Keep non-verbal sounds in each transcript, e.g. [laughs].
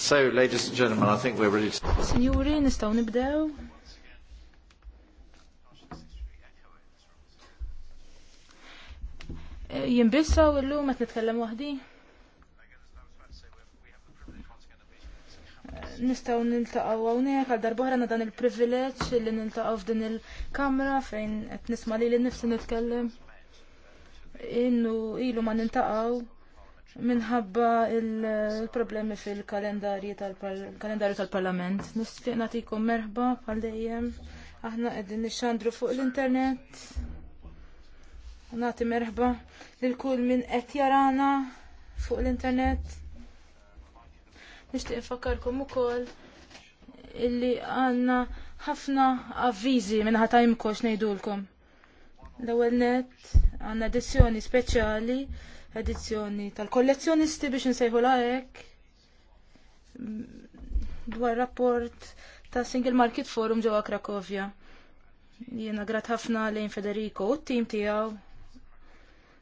So, ladies and gentlemen, I think we're ready to... Signori, nistaw nibdew. Eh, jimbissaw illum nitkellem eh, Nistgħu niltaqgħu hawnhekk għal darba na dan il privileċ li niltaqgħu f'din il-kamra fejn qed nisma' lili nifsi nitkellem. Innu ilu ma nil-taqaw minħabba il-problemi fil-kalendarju tal-parlament. Tal Nistfiq natikom merħba bħal dejjem. Aħna qegħdin nixxandru fuq l-internet. Nati merħba lil kull minn qed jarana fuq l-internet. Nixtieq nfakkarkom ukoll illi għandna ħafna avviżi minn ħatajmkox ngħidulkom. L-ewwel net għandna edizzjoni speċjali edizzjoni tal-kollezzjonisti biex nsejħu hekk dwar rapport ta' Single Market Forum ġewwa Krakovja. Jiena grat ħafna lejn Federico u t-tim tiegħu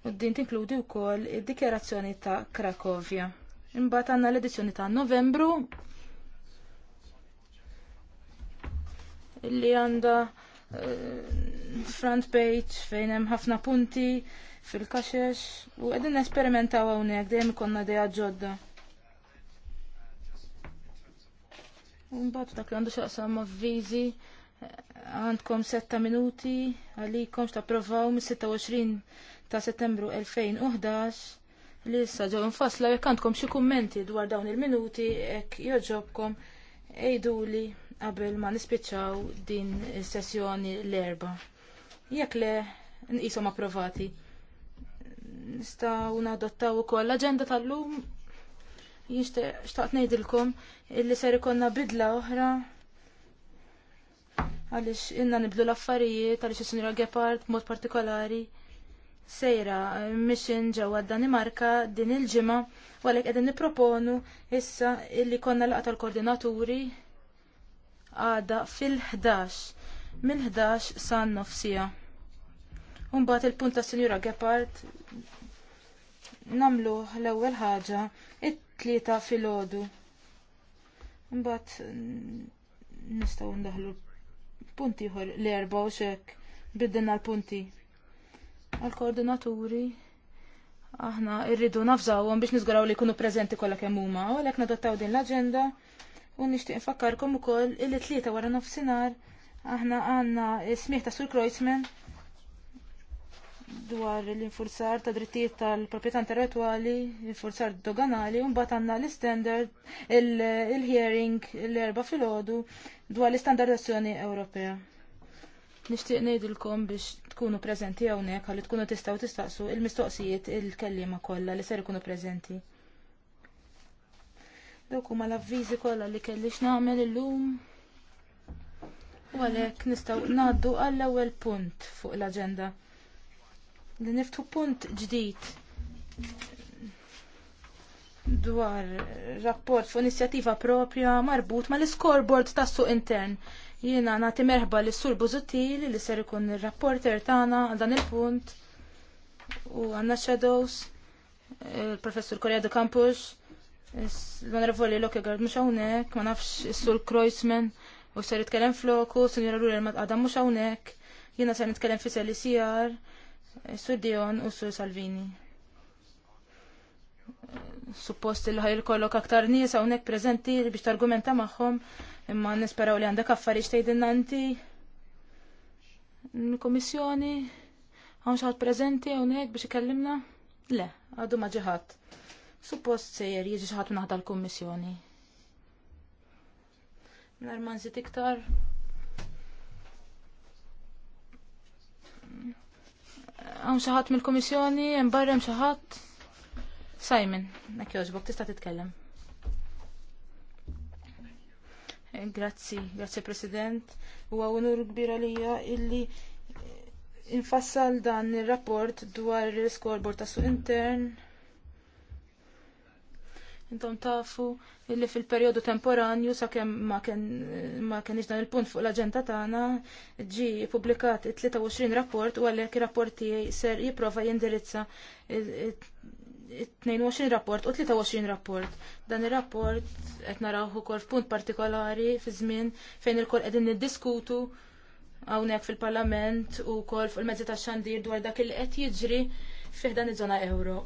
u din tinkludi wkoll id-dikjerazzjoni ta' Krakovja. Imbagħad għandna l-edizzjoni ta' Novembru li għandha eh, front page fejn hemm ħafna punti fil-kaxex u qegħdin nesperimentaw hawnhekk dejjem ikonna dejja ġodda. Un-bat, dak li għandu xaqsam avviżi għandkom setta minuti għalikom provaw mis-26 ta' Settembru 2011 li issa ġew nfasla, jekk għandkom xi kummenti dwar dawn il-minuti hekk joġobkom ejduli qabel ma nispiċċaw din is-sessjoni l-erba. Jekk le nqishom approvati nistaw nadottaw ukoll l-aġenda tal-lum jishtaqt ngħidilkom illi ser ikonna bidla oħra għaliex inna nibdlu l-affarijiet għaliex is-Sinjora Gepard b'mod partikolari sejra mission ġewwa Danimarka din il-ġimgħa u għalhekk qegħdin nipproponu issa illi konna laqgħa tal-koordinaturi għada fil-11 mill-11 san nofsija. Umbat il-punt Sinjura Gepard namlu l-ewwel ħaġa it-tlieta filgħodu. Mbagħad nistgħu ndaħlu punti ieħor l-erba' u xek biddilna l-punti. Għal-koordinaturi aħna rridu nafżawhom biex niżguraw li jkunu preżenti kollha kemm huma, u għalhekk nadottaw din l-aġenda u nixtieq infakkarkom ukoll il-tlieta wara nofsinhar aħna għandna smieħ ta' Sur Kreuzmann dwar l-infurzar ta' drittijiet tal-proprjetà intellettwali, l-infurzar doganali, u mbagħad għandna l-standard, il-hearing l-erba' filgħodu dwar l-istandardazzjoni Ewropea. Nixtieq ngħidilkom biex tkunu preżenti hawnhekk ħalli tkunu tistgħu tistaqsu il-mistoqsijiet il-kelliema kollha li ser ikunu preżenti. Dawk huma l-avviżi kollha li kellix nagħmel illum. U għalhekk nistgħu ngħaddu għall-ewwel punt fuq l-aġenda li niftu punt ġdid dwar rapport fuq inizjattiva propja marbut mal l-scoreboard tas suq intern. Jiena nagħti merħba lis sur Buzutil li ser ikun ir rapporter tagħna għal dan il-punt u għandna Shadows, il-professur Korea de Campus, l-onorevoli Lokegard mhux hawnhekk, ma nafx is-sur Kreuzman u ser jitkellem floku, Sinjora Ruler ma tqadam mhux hawnhekk, jiena ser nitkellem fi CLCR Sur Dion u Sur Salvini. Suppost li ħajl kollok aktar nies hawnhekk preżenti biex targumenta magħhom imma nisperaw li għandek affarijiet tgħidilna inti. Il-Kummissjoni hawn xi ħadd preżenti hawnhekk biex ikellimna? Le, għadu ma ġi ħadd. Suppost sejjer jiġi xi ħadd minn l-Kummissjoni. Nar ma nżid iktar Għam xaħat mill-komissjoni, barrem xaħat. Simon, nek joġbok, tista titkellem. Eh, grazzi, grazzi President. U għaw unur kbira lija illi infassal dan il-rapport dwar il-scoreboard tasu intern Intom tafu illi fil-perjodu temporanju sakemm ma kien dan il-punt fuq l-aġenda tagħna ġi publikat 23 rapport u għalhekk ir-rapport tiegħi ser jipprova jindirizza 22 rapport u 23 rapport. Dan ir-rapport qed naraw ukoll f'punt partikolari fi żmien fejn il-kol qegħdin niddiskutu hawnhekk fil-Parlament u wkoll fuq il-mezzi tax-xandir dwar dak il qed jiġri fih dan iż-żona euro.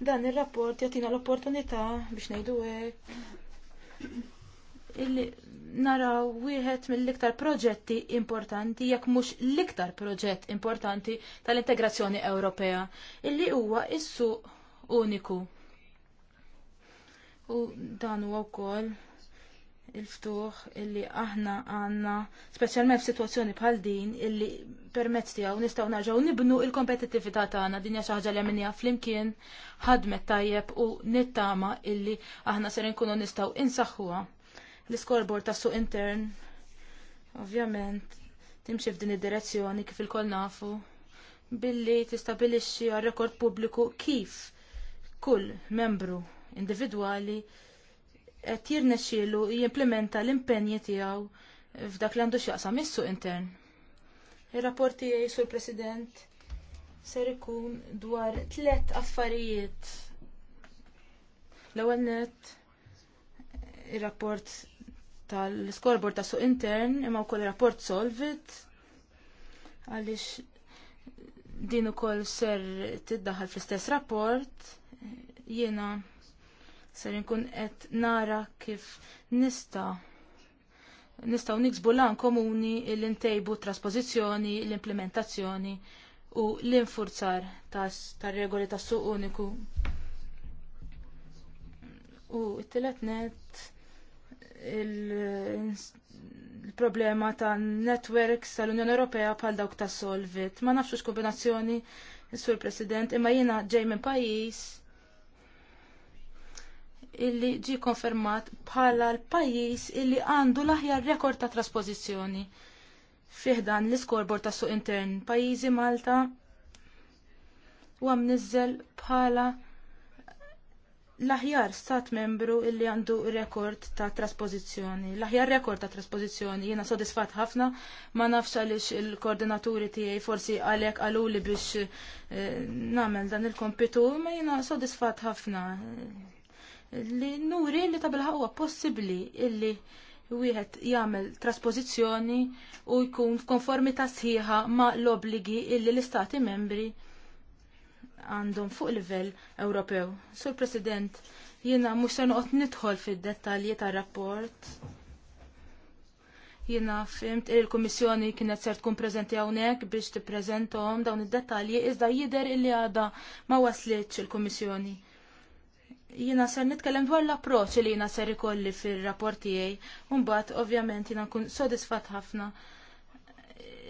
Dan ir-rapport jatina l-opportunità biex ngħidu għek. illi naraw wieħed mill-iktar proġetti importanti jekk mhux l-iktar proġett importanti tal-integrazzjoni Ewropea illi huwa is-suq uniku. U dan huwa wkoll il-ftuħ illi aħna għanna, specialment f'sitwazzjoni bħal din, illi permezz tiegħu nistgħu narġgħu nibnu il-kompetittività tagħna din hija xi ħaġa li minnija flimkien ħadmet tajjeb u nittama illi aħna ser nkunu nistgħu insaħħuha. L-iskorbord tas suq intern ovvjament timxi f'din id-direzzjoni kif ilkoll nafu billi tistabilixxi għar rekord pubbliku kif kull membru individwali qed jirnexxielu jimplementa l-impenji tiegħu f'dak li għandu x'jaqsam is-suq intern. Ir-rapport tiegħi sur President ser ikun dwar tliet affarijiet. L-ewwel nett ir-rapport tal-scoreboard ta' suq intern imma wkoll rapport solvit għaliex din ukoll ser tiddaħħal fl-istess rapport jiena ser inkun qed nara kif nista' nistgħu niksbu lan komuni l ntejbu t-traspożizzjoni, l-implementazzjoni u l-infurzar tar-regoli tas-suq uniku. U t-tielet net il-problema ta' networks tal-Unjoni Ewropea bħal dawk tas Solvit. Ma nafx kombinazzjoni, Sur President, imma jiena ġej minn pajjiż illi ġi konfermat bħala l-pajjiż illi għandu l-aħjar rekord ta' traspożizzjoni. Fiħdan l-iskorbor ta' suq intern pajjiżi Malta u għam nizzel bħala l-aħjar stat membru illi għandu rekord ta' traspożizzjoni. L-aħjar rekord ta' traspożizzjoni jiena sodisfat ħafna ma nafx għaliex il-koordinaturi tiegħi forsi għalhekk għaluli biex eh, nagħmel dan il-kompitu, ma jiena sodisfat ħafna li nuri li ta' bilħaq possibli possibbli illi wieħed jagħmel traspożizzjoni u jkun f'konformità sħiħa ma' l-obligi illi l-istati membri għandhom fuq livell Ewropew. Sur President, jiena mhux se noqgħod nidħol fid-dettalji tar-rapport. Jiena fimt il-Kummissjoni kienet ser tkun preżenti hawnhekk biex tippreżentahom dawn id-dettalji iżda jidher illi għadha ma waslitx il-Kummissjoni jina ser nitkellem dwar l-approċ li jina ser ikolli fil-rapport tiegħi, mbagħad ovvjament jina nkun sodisfat ħafna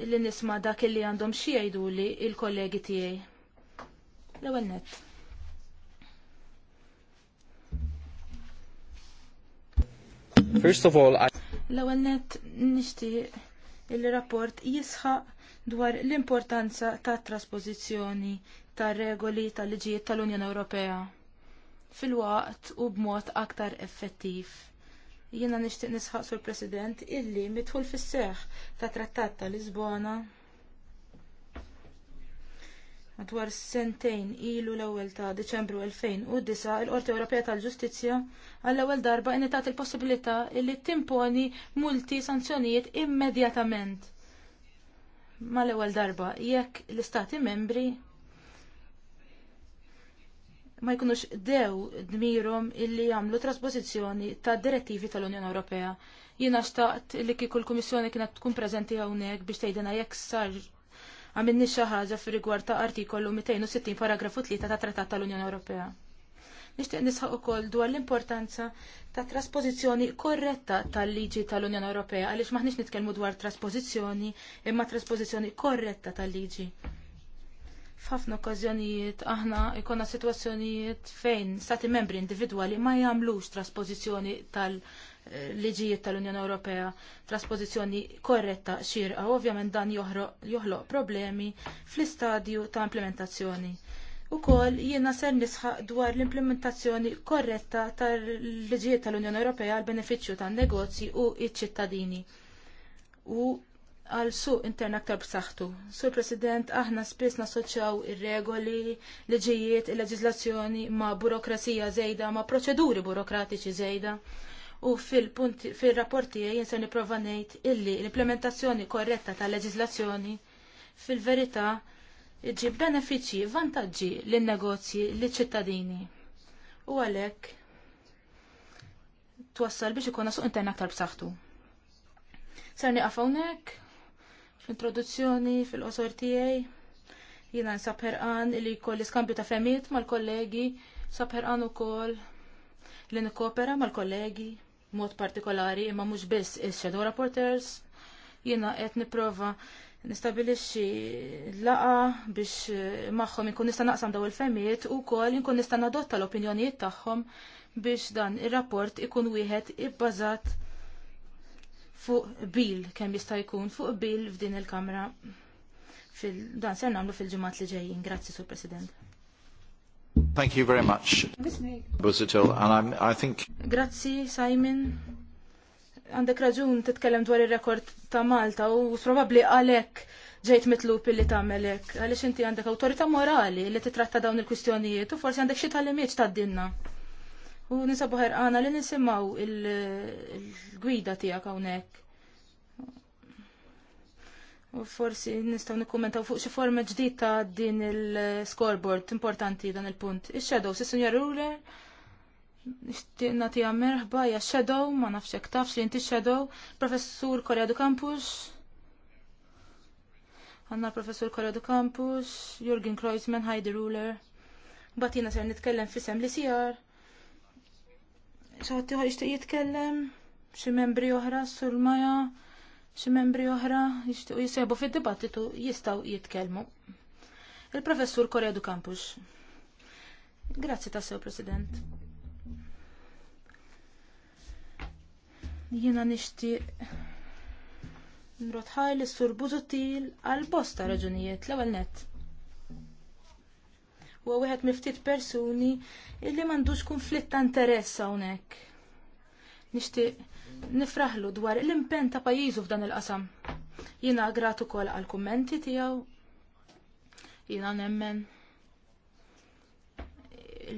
li nisma dak li għandhom xi jgħiduli il-kollegi tiegħi. L-ewwel nett. First of all, I... L-ewwel nett nixtieq il-rapport jisħaq dwar l-importanza tat trasposizjoni tar regoli tal-liġijiet tal-Unjoni Ewropea fil-waqt u b'mod aktar effettiv. Jiena nixtieq nisħaq sur President illi midħul fis-seħħ ta' Trattat ta' Lisbona madwar sentejn ilu l-ewwel ta' Diċembru 2009 il-Qorti Ewropea tal-Ġustizzja għall-ewwel darba initat il-possibilità illi timponi multi sanzjonijiet immedjatament mal-ewwel darba jekk l-Istati membri ma jkunux dew dmirom illi jagħmlu trasposizzjoni ta' direttivi tal-Unjoni Ewropea. Jien xtaqt li kieku l kienet tkun preżenti hawnhekk biex tgħidilna jekk sar għamilni xi ħaġa rigward ta' artikolu 260 paragrafu 3 ta' Trattat tal-Unjoni Ewropea. Nixtieq nisħaq ukoll dwar l-importanza ta' traspożizzjoni korretta tal-liġi tal-Unjoni Ewropea għaliex maħniex nitkellmu dwar traspożizzjoni imma traspożizzjoni korretta tal-liġi. F'ħafna okkażjonijiet aħna ikonna sitwazzjonijiet fejn stati membri individwali ma jagħmlux trasposizzjoni tal-liġijiet tal-Unjoni Ewropea, trasposizzjoni korretta xirqa, ovvjament dan joħloq problemi fl-istadju ta' implementazzjoni. Ukol jiena ser nisħaq dwar l-implementazzjoni korretta tal-liġijiet tal-Unjoni Ewropea għal benefiċċju tan-negozji u iċ ċittadini U għal suq intern aktar b'saħħtu. Sur President, aħna spiss nassoċjaw ir-regoli, liġijiet, il leġislazzjoni ma' burokrazija żejda, ma' proċeduri burokratiċi żejda. U fil-rapporti fil jinsan niprofa ngħid illi l-implementazzjoni korretta tal leġiżlazzjoni fil-verità iġib benefiċi vantaġġi lin negozji liċ ċittadini. U għalhekk twassal biex ikun suq intern aktar b'saħħtu. Sarni għafawnek, hawnhekk introduzzjoni fil-qosor tiegħi. Jiena nsab ħerqan li jkolli skambju ta' femiet mal-kollegi, sab ħerqan ukoll li nikkopera mal-kollegi mod partikolari imma mhux biss is-shadow rapporters. Jiena qed nipprova nistabilixxi laqa biex magħhom inkun nista' naqsam daw il-femiet u wkoll inkun nista' nadotta l-opinjonijiet tagħhom biex dan ir-rapport ikun wieħed ibbażat fuq bil kemm jista' jkun fuq bil f'din il-kamra dan se nagħmlu fil-ġimgħat li ġejjin. Grazzi, Sur President. Thank you very much, Busitil, and I'm, I think... Grazzi, Simon. Għandek raġun titkellem dwar ir-rekord ta' Malta u probabbli għalhekk ġejt mitlub li tagħmelek għaliex inti għandek awtorità morali li titratta dawn il-kwistjonijiet u forsi għandek xi tal-imiet tad-dinna. U nisabu ħerqana li nisimaw il-gwida il tijak għawnek. U forsi nistaw nikkumentaw fuq xi forma ġdid ta' din il-scoreboard importanti dan il-punt. Ix-shadow, si Sinjor Ruler, nixtieq tija merħba hija shadow, ma nafx hekk tafx li inti shadow, professur Korea du Campus. Għanna professur Korea du Campus, Jürgen Kreuzmann, Heidi Ruler. Batina ser nitkellem fissem li sijar ċaħti ħar ixtiq jitkellem, xi membri oħra, sul-maja, xi membri oħra jixtiqu jisejbu fid-dibattitu jistgħu jitkellmu. Il-professur Korea du Campus. Grazzi ta' sew, President. Jiena nixtieq nrotħaj l-sur Buzutil għal bosta raġunijiet l-ewwel nett u wieħed miftit persuni illi m'għandux konflitt ta' interess hawnhekk. Nixtieq nifraħlu dwar l-impenn ta' pajizu f'dan il-qasam. Jiena grat ukoll għall-kummenti tiegħu. Jiena nemmen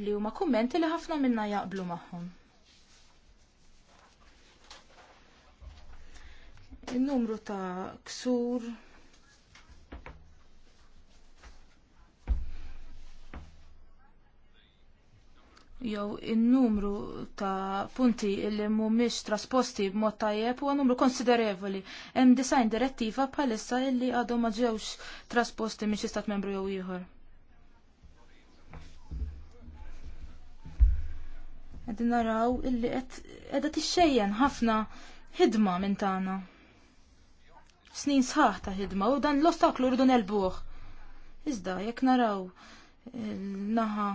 li huma kummenti li ħafna minna jaqblu magħhom. Il-numru ta' ksur jew in-numru ta' punti li mhumiex trasposti b'mod tajjeb huwa numru konsiderevoli. Hemm design direttiva bħalissa illi għadhom ma ġewx trasposti minn xi stat membru jew ieħor. Qegħdin naraw illi qiegħda tixxejjen ħafna ħidma minn tagħna. Snin sħaħ ta' ħidma u dan l-ostaklu rridu nelbuh. Iżda jekk naraw naħa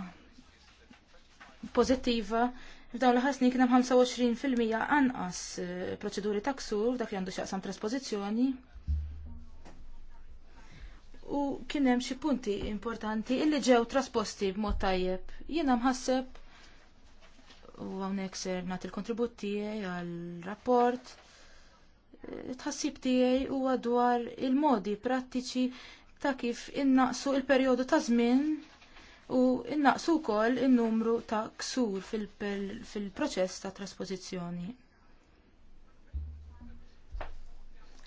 pożittiva F'dawn l-ħasni hemm 25% anqas eh, proċeduri ta' ksur dak li għandu xaqsam traspożizzjoni. U kien hemm xi punti importanti illi ġew trasposti b'mod tajjeb. Jiena mħasseb u hawnhekk ser nagħti il kontribut tiegħi għall-rapport. Eh, tħassib tiegħi huwa dwar il-modi prattiċi ta' kif innaqsu il-perjodu ta' żmien u innaqsu wkoll in-numru ta' ksur fil-proċess ta' trasposizjoni.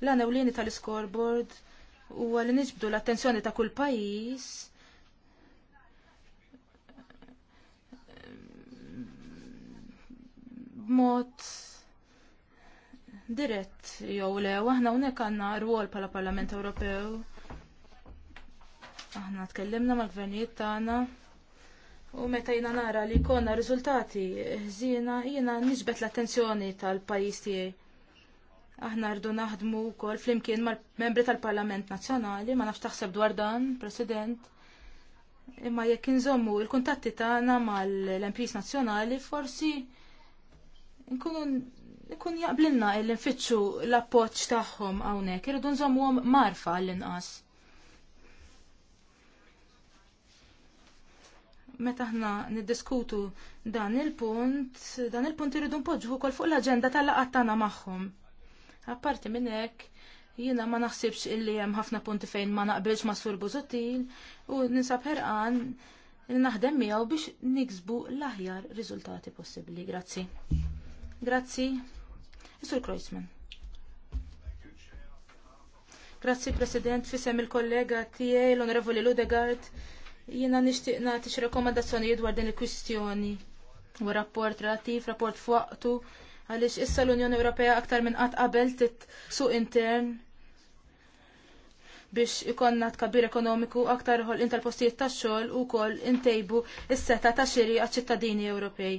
L-għanewlini tal-scoreboard u li niġbdu l-attenzjoni ta' kull pajis b'mod dirett jew le, aħna hawnhekk għandna rwol bħala Parlament Ewropew Aħna tkellimna mal-gvernijiet tagħna u meta jiena nara li jkollna riżultati ħżiena jiena niġbet l-attenzjoni tal-pajjiż tiegħi. Aħna rdu naħdmu wkoll flimkien mal-membri tal-Parlament Nazzjonali, ma nafx taħseb dwar dan, President. Imma jekk inżommu l kuntatti tagħna mal-MPs nazzjonali forsi nkunu nkun jaqblilna l-nfittxu l-appoġġ tagħhom hawnhekk, irridu nżommuhom marfa għall-inqas. meta ħna niddiskutu dan il-punt, dan il-punt irridu npoġġu wkoll fuq l-aġenda tal-laqgħat tagħna magħhom. Apparti minn hekk, jiena ma naħsibx illi hemm ħafna punti fejn ma naqbilx ma' Sur Bużutil u ninsab ħerqan naħdem miegħu biex niksbu l-aħjar riżultati possibbli. Grazzi. Grazzi. Sur Kreuzman. Grazzi President, fisem il-kollega tiegħi l-Onorevoli Ludegard Jiena nixtieq nagħti xi rakkomandazzjonijiet dwar din il-kwistjoni u rapport relattiv, rapport fuqtu għaliex issa l-Unjoni Ewropea aktar minn qatt qabel tit suq intern biex ikonna tkabbir ekonomiku aktar ħol intal postijiet ta' xogħol u kol intejbu is-seta ta' xiri għaċ-ċittadini Ewropej.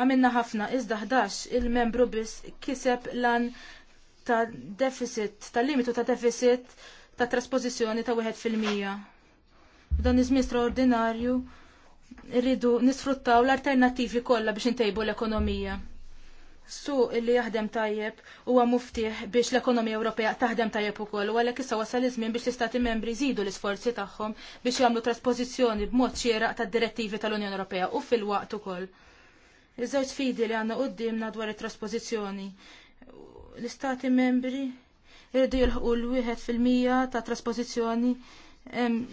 Għamilna ħafna iżda 11 il-membru biss kiseb lan ta' deficit, ta' limitu ta' deficit ta' trasposizjoni ta' 1%. Dan iż-żmien straordinarju irridu nisfruttaw l-alternattivi kollha biex intejbu l-ekonomija. Su li jaħdem tajjeb huwa muftih biex l-ekonomija Ewropea taħdem tajjeb ukoll u għalhekk issa wasal iż-żmien biex l-istati membri jżidu l-isforzi tagħhom biex jagħmlu trasposizzjoni b'mod xieraq tad-direttivi tal-Unjoni Ewropea u fil-waqt ukoll. Iż-żewġ sfidi li għandna qudiemna dwar it-trasposizzjoni. L-istati membri irridu jilħqu l wieħed fil-mija ta' trasposizzjoni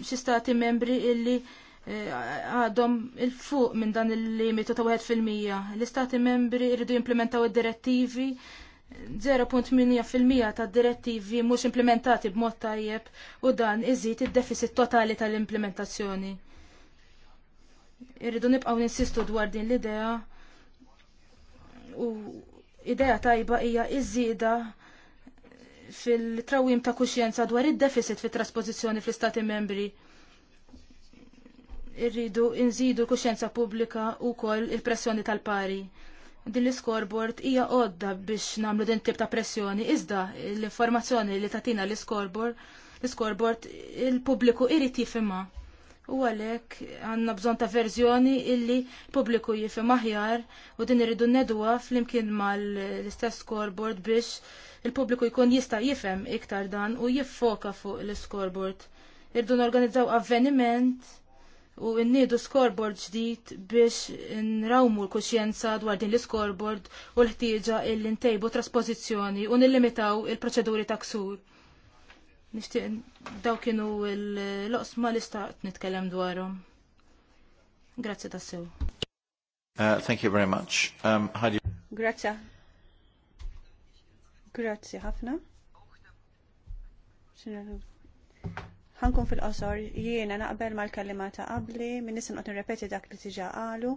xi stati membri illi eh, għadhom il-fuq minn dan il-limitu ta' 1%. L-istati membri jridu jimplementaw id-direttivi 0.8% ta' direttivi mhux implementati b'mod tajjeb u dan iżid id-deficit totali tal-implementazzjoni. Irridu nibqgħu ninsistu dwar din l-idea u idea tajba hija iż-żieda fil-trawim ta' kuxjenza dwar id-deficit fit trasposizzjoni fl-istati membri. Irridu inżidu l-kuxjenza pubblika u kol il-pressjoni tal-pari. Din l-scoreboard hija għodda biex namlu din tip ta' pressjoni, iżda l-informazzjoni li tatina l-scoreboard, l-scoreboard il-pubbliku irrit jifima. U għalek għanna bżon ta' verżjoni illi publiku jifhem aħjar u din irridu nedwa flimkien mal l-istess scoreboard biex il-pubbliku jkun jista' jifhem iktar dan u jiffoka fuq l-scoreboard. Irdu norganizzaw avveniment u nniedu scoreboard ġdid biex nrawmu l-kuxjenza dwar din l-scoreboard u l-ħtieġa illi ntejbu traspożizzjoni u nillimitaw il-proċeduri ta' ksur. Nixtieq daw kienu l-oqsma li staqt nitkellem dwarhom. Grazzi tassew. Uh, thank you very much. Um, how do you... Grazie Grazzi ħafna. Ħankun fil-qosor jiena naqbel mal kallima ta' qabli, minn nisim qed nirrepeti dak li tiġa qalu.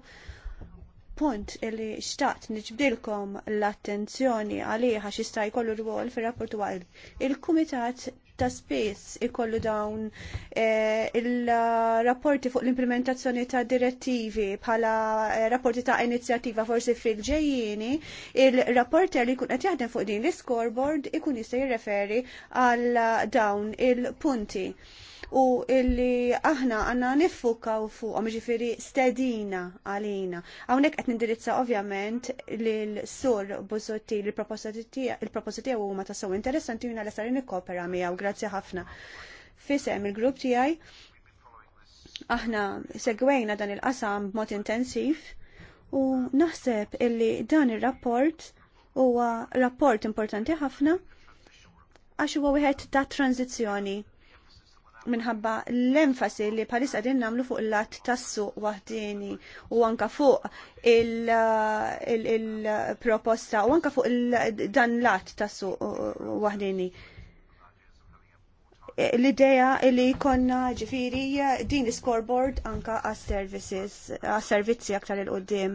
Punt illi xtaqt niġbdilkom l-attenzjoni għalih għax jista' jkollu rwol fir-rapport il-Kumitat ta' spiss ikollu dawn eh, il-rapporti fuq l-implementazzjoni ta' direttivi bħala eh, rapporti ta' inizjattiva forsi fil-ġejjini, il-rapporter li kun qed jaħdem fuq din l-scoreboard ikun jista' jirreferi għal dawn il-punti u illi aħna għanna nifukaw fuqhom ġifiri stedina għalina. Hawnhekk qed nindirizza ovvjament lil sur Buzotti il propositi tiegħu ma tassew interessanti għuna l nikopera nikkopera miegħu. Grazzi ħafna. Fisem il-grupp tiegħi aħna segwejna dan il-qasam b'mod intensiv u naħseb illi dan ir-rapport huwa rapport importanti ħafna għax huwa wieħed ta' tranzizzjoni minħabba l-enfasi li palis għadin namlu fuq l-lat tassu wahdini u anka fuq il-proposta u anka fuq dan l-lat tassu wahdini. L-ideja li konna ġifiri din scoreboard anka għas-servizzi aktar il-qoddim.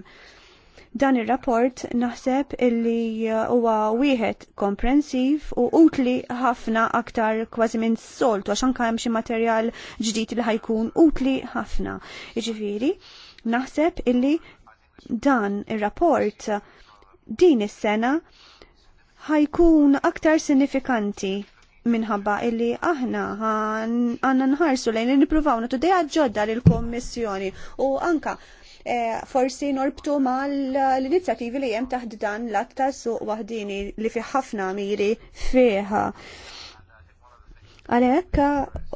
Dan ir-rapport naħseb illi uh, huwa wieħed komprensiv u utli ħafna aktar kważi minn soltu għax anke hemm xi materjal ġdid li ħajkun utli ħafna. Jiġifieri, naħseb illi dan ir-rapport din is-sena ħajkun aktar sinifikanti minħabba illi aħna għanna nħarsu lejn nipruvaw natu dejja ġodda l-Kommissjoni u anka Eh, forsi norbtu l inizjativi li jem taħt dan l-atta suq wahdini li fi ħafna miri fiħa. Għalhekk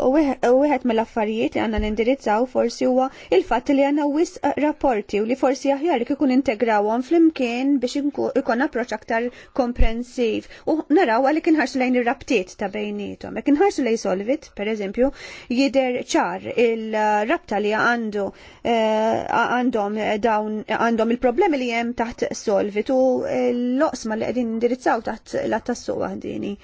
wieħed mill-affarijiet li għandna nindirizzaw forsi huwa il-fatt li għandna wisq eh, rapporti u li forsi aħjar li kikun integrawhom flimkien biex ikun approċċ aktar komprensiv u naraw għalli kienħarsu lejn ir-rabtiet ta' bejnietom. Jekk inħarsu lejn Solvit, pereżempju, jidher ċar il-rabta li għandu eh, għandhom dawn għandhom il-problemi li hemm taħt Solvit u eh, l-oqsma li qegħdin indirizzaw taħt l-attassu għahdini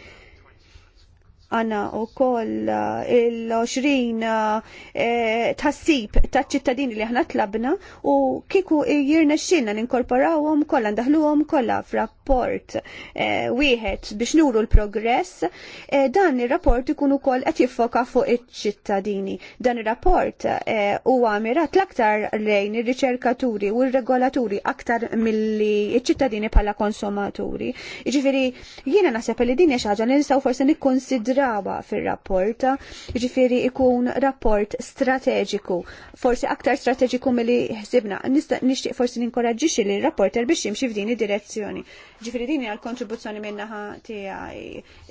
għana u koll eh, il-20 eh, tassib ta' ċittadini li ħna tlabna u kiku jirna xinna ninkorporawom kolla, ndaħluwom kolla f'rapport eh, wieħed biex nuru l-progress, dan il-rapport ikunu koll qed jiffoka fuq iċ-ċittadini. Dan il-rapport huwa għamira l-aktar lejn ir-riċerkaturi u r-regolaturi aktar milli iċ-ċittadini bħala konsumaturi. Iġifiri, jiena naħseb li din hija xi forse nistgħu forsi nikkonsidra ġraba fil-rapport, ġifiri ikun rapport strateġiku, forsi aktar strateġiku mill-li ħsibna. Nishtiq forsi ninkoraġiċi li rapporter biex jimxi f'din id-direzzjoni. Ġifiri dini għal-kontribuzzjoni minnaħa tijaj.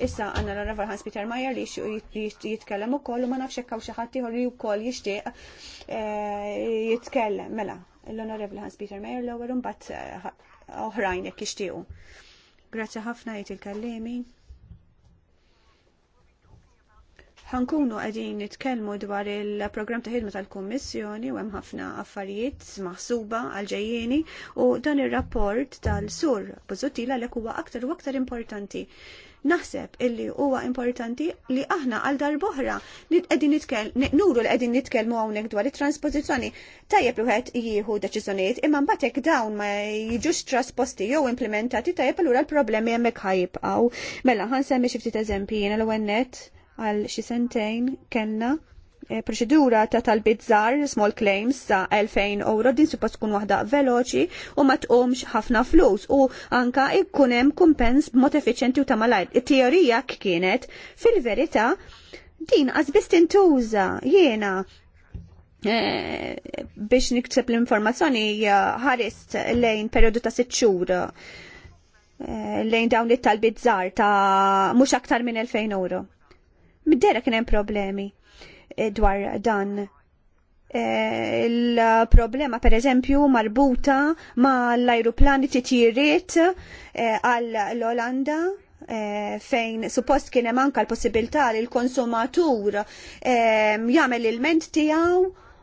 Issa għanna l-Honorable Hans Peter Meyer li jitkellem u koll u ma nafxek għaw xaħat li u koll jishtiq eh, jitkellem. Mela, l-Honorable Hans Peter Meyer l għorum bat oħrajn jek jishtiqu. Grazie ħafna jt il-kallemi. ħankunu għedin nitkellmu dwar il-programm ta' ħidma tal-Kummissjoni u hemm ħafna affarijiet maħsuba għal-ġejjieni u dan ir-rapport tal-sur Bużutila lek huwa aktar u aktar importanti. Naħseb illi huwa importanti li aħna għal darboħra qegħdin nuru li qegħdin nitkellmu hawnhekk dwar it-transpożizzjoni tajjeb wieħed jieħu deċiżjonijiet imma mbagħadek dawn ma jiġux trasposti jew implementati tajjeb allura l-problemi hemmhekk ħajibqgħu. Mela ħansemmi xi ftit eżempji jiena l-ewwel għal xi sentejn kellna eh, proċedura ta' tal-bizzar, small claims sa' 2000 euro din suppost tkun waħda veloċi u ma tqomx ħafna flus u anka ikkunem hemm kumpens b'mod effiċenti u ta' malajr. It-teorija kienet fil-verità din qasbis tintuża jiena eh, biex nikseb l-informazzjoni ħarist lejn periodu ta' sitt eh, lejn dawn it-talbit ta' mhux aktar minn 2000 euro. Middera kien hemm problemi eh, dwar dan. Eh, il-problema per eżempju marbuta ma l-ajruplani titjiriet eh, għall-Olanda fejn suppost kien hemm anke l-possibilità li l-konsumatur jagħmel il-ment tiegħu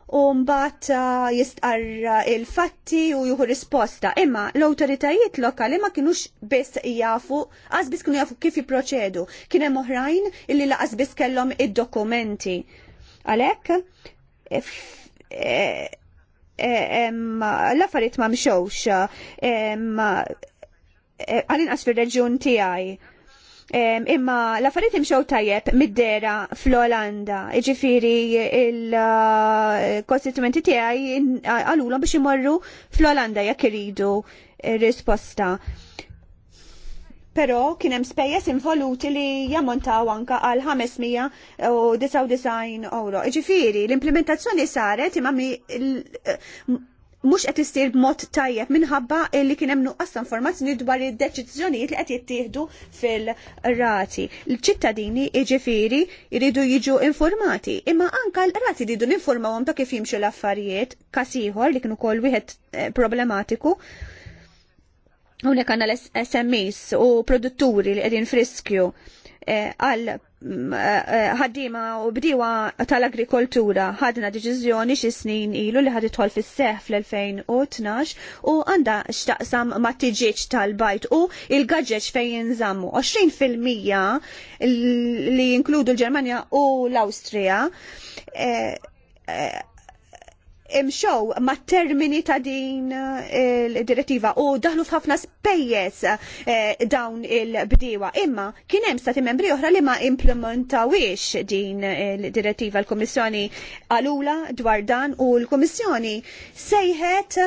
u mbagħad uh, jistqarra il-fatti u juhu risposta. Imma l-awtoritajiet lokali ma kinux biss jafu, għazbis kienu jafu kif jipproċedu. Kien hemm oħrajn illi laqas biss kellhom id-dokumenti. Għalhekk e, e, l-affarijiet ma mxewx e, għal inqas fir-reġjun tiegħi imma l-affarijiet imxew tajjeb mid-dera fl-Olanda. Iġifieri il-kostituenti uh, tiegħi għalulhom biex imorru fl-Olanda jekk iridu risposta. Però kien hemm spejjeż involuti li jammontaw anka għal 599 euro. Iġifiri, l-implementazzjoni saret imma mhux qed isir b'mod tajjeb minħabba li kien hemm nuqqas informazzjoni dwar id-deċiżjonijiet li qed jittieħdu fil-rati. L-ċittadini jiġifieri jridu jiġu informati, imma anka l-rati jridu ninformawhom ta' kif jimxu l-affarijiet każ ieħor li kienu ukoll wieħed eh, problematiku Unek għanna l-SMEs u produtturi li għedin friskju Eh, għal mm, eh, eh, ħaddima u bdiwa tal-agrikoltura ħadna deċiżjoni xi snin ilu li ħaditħol fis-seħ fl-2012 u għandha x'taqsam ma' tiġiġ tal-bajt u il-gaġġeġ fejn jinżammu 20% li jinkludu l-Ġermanja u l-Awstrija imxow ma termini ta' din eh, il-direttiva u daħlu f'ħafna spejjes eh, dawn il-bdiewa. Imma kien hemm stati membri oħra li ma implementawiex din eh, il-direttiva l-Kummissjoni għalula dwar dan u l-Kummissjoni sejħet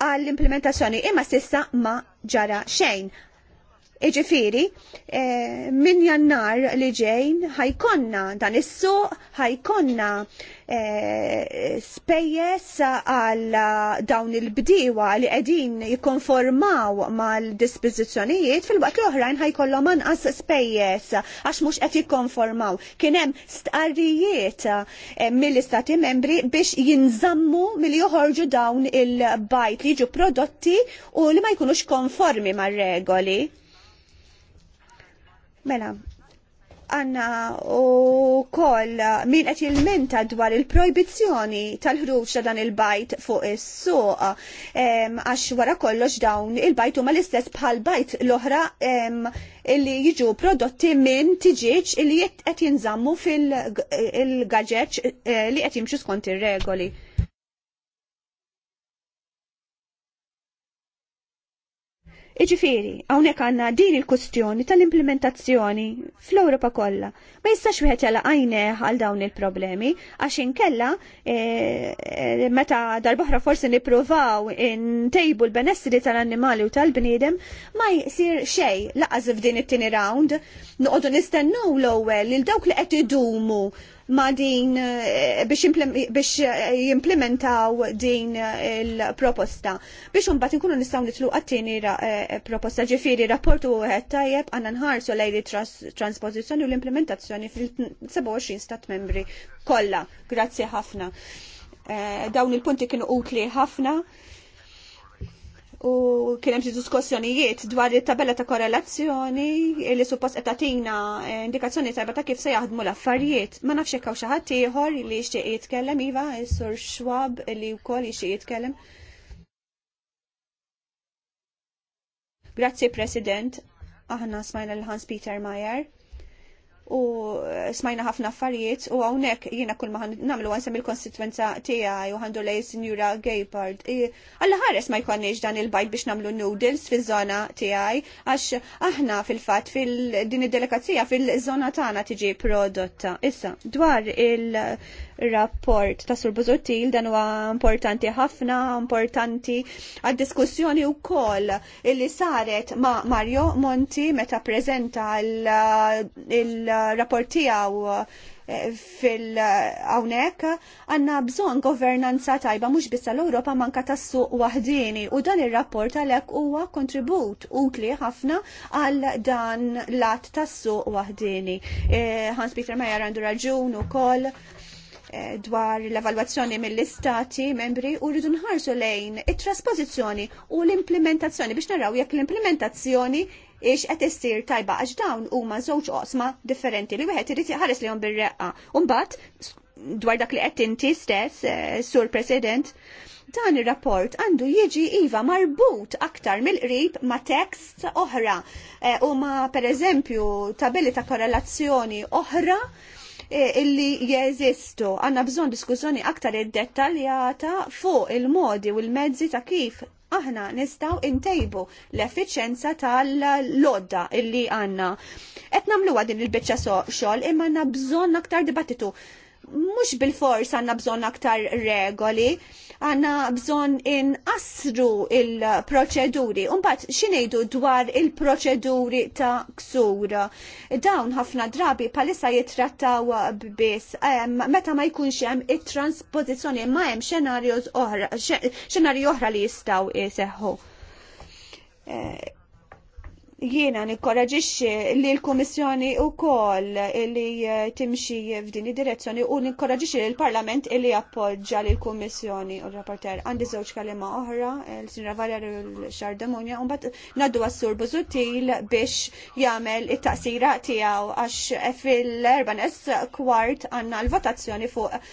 għall-implementazzjoni imma sissa ma ġara xejn. Iġifiri, min eh, minn jannar li ġejn ħajkonna dan is ħajkonna eh, spejjes għal dawn il-bdiewa li qegħdin jikkonformaw mal-dispożizzjonijiet fil-waqt l-oħrajn ħajkollhom anqas spejjes għax mhux qed jikkonformaw. Kien hemm stqarrijiet eh, mill-istati membri biex jinżammu milli joħorġu dawn il-bajt li jiġu prodotti u li ma jkunux konformi mar-regoli. Mela, għanna u koll min qed il-menta dwar il-projbizzjoni tal-ħruġ ta' dan il-bajt fuq is-suq għax wara kollox dawn il-bajt huma l-istess bħal bajt l-oħra illi jiġu prodotti minn tiġiġ illi qed jinżammu fil-gaġeġ eh, li qed jimxu skont ir-regoli. Iġifiri, għawnek għanna din il-kustjoni tal-implementazzjoni fl-Europa kollha. Ma jistax wieħed jala għajne għal dawn il-problemi, għax inkella eh, eh, meta dal-boħra forsi nippruvaw tejbu l-benessri tal-annimali u tal-bniedem, ma jsir xej laqas f'din it-tieni round, noqogħdu nistennu l-ewwel il dawk li qed idumu ma din eh, biex eh, jimplementaw din eh, il-proposta. Biex unbat nkunu nistaw nitlu għattini proposta ġifiri rapportu għed tajjeb għanna nħarsu lejli transpozizjoni u l-implementazzjoni fil-27 stat membri kolla. Grazzi ħafna. Dawn il-punti kienu utli ħafna u kien hemm xi diskussjonijiet dwar it-tabella ta' korrelazzjoni li suppost qed tagħtina eh, indikazzjoni tajba ta' kif se jaħdmu l-affarijiet. Ma nafx hekk hawn xi ħadd ieħor li xie jitkellem iva, is-sur Schwab li wkoll jixtieq jitkellem. Grazzi President, aħna smajna l-Hans Peter Mayer u smajna ħafna affarijiet u għawnek jiena kull maħan namlu għansem il konstituenza tijaj u għandu lej Signora Gaypard. Għalla ħares ma jkonniġ dan il-bajt biex namlu noodles fil-zona tijaj, għax aħna fil-fat fil-din id delegazzija fil-zona tana tiġi prodotta. Issa, dwar il- rapport ta' Sur Buzutil dan huwa importanti ħafna, importanti għad diskussjoni wkoll illi saret ma' Mario Monti meta preżenta l rapport tiegħu eh, fil-għawnek għanna bżon governanza tajba mux bissa l-Europa manka tassu wahdini u dan il-rapport għalek huwa kontribut utli ħafna għal dan lat tassu wahdini. Eh, Hans Peter Meyer għandu raġun u koll Eh, dwar l-evalwazzjoni mill-istati membri u rridu nħarsu lejn it traspożizzjoni u l-implementazzjoni biex naraw jekk l-implementazzjoni ix qed issir tajba għax dawn huma żewġ oqsma differenti li wieħed irid jaħares lihom bir-reqqa. U mbagħad dwar dak li qed inti stess, eh, Sur President, dan ir-rapport għandu jiġi iva marbut aktar mill-qrib ma' tekst oħra eh, u ma' pereżempju tabelli ta' korrelazzjoni oħra E, illi jeżistu. Għanna bżon diskussjoni aktar id-dettaljata fuq il-modi u l-mezzi ta' kif aħna nistaw intejbu l efficienza tal-lodda illi għanna. Et namluwa din il-bicċa xol imma għanna bżon aktar dibattitu mux bil-fors għanna bżon aktar regoli, għanna bżon inqasru il-proċeduri. Umbat, xinejdu dwar il-proċeduri ta' ksur? Dawn ħafna drabi palissa jitrattaw bis, meta ma jkunx hemm it-transpozizjoni ma hemm xenarju oħra li jistaw jiseħħu. Eh, jiena nikkoraġixxi li l-Kummissjoni wkoll li eh, timxi f'din id-direzzjoni u nikkoraġixxi li l-Parlament li jappoġġa lil kummissjoni u rapporter għandi żewġ kalima oħra l-Sinra Valer l-Xardamunja u mbagħad ngħaddu għas-Sur Bużutil biex jagħmel it-taqsira tiegħu għax fil erbanes kwart għandna l-votazzjoni fuq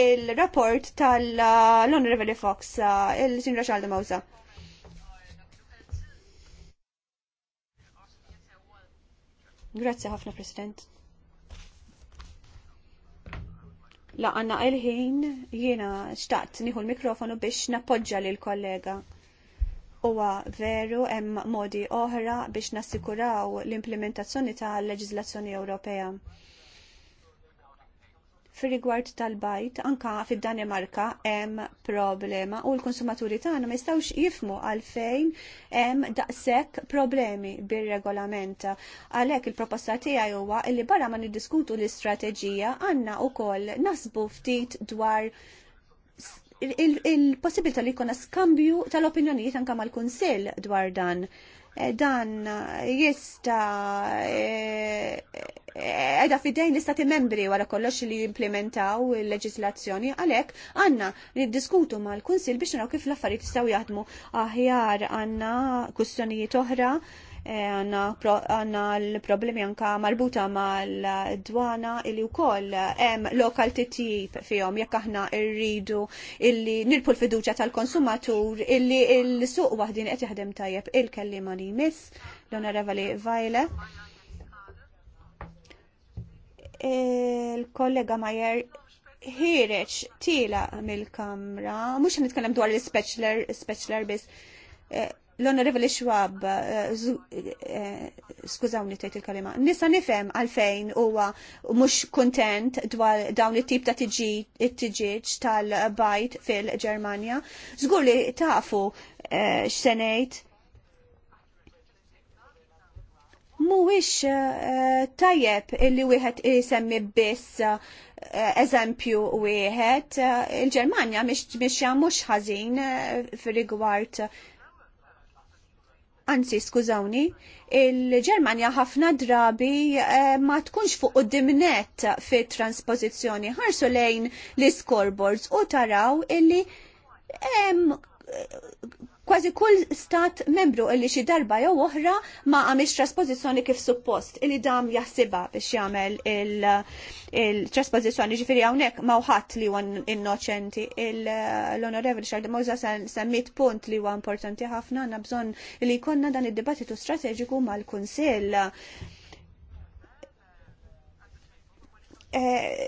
il-rapport tal-Honorable Fox il-Sinra Xaldamawza. Grazzi ħafna, President. La għanna il-ħin jiena xtaqt nieħu l-mikrofonu biex nappoġġa l kollega Huwa veru hemm modi oħra biex nassikuraw l-implementazzjoni tal leġiżlazzjoni Ewropea Fir-rigward tal-bajt, anka fid-Danimarka hemm problema u l-konsumaturi tagħna ma jistgħux jifmu għalfejn hemm daqshekk problemi bir-regolament. Għalhekk il-proposta tiegħi huwa li barra ma niddiskutu l-istrateġija għandna wkoll nasbu ftit dwar il-possibilità li jkun skambju tal-opinjonijiet anke mal-Kunsill dwar dan Eh, dan eh, jista eh, edha fidejn l-istati membri wara kollox li jimplementaw il-leġislazzjoni għalek għanna niddiskutu mal kunsil biex naraw kif l-affarijiet jistgħu jaħdmu aħjar għanna kustjonijiet oħra għanna l-problemi anka marbuta mal-dwana illi u koll em lokal titjib fihom jekk aħna irridu illi nirpu l-fiduċa tal-konsumatur illi l-suq waħdin qed jaħdem tajjeb il kelli li miss l-onorevoli Vajle. Il-kollega Majer ħireċ tila mill-kamra, mux nitkellem dwar l-speċler biss eh, l-onorevoli Schwab, eh, eh, skużawni tajt il-kalima, nisa nifem għalfejn huwa mux kontent dwar dawn it-tip ta' t tiġiġ tal-bajt fil-Germania. Zgur li tafu eh, x-senajt. Mhuwiex tajjeb illi wieħed isemmi biss eżempju wieħed, il-Ġermanja mhix mhux ħażin fir-rigward anzi skużawni, il-Ġermanja ħafna drabi eh, ma tkunx fuq u dimnet fi transpozizjoni ħarsu lejn l-scoreboards u taraw illi hemm kważi kull stat membru illi xi darba jew oħra ma għamilx trasposizzjoni kif suppost illi dam jaħsibha biex jagħmel il-trasposizzjoni ġifieri hawnhekk ma wħadd li huwa innoċenti. L-Onorevoli Charles Moza semmit punt li huwa importanti ħafna għandna bżonn li jkollna dan id-dibattitu strateġiku mal-Kunsill. Eh,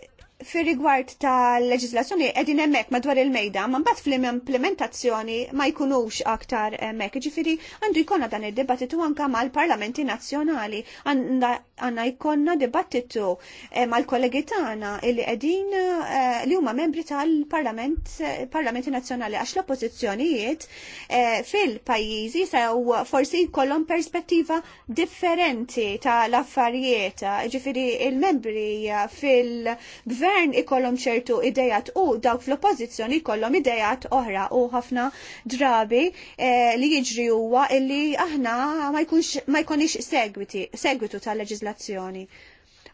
fir rigward ta' leġislazzjoni edin emmek madwar il-mejda, ma bat fl-implementazzjoni ma jkunux aktar emmek. Ġifiri, għandu jkonna dan il-dibattitu anka mal-parlamenti nazjonali, għanna jkonna dibattitu eh, mal-kollegi tagħna li edin eh, li huma membri tal-parlamenti nazjonali, għax l-oppozizjonijiet eh, fil-pajjiżi sew forsi jkollhom perspettiva differenti tal-affarijiet. Ġifiri, il-membri fil-gvern gvern ikollhom ċertu idejat u dawk fl-oppożizzjoni jkollhom idejat oħra u ħafna drabi eh, li jiġri huwa illi aħna ma jkunx ma jkunix segwitu tal-leġiżlazzjoni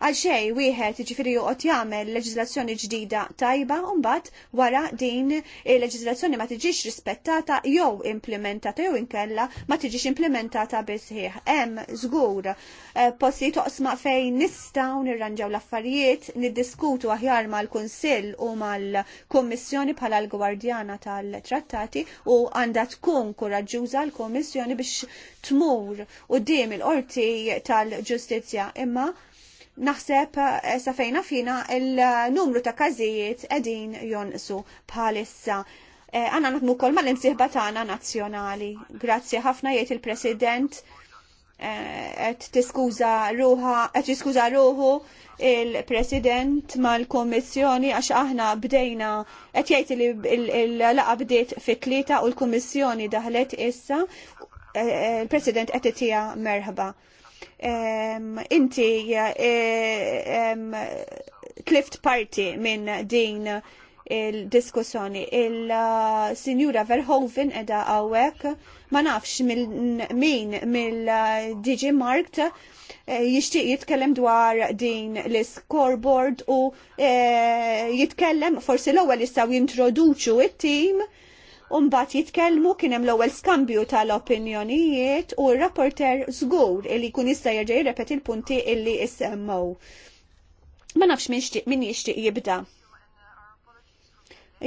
għal wieħed wieħed jiġifieri joqgħod jagħmel leġizlazzjoni ġdida tajba u mbagħad wara din il-leġiżlazzjoni ma tiġix rispettata jew implementata jew inkella ma tiġix implementata bisħieħ. Hemm żgur eh, posti toqsma fejn nistgħu nirranġaw l-affarijiet, niddiskutu aħjar mal-Kunsill u mal-Kummissjoni bħala l-Gwardjana tal-Trattati u għandha tkun koraġġuża l-Kummissjoni biex tmur u il-qorti tal-ġustizzja imma Naħseb eh, sa fejna fina il-numru ta' każijiet qegħdin jonqsu bħalissa. Eh, għanna naħdmu kol mal-imsieħba tagħna nazzjonali. Grazzi ħafna jgħid il-President eh, qed tiskuża ruħa qed tiskuza ruħu il-President mal-Kommissjoni għax aħna bdejna qed jgħid li l-laqa bdiet fi u l-Kummissjoni daħlet issa il-President qed tija merħba inti eh, tlift parti minn din il-diskussjoni. Il-Sinjura Verhoeven edha għawek, ma nafx min mill-DG Markt eh, jishtiq jitkellem dwar din l-scoreboard u eh, jitkellem forsi l-ewwel jistgħu jintroduċu it-tim Umbat jitkellmu kien hemm l-ewwel skambju tal-opinjonijiet u r-rapporter żgur li jkun jista' jerġa' jirrepet il-punti illi issemmew. Ma nafx min jixtieq jibda.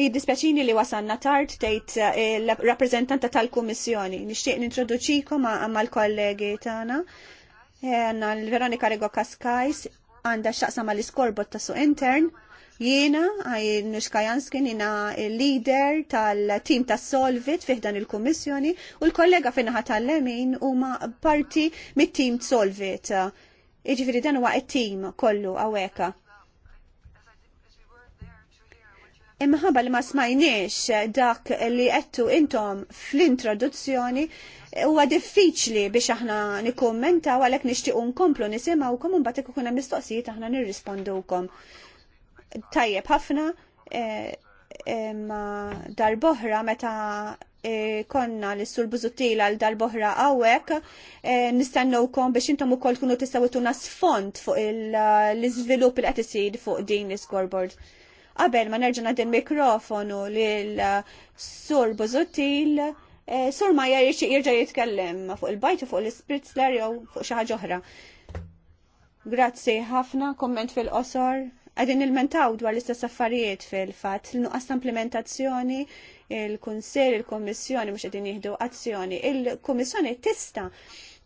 Jiddispeċini li wasanna tard tgħid eh, il-rappreżentanta tal-Kummissjoni. Nixtieq nintroduċikom għamma l-kollegi tagħna. Eh, Għanna l-Veronika Rego Kaskajs għandha x'taqsam mal-iskorbot ta' intern Jiena, għajn Xkajanskin, jena leader tal-tim ta' Solvit fiħdan il-Kommissjoni u l-kollega finnaħa tal-lemin u ma' parti mit team Solvit. Iġifiri dan huwa it-tim kollu għaweka. Imħabba li ma smajniex dak li għettu intom fl-introduzzjoni huwa diffiċli biex aħna nikkommenta għalhekk nixtiequ nkomplu nisimgħukom u mbagħad ikun hemm mistoqsijiet aħna nirrispondukom tajjeb ħafna eh, eh, ma darboħra meta eh, konna l sur bużutila l darboħra għawek nistannowkom biex intom ukoll kunu tistgħu tuna sfond fuq l-iżvilupp il qed fuq din l-scoreboard. Qabel ma nerġa' il mikrofonu lil sur bużutil sur ma jirġa' jitkellem fuq il bajtu fuq l-spritzler jew fuq xi ħaġa oħra. Grazzi ħafna, komment fil-qosor għadin il-mentaw dwar l-istess affarijiet fil-fat, l-nuqqas implementazzjoni, il-Kunsel, il-Kommissjoni mux għadin jihdu azzjoni. Il-Kommissjoni tista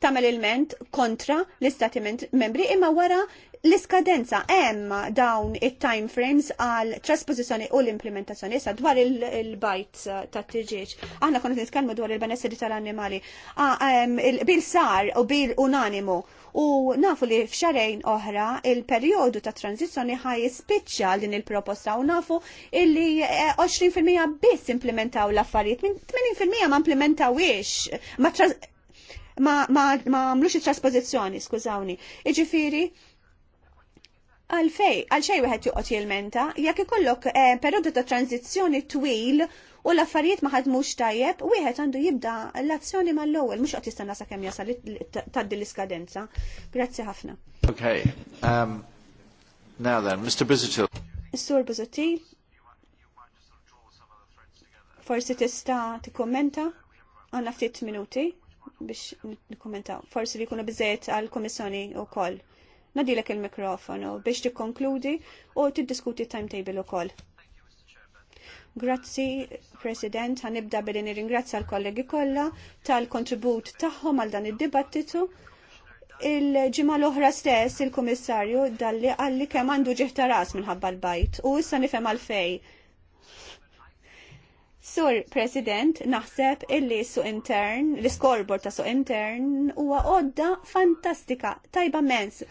tagħmel ilment kontra l-istati membri imma wara l-iskadenza hemm dawn it-time frames għal trasposizjoni u l-implementazzjoni issa dwar il-bajt uh, ta' tiġiġ. Aħna konna nitkellmu dwar il benessi tal-annimali. Ah, ehm, bil sar u bil unanimu u nafu li f'xarejn oħra il-perjodu ta' tranzizzjoni ħaj spiċċa din il-proposta u nafu illi 20% eh, biss implementaw l-affarijiet, 80% ma implementawiex, ma għamlux it-traspożizzjoni, skużawni. Iġifieri, għalfej, għalxej wieħed joqgħod jilmenta, jekk ikollok eh, perjodu ta' tranzizzjoni twil u l-affarijiet ma ħadmux tajjeb, wieħed għandu jibda l-azzjoni mal-ewwel mhux qed jistenna sakemm jasal tgħaddi l-iskadenza. Grazzi ħafna. Okay. Um, now then, Mr. Bizutil. sur Bizutil. Forsi tista' tikkummenta għandna ftit minuti biex nikkommentaw. Forsi li jkunu biżejt għall-Kummissjoni wkoll. Nadilek il-mikrofonu biex tikkonkludi u tiddiskuti timetable ukoll. Grazzi, President, għanibda billi nirringrazzja l-kollegi kollha tal-kontribut tagħhom għal dan id-dibattitu. Il-ġimgħa l-oħra stess il-Kummissarju dalli għalli kemm għandu ġieħ ta' ras minħabba l-bajt u issa nifhem għalfejn. Sur President, naħseb illi su intern, l-iskorbor ta' su intern, huwa għodda fantastika, tajba mens.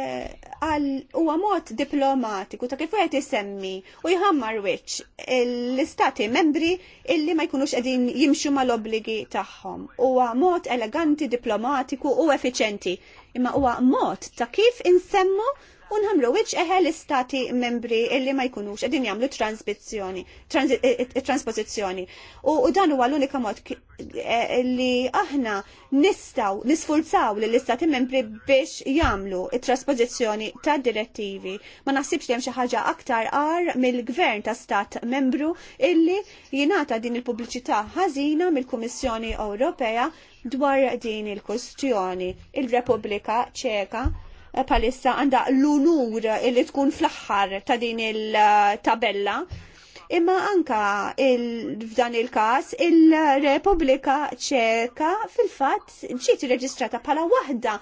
Eh, għal e, huwa mod diplomatiku ta' kif għet isemmi u jħammar wiċċ l-istati membri illi ma jkunux qegħdin jimxu mal-obbligi tagħhom. Huwa mod eleganti, diplomatiku u effiċenti, imma huwa mod ta' kif insemmu unħamlu wiċ eħe l-istati membri illi ma jkunux edin jamlu eh, eh, eh, transpozizjoni. U dan huwa l-unika mod li aħna nistaw, nisfulzaw li l-istati membri biex jamlu it-transpozizjoni ta' direttivi. Ma naħsibx li hemm xi ħaġa aktar għar mill-gvern ta' stat membru illi jingħata din il-pubbliċità ħażina mill-Kummissjoni Ewropea dwar din il-kustjoni. Il-Repubblika Ċeka Eh, palissa għanda l-unur li tkun fl-axħar ta' din il-tabella. Imma anka il f'dan il-kas il-Repubblika Ċeka fil-fatt ġiet reġistrata bħala waħda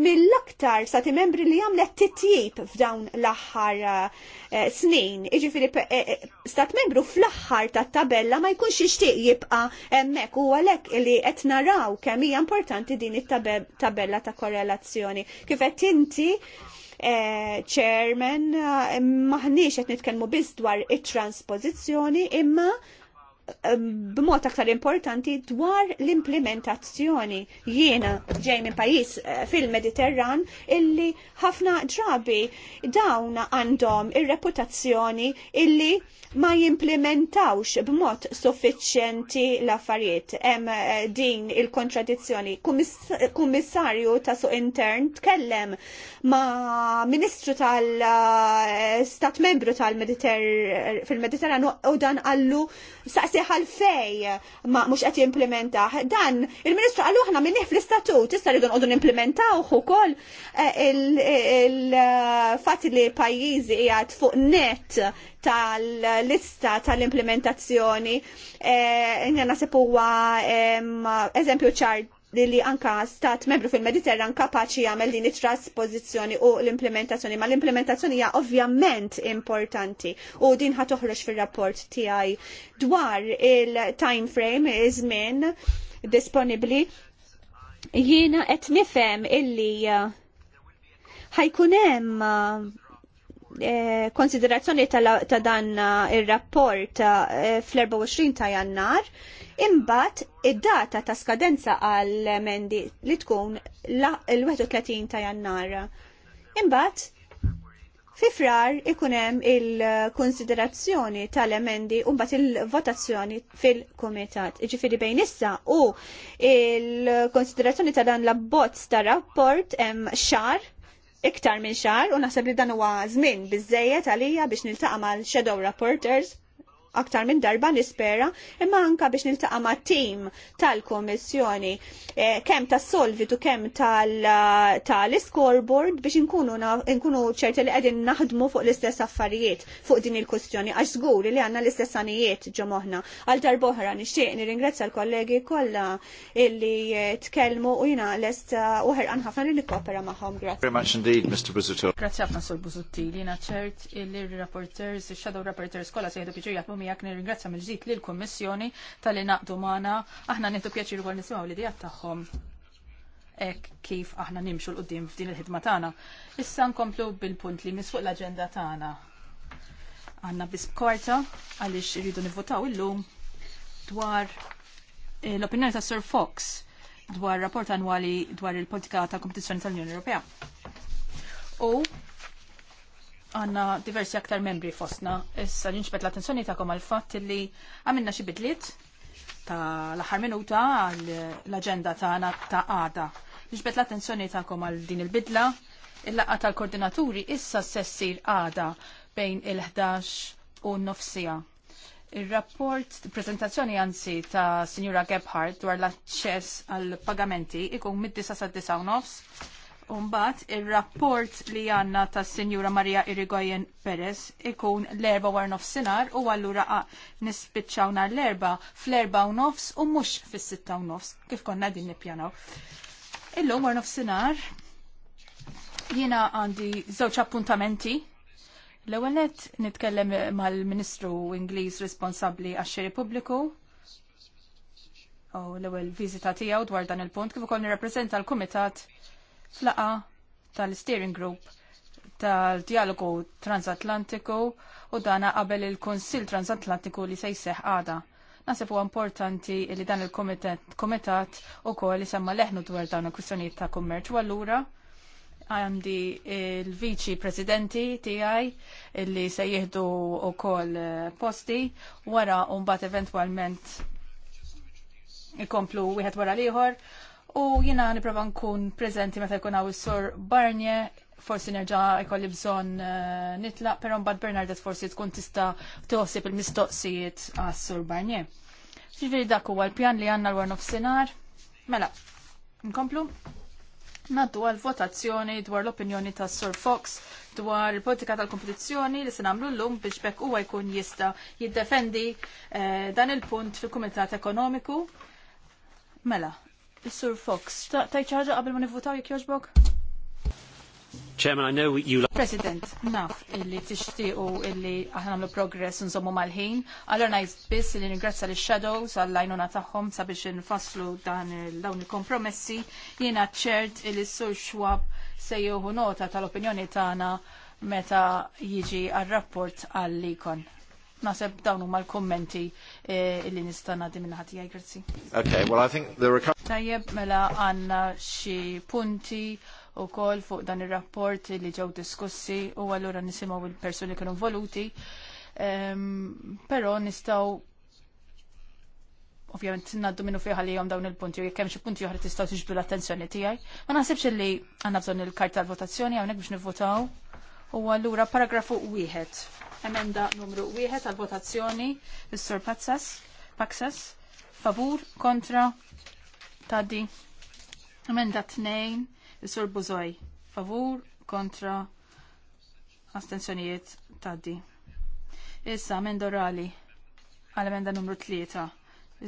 mill-aktar stati membri li għamlet titjib f'dawn l-aħħar eh, snin. Iġifiri eh, eh, stat membru fl-aħħar tat tabella ma jkunx ixtieq jibqa hemmhekk u għalek li qed naraw kemm hija importanti din it-tabella ta' korrelazzjoni. Kif qed inti chairman maħniex qed nitkellmu biss dwar it-transpożizzjoni imma b'mod aktar importanti dwar l-implementazzjoni. Jiena ġej minn pajis eh, fil-Mediterran illi ħafna drabi dawn għandhom ir-reputazzjoni illi ma jimplementawx b'mod suffiċjenti l-affarijiet. Hemm eh, din il-kontradizzjoni. Kummissarju ta' suq intern tkellem ma' Ministru tal-Stat eh, Membru tal fil-Mediterran u dan għallu saqsi għalfej ma mux għet jimplementa. Dan, il-ministru għallu ħna minniħ fl-istatut, issa rridu għodun nimplementaw uħu kol eh, il-fat li pajizi għad fuq net tal-lista tal-implementazzjoni. Eh, Nja nasipuwa eżempju ċart li anka stat membru fil-Mediterran kapaċi jagħmel din it-trasposizzjoni u l-implementazzjoni, ma l-implementazzjoni hija ovvjament importanti u din ħa toħroġ fir-rapport tiegħi dwar il-time frame iż-żmien disponibbli jiena qed nifhem illi uh, ħajkun hemm uh, Eh, konsiderazzjoni ta' dan eh, ir-rapport eh, fl-24 ta' jannar, imbat id-data ta' skadenza għal-mendi li tkun l-31 ta' jannar. Imbat, fi frar ikunem il-konsiderazzjoni tal-emendi umbat il-votazzjoni fil-komitat. Iġifiri bejn issa u il-konsiderazzjoni ta' dan l-abbozz ta' rapport em xar iktar minn xar u naħseb li dan huwa żmien biżejjed għalija biex niltaqa' mal-shadow reporters aktar minn darba nispera, imma anka biex niltaqa ma' tim tal-Komissjoni, e, eh, kem tas-solvitu, kem eh, tal-scoreboard biex nkunu, nkunu ċerti li qegħdin naħdmu fuq l-istess affarijiet fuq din il-kustjoni, għax żgur li għandna l-istess anijiet ġo moħħna. Għal darboħra nixtieq nirringrazzja l-kollegi kollha illi eh, tkellmu u l-est uħer ħafna li nikkopera magħhom. Grazie. Very much indeed, Mr. Grazie. Grazie Grazie. Grazie. Grazie. Grazie. ċert Grazie. Grazie. Grazie. shadow Grazie. kollha se Grazie. Grazie. Grazie miegħek nirringrazzja mill li lill kummissjoni tal-li naqdu aħna nieħdu pjaċir ukoll nisimgħu l dijat tagħhom hekk kif aħna nimxu l qudiem f'din il-ħidma tagħna. Issa nkomplu bil-punt li misfuq l-aġenda tagħna. Għanna bis kwarta għaliex irridu nivvotaw illum dwar eh, l-opinjoni ta' Sir Fox dwar rapport annwali dwar il-politika ta' kompetizzjoni tal-Unjoni Ewropea. U għanna diversi aktar membri fostna. Issa ġinġbet l-attenzjoni ta'kom għal-fat li għamilna xi bidliet ta' l-aħħar minuta l-agenda għana ta' għada. Ġinġbet l-attenzjoni ta'kom għal din il-bidla. Il-laqqa tal-koordinaturi issa s-sessir għada bejn il-11 u n-nofsija. Il-rapport, prezentazzjoni għansi ta' Signora Gebhardt dwar l-access għal-pagamenti ikun mid disa sa' 9 nofs Umbat, il-rapport li għanna ta' Sinjura Maria Irigoyen Perez ikun l-erba war nofsinar u għallura nispiċċaw nar l-erba fl-erba u nofs u mux fis-sitta u nofs kif konna din nipjanaw. Illum war nofsinar jiena għandi żewġ appuntamenti L-ewwel nett nitkellem mal-Ministru Ingliż responsabbli għax-xiri pubbliku u l-ewwel viżita tiegħu dwar dan il-punt kif ukoll nirrappreżenta l-Kumitat flaqa tal-steering group tal-dialogu transatlantiku u dana qabel il-Konsil transatlantiku li se għada. Nasib huwa importanti li dan il-komitat u kol li semma leħnu dwar dawn il-kwistjonijiet ta' kummerċ u allura għandi il-viċi presidenti tijaj li se jihdu u kol posti wara un bat eventualment ikomplu wieħed wara liħor U jina niprofa nkun prezenti meta jkun għaw is-sur Barnier, forsi nerġa' jkolli bżonn uh, nitlaq, però mbagħad Bernardet forsi tkun tista' toħsib il-mistoqsijiet għas-sur Barnier. Ġifiri dak huwa l-pjan li għandna l-war nofsinhar. Mela, nkomplu? Naddu għal votazzjoni dwar l-opinjoni tas Sur Fox dwar il-politika tal-kompetizzjoni li se nagħmlu llum biex bekk huwa jkun jista' jiddefendi eh, dan il-punt fil-Kumitat Ekonomiku. Mela, Is-Sur Fox, tajt ċaġa qabel ma nivvutaw jek joġbok? Chairman, I know you like... President, naf illi tishtiqu illi aħna nagħmlu progress nżommu mal-ħin. Allora ngħid biss li ningrazzja li shadows għall lajnuna tagħhom sabiex infasslu dan dawn il-kompromessi. Jena ċert illi s-Sur Xwab se jieħu nota tal-opinjoni tagħna meta jiġi għal-rapport għall-ikon. Naseb dawn huma l-kummenti Eh, illi nista' ngħaddi minn ħadd grazzi. Okay, well I think the recovery Tajjeb mela għandna xi punti u kol fuq dan il-rapport li ġew diskussi u għallura nisimaw il-personi kienu voluti. Um, ehm, pero nistaw ovvjament naddu minnu fiħal li jom dawn il-punti, u jekkem xie punti uħra tistaw tiġbdu l-attenzjoni tijaj. Ma naħsibx li għanna bżon il-karta tal votazzjoni għawnek biex nivvotaw. U allura paragrafu wieħed. Emenda numru wieħed għal votazzjoni is-Sur Paxas, favur, kontra, taddi. Emenda tnejn, is-Sur Buzoj, favur, kontra, astensjonijiet, taddi. Issa, emenda orali għal emenda numru 3.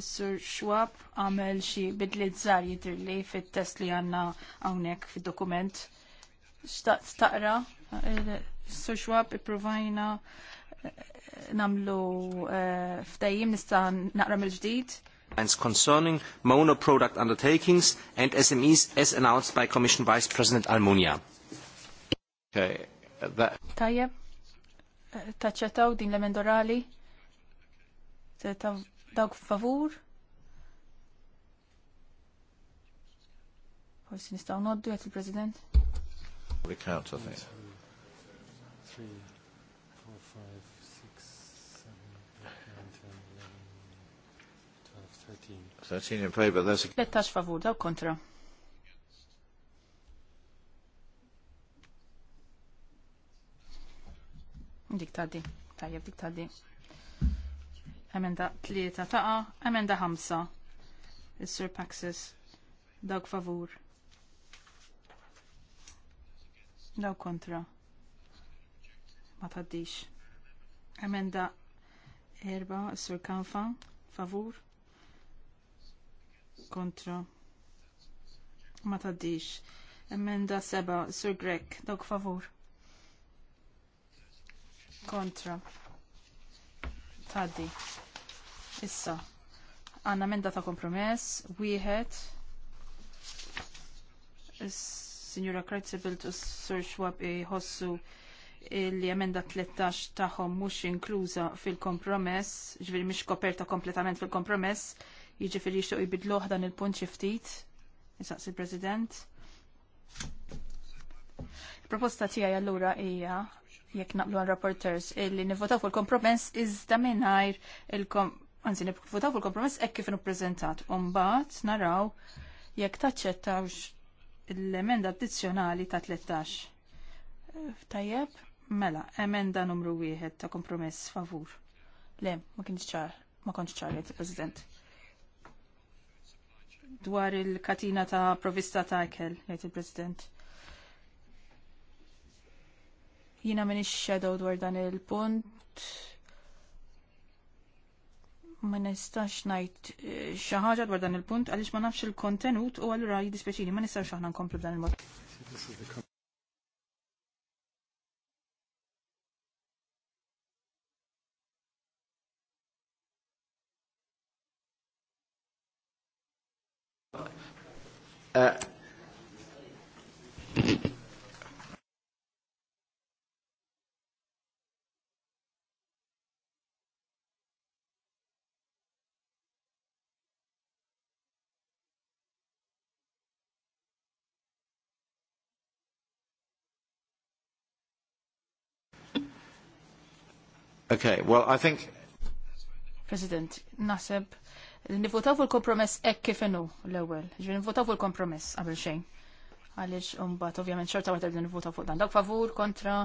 Is-Sur Schwab għamel xi bidliet żgħar jidhirli fit-test li għandna hawnhekk fid-dokument. Staqra, Sur i-provajna eh, namlu eh, ftajim nista' naqra mil-ġdijt. Plans concerning mono product undertakings and SMEs as announced by Commission Vice President Almunia. Tajjeb, eh, taċċetaw din l-emendorali? Dawk favur? Forsi nistaw noddu jgħat il-President? Recount, I think three, four, five, six, seven, eight, nine, ten, eleven, twelve, thirteen. Thirteen in favor, that's a... Lettax favur, daw kontra. Dik tadi, tajjeb dik tadi. Emenda tlieta taqa, emenda ħamsa. Is-Sur Paxis, dawk favur. Daw kontra ma taddix. Emenda erba sur kanfa favur kontra ma taddix. Emenda seba sur grek dok favur kontra taddi. Issa għanna emenda ta' kompromess wieħed Signora Kreitzebilt u Sir Schwab Hossu li emenda 13 tagħhom mhux inkluża fil-kompromess, ġifieri mhix koperta kompletament fil-kompromess, jiġifieri jixtieq jbidluh dan il-punt xi ftit. Isaqsi il-President. Il-proposta tiegħi allura hija jekk naqblu għal rapporters illi nivvotaw fuq il-kompromess iżda mingħajr il-kom anzi nivvotaw fuq il-kompromess hekk kif ippreżentat. U mbagħad naraw jekk taċċettawx l-emenda addizzjonali ta' 13. Tajjeb, Mela, emenda numru wieħed ta' kompromess favur. Le, ma kienx ċar, ma konċ ċar, President dwar il-katina ta' provista ta' ikel, jgħid il-President. Jina minix shadow dwar dan il-punt. Ma nistax najt eh, xi ħaġa dwar dan il-punt għaliex ma nafx il-kontenut u allura jiddispeċini ma nistax aħna nkomplu dan il-mod. Uh, okay, well, I think... President, Nasib, Nivotaw fuq il-kompromess ek kifinu l-ewel. Ġviri nivotaw fuq il-kompromess qabel xejn. Għalix umbat ovvjament xorta waħda li nivotaw fuq dan. Dak favur kontra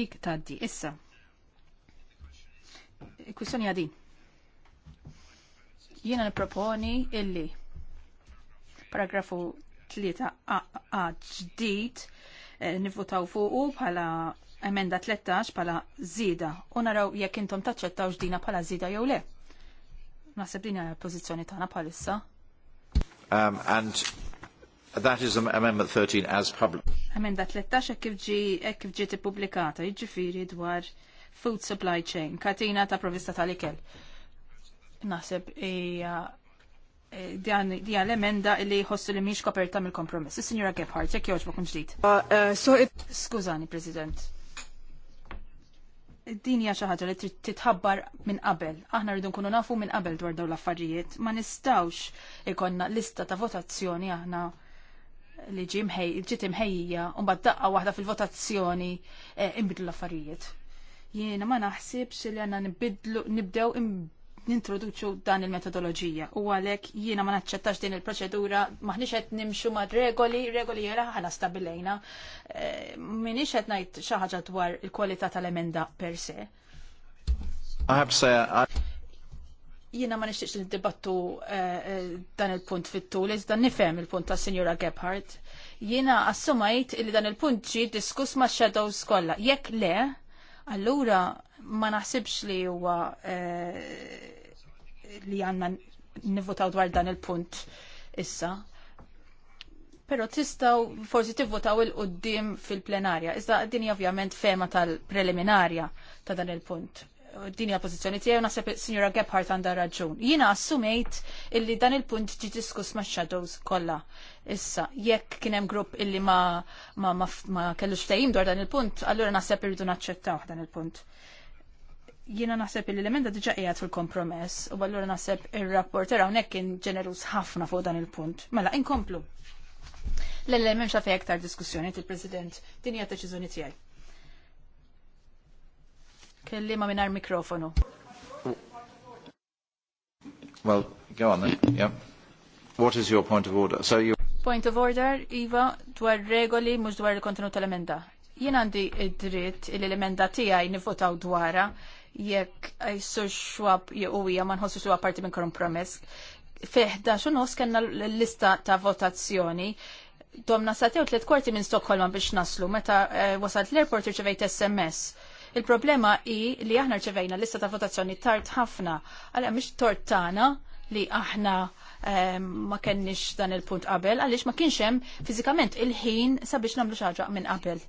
dik taddi. Issa. Il-kwissjoni għadin. Jiena niproponi illi paragrafu 3 a ġdid eh, nivvotaw fuqu bħala emenda 13 bħala zida u naraw jekk intom taċċettaw ġdina bħala zida jew le. Naħseb din hija l-pożizzjoni tagħna bħalissa. Um, and that is Amendment 13 as published. Amenda 13 hekk kif ġi hekk kif ġiet ippubblikata, jiġifieri dwar food supply chain, katina ta' provvista tal-ikel. Naħseb hija eh, di l-emenda li jħossu li miex koperta mill-kompromess. Signora Gebhardt, jek joġbok ġdid. Uh, uh, Skużani, President din hija xi ħaġa li trid titħabbar minn qabel. Aħna rridu nkunu nafu minn qabel dwar dawn l-affarijiet. Ma nistgħux ikonna lista ta' votazzjoni aħna li ġi mħej, ġiet imħejja u mbagħad daqqa waħda fil-votazzjoni eh, imbidlu l-affarijiet. Jiena ma naħsibx li għandna nibdew nintroduċu dan il-metodoloġija u għalek jiena ma naċċettax din il-proċedura maħniex qed nimxu ma' regoli, regoli jera ħana stabilejna. E, eh, Minix qed ngħid xi ħaġa dwar il-kwalità tal-emenda per se. Jiena ma nixtieqx li dibattu eh, eh, dan il-punt fit-tul, iżda nifhem il-punt tas Sinjura Gebhardt. Jiena assumajt li dan il-punt ġi diskuss ma' shadows kollha. Jekk le, allura ma naħsibx li huwa uh, li għanna nivvotaw dwar dan il-punt issa. Pero tistaw forsi tivvotaw il-qoddim fil-plenarja. Iżda din ovvjament fema tal-preliminarja ta' dan il-punt. Din hija pożizzjoni tiegħi naħseb signora Gebhardt għandha raġun. Jiena assumejt illi dan il-punt ġi diskuss ma' shadows kollha. Issa, jekk kien hemm grupp illi ma, ma, ma, ma kellux fejjim dwar dan il-punt, allura naħseb irridu naċċettaw dan il-punt jiena naħseb li l-emenda diġa qiegħed fil-kompromess u allura naħseb ir era hawnhekk kien ġenerus ħafna fuq dan il-punt. Mela inkomplu. L-ella m'hemmx għafej aktar diskussjoni il-President. Din hija deċiżjoni tiegħi. Kellima mingħajr mikrofonu. Well, go on then. Yeah. What is your point of order? So you Point of order, Iva, dwar regoli mhux dwar il-kontenut tal-emenda. Jien għandi id-dritt il-emenda tiegħi nivvotaw dwarha jekk jissur xwab jew hija ma nħossu xwab parti minn kompromess. Fiħda xunos kena l-lista ta' votazzjoni domna satew tliet kwarti minn Stockholm biex naslu meta eh, wasalt l-airport irċevejt SMS. Il-problema hi li aħna rċevejna lista ta' votazzjoni tard ħafna, għalhekk mhix tort tagħna li aħna eh, ma kenniex dan il-punt qabel, għaliex ma kienx hemm fiżikament il-ħin sabiex nagħmlu xi ħaġa minn qabel.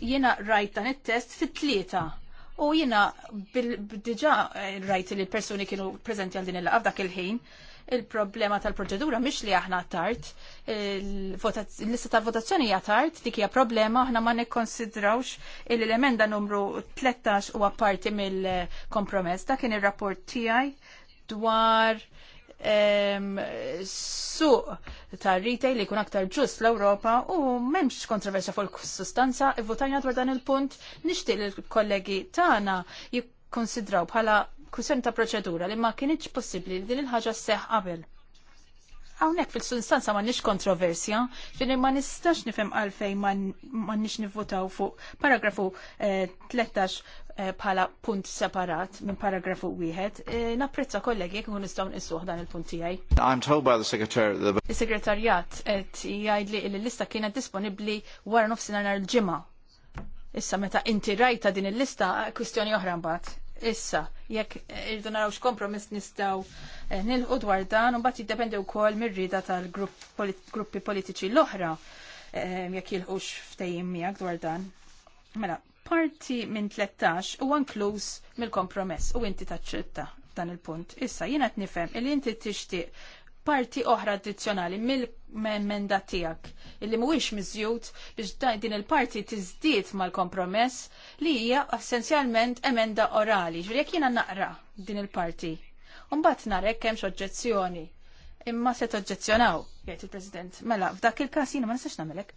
Jiena rajt dan it-test fit-tlieta U jina diġa eh, rajt li l-persuni kienu prezenti għal din il-laqaf dak il-ħin il-problema tal-proċedura mhix li aħna tard, l-lista tal-votazzjoni hija tard, dik hija problema aħna ma nikkonsidrawx l-emenda numru 13 huwa parti mill-kompromess. Dak kien ir-rapport tiegħi dwar suq ta' retail li kun aktar ġust l-Europa u memx kontroversja fuq sustanza votajna dwar dan il-punt nixtieq li l-kollegi tagħna jikkonsidraw bħala kwistjoni ta' proċedura li ma kienx possibbli li din il-ħaġa seħ qabel. Hawnhekk fil-sustanza m'għandniex kontroversja, ġieli ma nistax nifhem għalfejn ma nix nivvotaw fuq paragrafu 13 eh, Eh, bħala punt separat minn paragrafu wieħed. Eh, napprezza kollegi jekk nkun nistgħu nqisuh dan il-punt tiegħi. I'm told by the secretary the Is-segretarjat qed jgħidli li l-lista kienet disponibbli wara nofsinhar nhar il-ġimgħa. Issa meta inti rajta din il-lista kwistjoni oħra mbagħad. Issa, jekk irdu naraw x'kompromiss nistgħu eh, nilħu dwar dan u mbagħad jiddependi wkoll mir-rieda tal-gruppi politiċi l-oħra jekk jilħux ftehim miegħek dwar dan. Mela, parti minn 13 u nkluż mill-kompromess u inti taċċetta dan il-punt. Issa jiena nifhem li inti tixtieq parti oħra addizzjonali mill-emenda tiegħek illi mhuwiex miżjud biex din il-parti tiżdied mal-kompromess li hija essenzjalment emenda orali. Ġifieri jekk jiena naqra din il-parti. Mbagħad nara hekk hemmx oġġezzjoni. Imma se toġġezzjonaw, jgħid il-President. Mela, f'dak il-każ jiena ma nistax nagħmelek.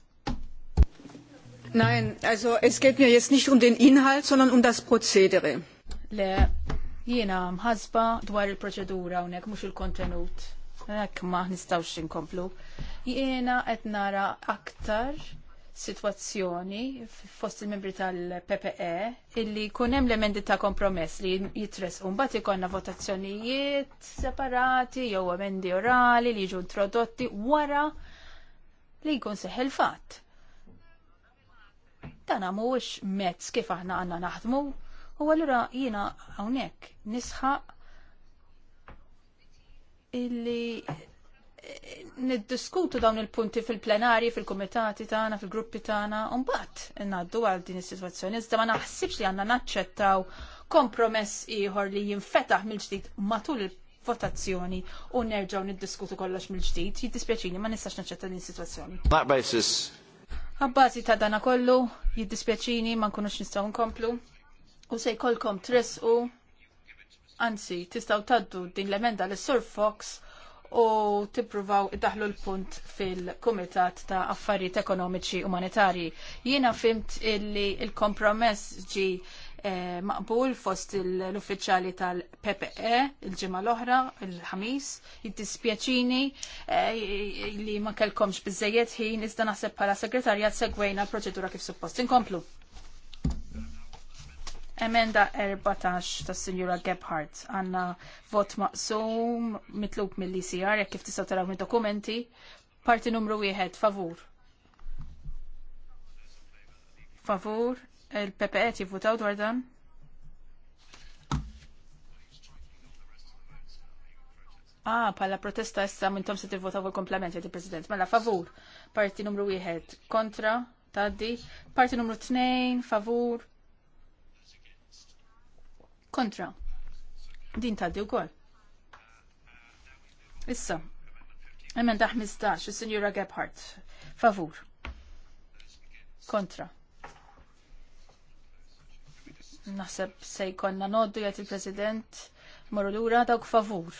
Nein, also es geht mir jetzt nicht um den Inhalt, sondern um das Prozedere. Le, jiena mħasba dwar il-proċedura unek, mux il-kontenut. Ek ma nistawx inkomplu. Jiena qed nara aktar situazzjoni fost il-membri tal-PPE illi kunem l-emendi ta' kompromess li jitres bat ikonna votazzjonijiet separati jew emendi orali li jiġu introdotti wara li jkun seħel fat Dan mhuwiex mezz kif aħna għandna naħdmu, u allura jiena hawnhekk nisħaq illi eh, niddiskutu dawn il-punti fil-plenari, fil-komitati tagħna, fil-gruppi tagħna, u mbagħad ngħaddu għal din is-sitwazzjoni. Iżda ma naħsibx li għandna naċċettaw kompromess ieħor li jinfetaħ mill-ġdid matul il-votazzjoni u nerġgħu niddiskutu kollox mill-ġdid. Jiddispjaċini ma nistax naċċetta din is-sitwazzjoni. Għabbażi ta' dana kollu, jiddispjaċini ma nkunux nistgħu nkomplu. U se jkollkom u, anzi, tistgħu taddu din l-emenda l sur Fox u tippruvaw iddaħlu l-punt fil-Kumitat ta' Affarijiet Ekonomiċi Umanitarji. Jiena fimt illi il-kompromess ġi Eh, maqbul fost l-uffiċjali tal-PPE il-ġimgħa l-oħra, il-ħamis, jiddispjaċini eh, li ma kellkomx biżejjed ħin iżda naħseb bħala segretarjat segwejna l-proċedura kif suppost. Inkomplu. Emenda 14 ta' Sinjura Gebhardt għanna vot maqsum mitlub mill-ICR jekk kif tista' taraw dokumenti Parti numru wieħed favur. Favur, il ppet jivvutaw dwar dan? Ah, pala protesta issa minn tom se tivvotaw il-komplement, jgħid il-President. Mela, favur, parti numru 1, kontra, taddi, parti numru 2, favur, kontra. Din taddi u kol. Issa, emenda 15, il-Sinjura Gebhardt, favur, kontra. Naħseb se jkonna noddu jgħid il-President morru l-ura dawk favur.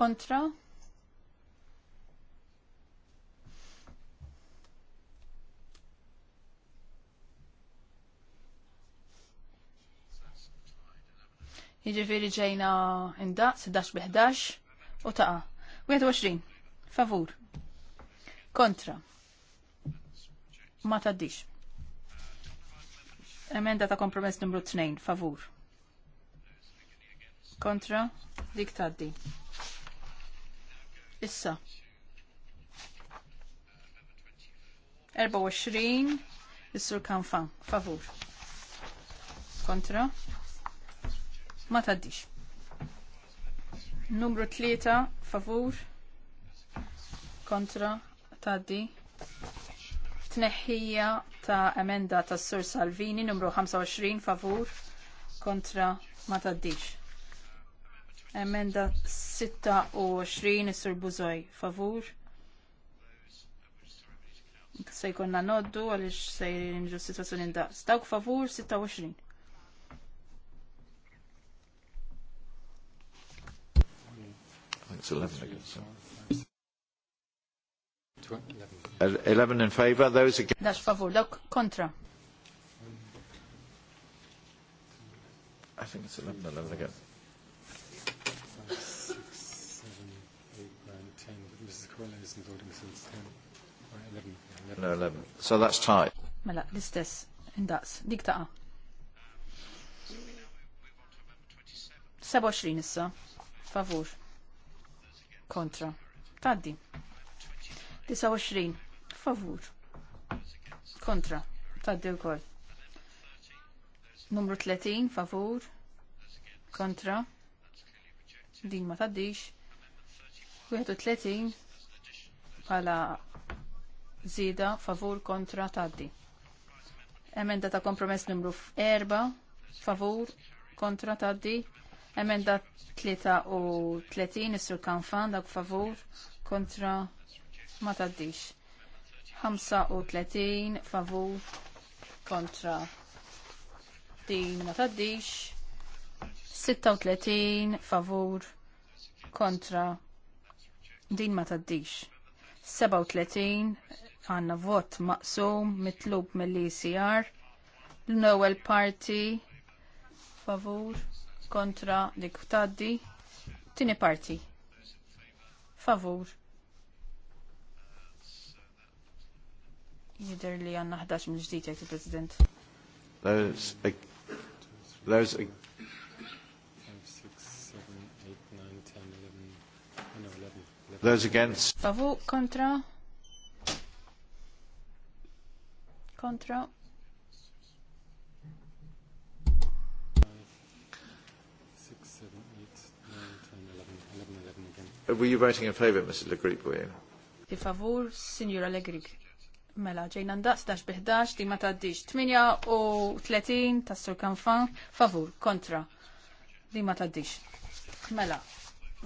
Kontra? Jiġifieri ġejna indaq 16 bi 11 u taqa'. 21. Favur. Kontra. Ma taddix. Emenda ta' kompromess numru 2. Favur. Kontra. Dik taddi. Issa. 24. Is-sur kanfan. Favur. Kontra. Ma taddix. Numru 3, favur, kontra, taddi. Tneħħija ta' emenda ta' Sur Salvini, numru 25, favur, kontra, ma taddix. Emenda 26, Sur Buzoj, favur. Se jkollna noddu għalix se jinġu situazzjoni da' Dawk favur 26. It's 11 against. 11 in favour, those against. That's favor, dawk contra. I think it's 11, 11 again. No, 11. So that's tied. Mela, test, and that's dik taqa. 27 issa, favur kontra. Taddi. 29 favur kontra. Taddi wkoll. Numru 30 favur kontra. Din ma taddix. 31 Pala zida favur kontra taddi. Emenda ta' kompromess numru 4 favur kontra taddi. Emenda 33 is-sur kanfan dak favur kontra ma taddix. 35 favur kontra din ma taddix. 36 favur kontra din ma taddix. 37 għanna vot maqsum mitlub mill-ECR. L-ewwel parti favur kontra dik taddi. Tini parti. Favur. Jider li għanna 11 minn ġdijt jek president There's a... There's a... 5, There's against. Favu kontra. Kontra. Were you voting in favour, Mrs. Legrip, were you? Di favur, Signora Legrip. Mela, ġejna ndaqs ndaqsdax biħdax, di ma taddix 8 u 30 tas sur kanfan, favur, kontra. Di ma taddix. Mela,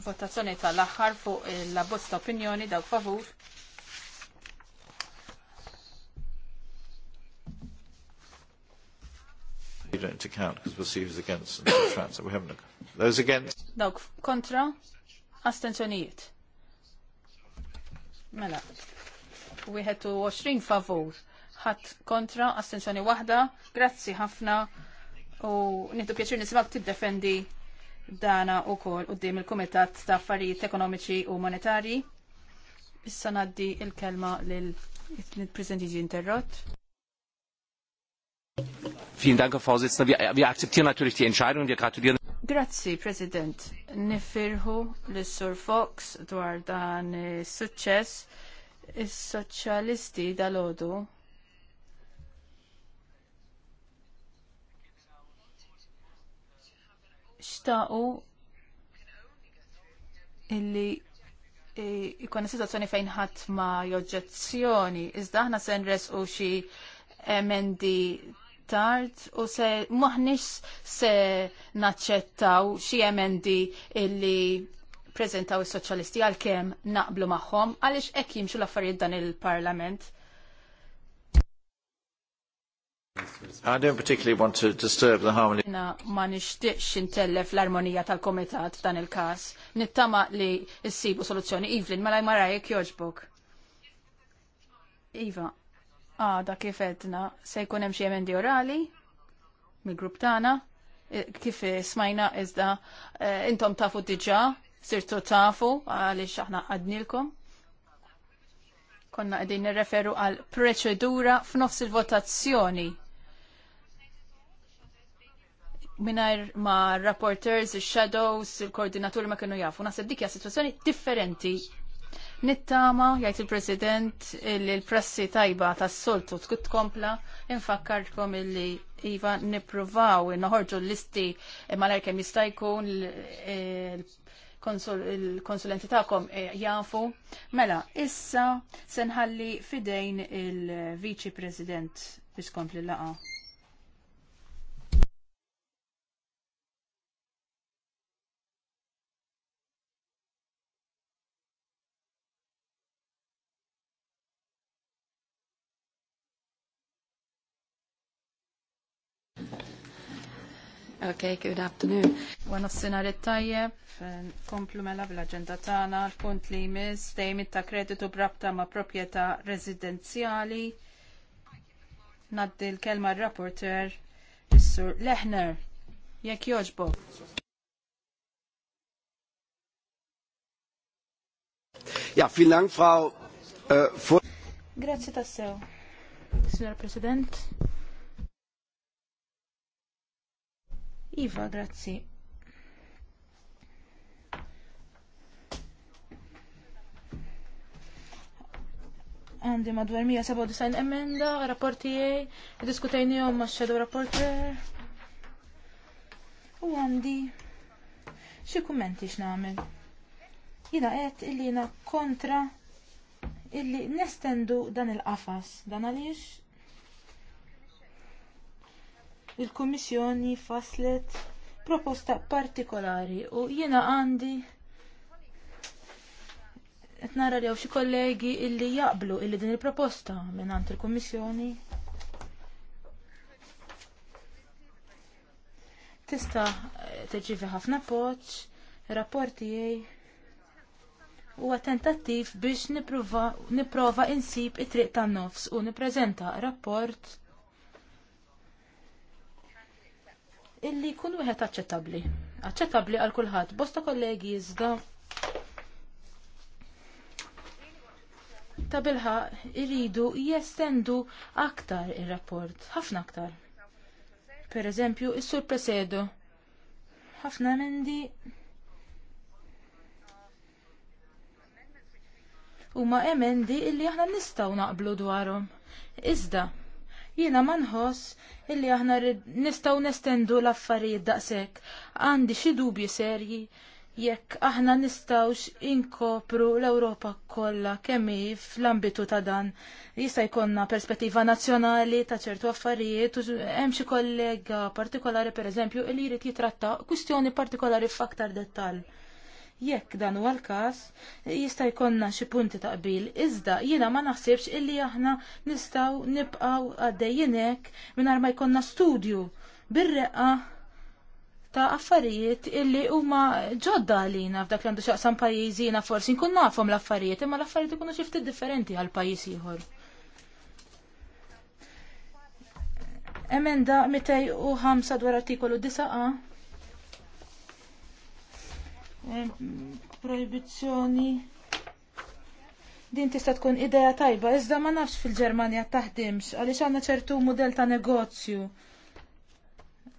votazzjoni tal-axħar fuq la bosta opinjoni daw favur. You don't to count because we'll see who's against and subtract. [coughs] So we haven't. Those against? Dawk kontra, Astenzjonijiet. Mela, 21 favor. ħadd kontra, astenzjoni wahda, grazzi ħafna u nittu pjaċir nisimak tiddefendi dana u kol u d-dim il-Komitat ta' Affarijiet Ekonomiċi u Monetari. Issa naddi il-kelma lill-Presidenti interrott. Vielen Dank, Herr Vorsitzender. Wir, wir akzeptieren natürlich die Entscheidung. Wir gratulieren. Grazzi, President. Nifirħu l-Sur Fox dwar dan is-suċċess. Is-soċjalisti dal-ħodu xtaqu illi e, ikon situazzjoni fejn ħadd ma joġġezzjoni, iżda aħna se nresqu xi emendi tard u se maħnix se naċċettaw xi emendi illi prezentaw is-soċjalisti għalkemm naqblu magħhom għaliex hekk jimxu l-affarijiet dan il-Parlament. I don't particularly want to disturb the harmony. Na ma nixtieqx intellef l-armonija tal-komitat f'dan il-każ. Nittama li ssibu soluzzjoni Evelyn mela marajek jogħġbok. Iva, Ah, da kif edna se jkun hemm xi emendi orali mill-grupp tagħna eh, kif smajna iżda eh, intom tafu diġà sirtu tafu għaliex aħna għadnilkom. Konna qegħdin nirreferu għal preċedura f'nofs il-votazzjoni Minajr ma' rapporters, il-shadows, il-koordinatur ma' kienu jafu. Nasib dikja situazzjoni differenti Nittama, jgħid il-President, li l-prassi tajba tas-soltu tkut kompla, infakkarkom illi Iva nippruvaw noħorġu l-listi eh, mal-arkem jista' jkun il-konsulenti eh, tagħkom eh, jafu. Mela, issa senħalli fidejn il-Viċi President biskompli laqa. Okay, good afternoon. Għana s-sinar tajjeb komplu mela bl-agenda tagħna l-punt li jmiss dejjem ta' kreditu brabta ma' proprjetà residenzjali. Naddi l-kelma r-rapporter is-sur Lehner. Jekk Ja, vielen Frau. Äh, Grazie tassew, Signor President. Iva, grazzi. Għandi madwar 197 emenda, diskutajni diskutajnijom ma' shadow rapporter. U għandi xie kummenti x'namel. Jina għet illi jina kontra illi nestendu dan il-qafas. Dan għaliex il-Kummissjoni faslet proposta partikolari u jiena għandi qed nara li xi kollegi illi jaqblu illi din il-proposta mingħand il-Kummissjoni tista' teġivi ħafna poċ, rapporti huwa tentattiv biex nipprova insib it-triq tan-nofs u nippreżenta rapport illi jkun wieħed aċċettabbli. Aċċettabbli għal kulħadd. Bosta kollegi iżda ta' bilħa iridu jestendu aktar ir-rapport, ħafna aktar. Per eżempju, is-sur presedu. Ħafna mendi huma emendi illi aħna nistgħu naqblu dwarhom. Iżda, Jiena ma nħoss illi aħna nistgħu nestendu l-affarijiet daqshekk. Għandi xi dubji serji jekk aħna nistgħux inkopru l-Ewropa kollha kemm hi fl-ambitu ta' dan. Jista' jkollna perspettiva nazzjonali ta' ċertu affarijiet u hemm xi kollega partikolari pereżempju li jrid jitratta kwistjoni partikolari f'aktar dettall. Jekk dan huwa l-każ, jista' jkollna xi punti ta' qbil, iżda jiena ma naħsibx illi aħna nistgħu nibqgħu għaddejjin hekk mingħajr ma jkollna studju bir-reqqa ta' affarijiet illi huma ġodda għalina f'dak li għandu xaqsam pajjiżi jiena forsi nkun nafhom l-affarijiet, imma l-affarijiet ikunu xi ftit differenti għal pajjiż ieħor. Emenda 205 dwar artikolu 9a proibizzjoni din tista' tkun idea tajba, iżda ma nafx fil-Ġermanja taħdimx, għaliex għandna ċertu mudell ta' negozju.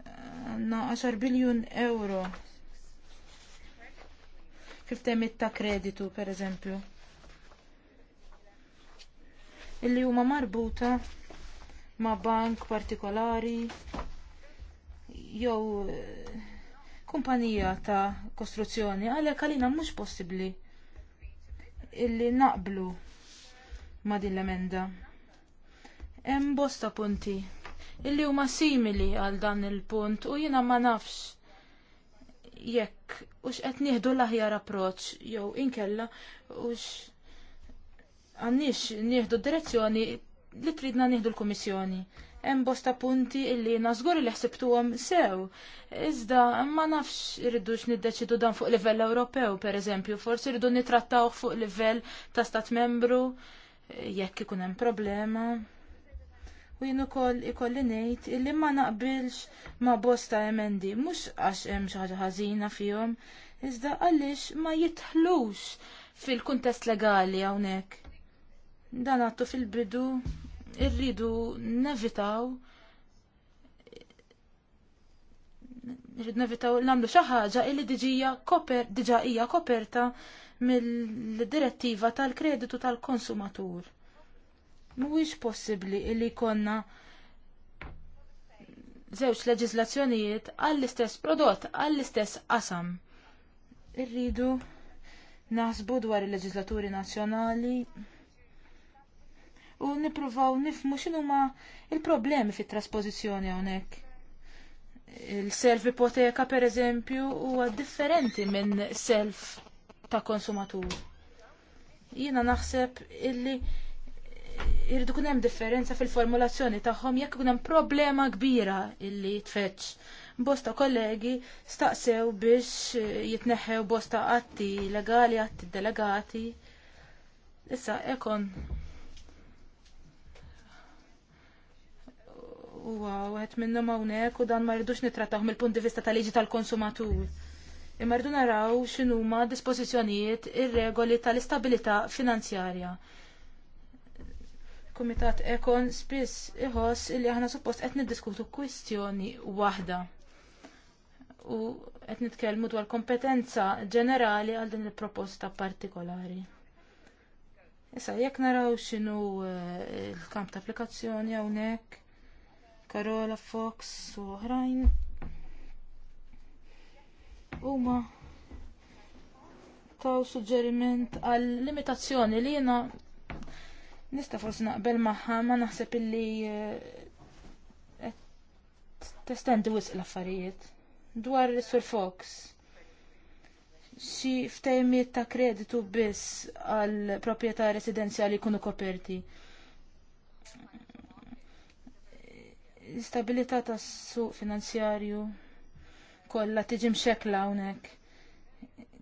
Għandna 10 biljun euro. Kif temmit ta' kreditu, per eżempju. Illi huma marbuta ma' bank partikolari jew kumpanija ta' kostruzzjoni għalhekk għalina mhux possibbli illi naqblu ma' din l-emenda. Hemm bosta punti illi huma simili għal dan il-punt u jiena ma nafx jekk u qed nieħdu l-aħjar approċċ jew inkella u għannix nieħdu d direzzjoni li tridna nieħdu l-Kummissjoni hemm bosta punti illi nażgur li ħsibtuhom sew. Iżda ma nafx iridux niddeċidu dan fuq livell Ewropew, pereżempju, forsi irridu nitrattaw fuq livell ta' stat membru jekk ikun hemm problema. U jien ukoll ikolli ngħid illi ma naqbilx ma bosta emendi, mhux għax hemm xi ħaġa ħażina fihom, iżda għaliex ma jitħlux fil-kuntest legali hawnhekk. Dan għattu fil-bidu irridu nevitaw irrid nevitaw nagħmlu xi ħaġa li diġija koper diġà hija koperta mill-direttiva tal-kreditu tal-konsumatur. Mhuwiex possibbli li jkollna żewġ leġizlazzjonijiet għall-istess prodott, għall-istess qasam. Irridu naħsbu dwar il-leġislaturi nazzjonali u nippruvaw nifmu x'inhuma il-problemi fit traspożizzjoni hawnhekk. Il-self ipoteka pereżempju huwa differenti minn self ta' konsumatur. Jiena naħseb illi irridu kunem hemm differenza fil-formulazzjoni tagħhom jekk kunem hemm problema kbira illi tfetx. Bosta kollegi staqsew biex jitneħħew bosta atti legali, atti delegati. Issa ekon huwa wieħed minnhom hawnhekk u dan ma rridux mill-punt di vista tal-liġi tal-konsumatur. Imma rridu naraw x'inhuma dispożizzjonijiet ir-regoli tal-istabilità finanzjarja. Komitat Ekon spiss iħoss li aħna suppost qed niddiskutu kwistjoni waħda u qed nitkellmu dwar kompetenza ġenerali għal din il-proposta partikolari. Issa jekk naraw x'inhu eh, l-kamp ta' applikazzjoni hawnhekk. Karola Fox u oħrajn. Huma taw suġġeriment għal limitazzjoni li jiena nista forsi naqbel magħha ma naħseb illi eh, testendi wisq l-affarijiet. Dwar Sir Fox xi ftejmiet ta' kreditu biss għal proprjetà residenzjali jkunu koperti l-istabilità tas-suq finanzjarju kollha tiġi mxekla hawnhekk.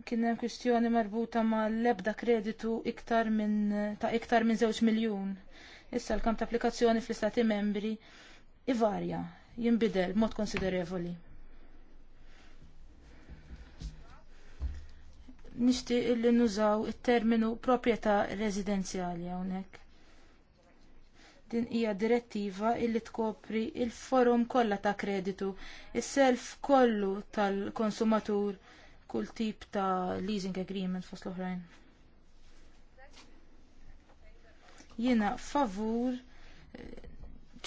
Kien hemm kwistjoni marbuta mal-ebda kreditu iktar minn ta' iktar minn żewġ miljun. Issa l-kamp ta' applikazzjoni fl-istati membri ivarja, jinbidel b'mod konsiderevoli. Nixtieq illi nużaw it-terminu proprjetà residenzjali hawnhekk Din hija direttiva illi tkopri l il forum kollha ta' kreditu, is-self kollu tal-konsumatur, kull tip ta' leasing agreement fost l-oħrajn. Jiena favur eh,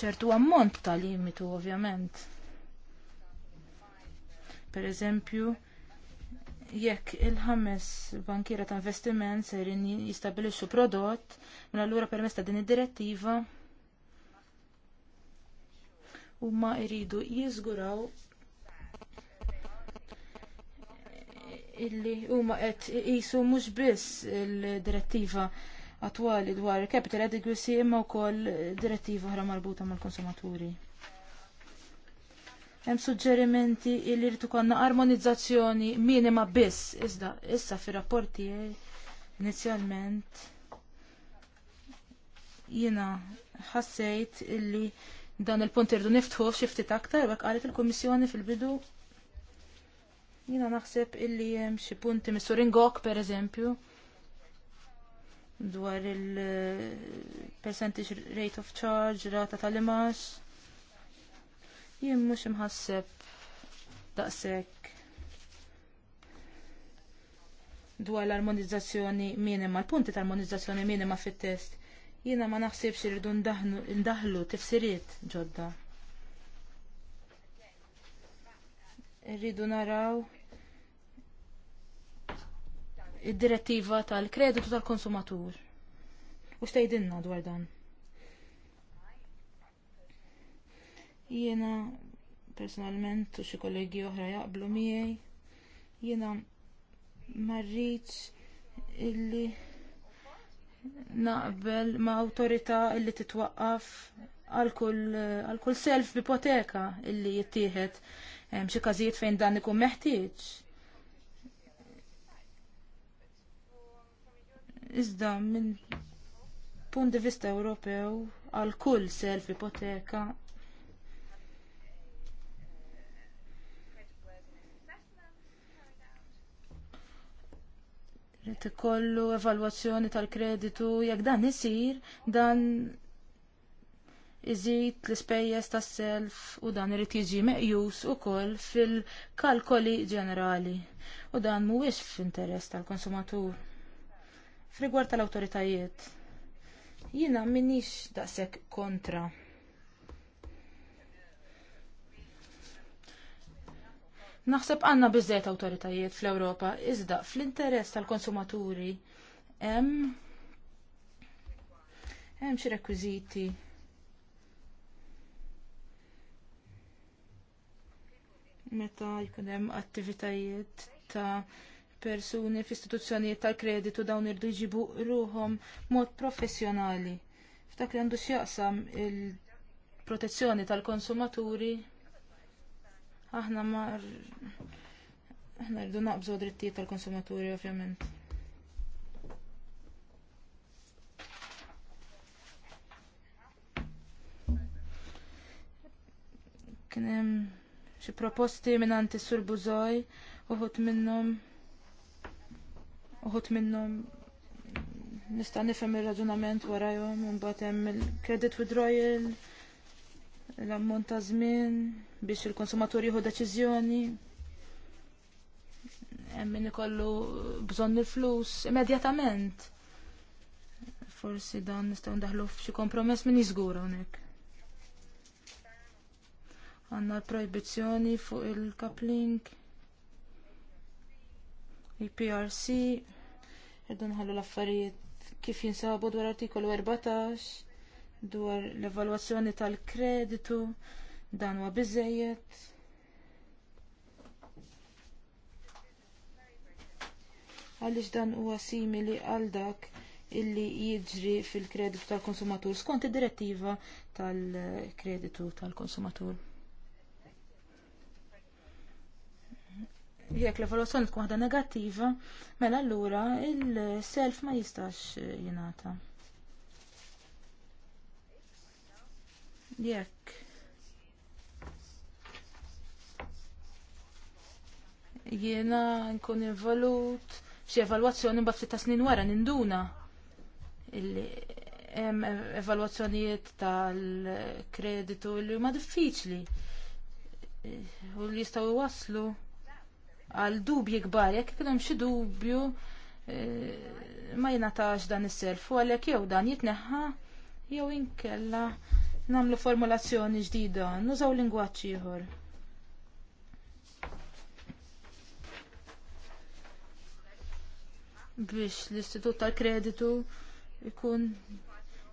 ċertu ammont ta' limitu ovvjament. Pereżempju, jekk il-ħames bankiera ta' investiment ser jistabilixxu prodott, minn mela allura permezz ta' din id-direttiva huma jridu jiżguraw illi huma qed iqisu mhux biss il-direttiva attwali dwar capital adequacy imma wkoll direttiva oħra marbuta mal-konsumaturi. Hemm suġġerimenti li rrid ikollna armonizzazzjoni minima biss iżda issa fir-rapporti inizjalment jiena ħassejt illi Dan il-punt irdu niftħu ftit aktar, għak qalet il-Kummissjoni fil-bidu. Jina naħseb illi hemm xi punti missurin gok pereżempju dwar il-percentage eh, rate of charge, rata tal-imax. Jien mhux imħasseb daqshekk dwar l-armonizzazzjoni minima, l-punti tal-armonizzazzjoni minima fit-test. Jiena ma naħsibx irridu ndaħlu tifsiriet ġodda. Irridu naraw id-direttiva tal-kreditu tal-konsumatur. U xtejdinna dwar dan? Jiena personalment u xi kollegi oħra jaqblu miegħi jiena ma rridx illi naqbel ma' awtorità illi titwaqqaf għal kull self bipoteka illi jittieħed xi każijiet fejn dan ikun meħtieġ. Iżda minn punt di vista Ewropew għal kull self ipoteka tikollu ikollu evalwazzjoni tal-kreditu jekk dan isir dan iżid l-ispejjeż tas-self u dan irid jiġi meqjus ukoll fil-kalkoli ġenerali u dan mhuwiex f'interess tal-konsumatur. Frigwar tal-awtoritajiet, jiena minix daqshekk kontra Naħseb għanna biżżejjed awtoritajiet fl-Ewropa, iżda fl-interess tal-konsumaturi hemm hemm xi rekwiżiti meta jkun hemm attivitajiet ta' persuni f'istituzzjonijiet tal-kreditu dawn irdu jġibu ruhom mod professjonali. F'dak li għandu x'jaqsam il-protezzjoni tal-konsumaturi Aħna ma aħna rridu naqbżu drittijiet tal-konsumaturi ovvjament. Kien hemm xi proposti minn għandi sur Bużoj, uħut minnhom uħut minnhom nista' nifhem ir-raġunament warajhom imbagħad hemm il-credit withdrawal l-ammont ta' żmien biex il-konsumatur jieħu deċiżjoni. Hemm min ikollu bżonn il-flus immedjatament. Forsi dan nistgħu ndaħlu f'xi kompromess min jiżgur hawnhekk. Għandna l-projbizzjoni fuq il-coupling, il-PRC, id nħallu l-affarijiet kif jinsabu dwar artikolu 14 dwar l-evalwazzjoni tal-kreditu dan huwa biżejjed. Għaliex dan huwa simili għal dak illi jiġri fil-kreditu tal-konsumatur skont id-direttiva tal-kreditu tal-konsumatur. Jekk l evalwazzjoni tkun waħda negattiva, mela allura il-self ma jistax jingħata. Jekk. Jiena nkun involut xi evalwazzjoni mbagħad ftit ta' snin wara ninduna illi hemm e- evalwazzjonijiet tal-kreditu li huma diffiċli u li jistgħu jwasslu għal dubji kbar, jekk ikun hemm xi dubju e, ma jingħatax dan is-self u għalhekk jew dan jitneħħa jew inkella namlu formulazzjoni ġdida, nużaw lingwaġġ ieħor. biex l-istitut tal-kreditu jkun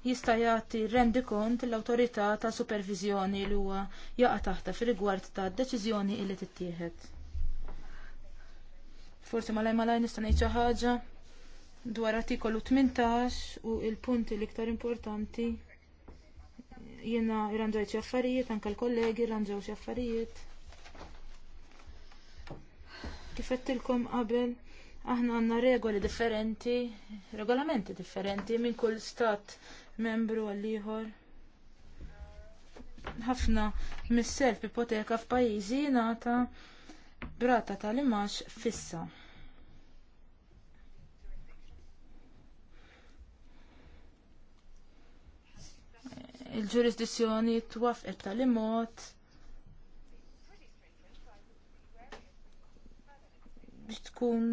jista' jagħti rendi kont l-awtorità ta' supervizjoni li huwa jaqa' taħta fir-rigward ta' deċiżjoni li tittieħed. Forsi malaj malaj nista' ngħid xi ħaġa dwar artikolu 18 u l punti l-iktar importanti jiena irranġajt xi affarijiet, anke l-kollegi irranġaw xi affarijiet. Kif qedtilkom qabel, aħna għandna regoli differenti, regolamenti differenti minn kull stat membru għal ieħor. Ħafna mis-self ipoteka f'pajjiżi jingħata brata tal-imax fissa. il-ġurisdizzjoni twafqet tal-imot biex tkun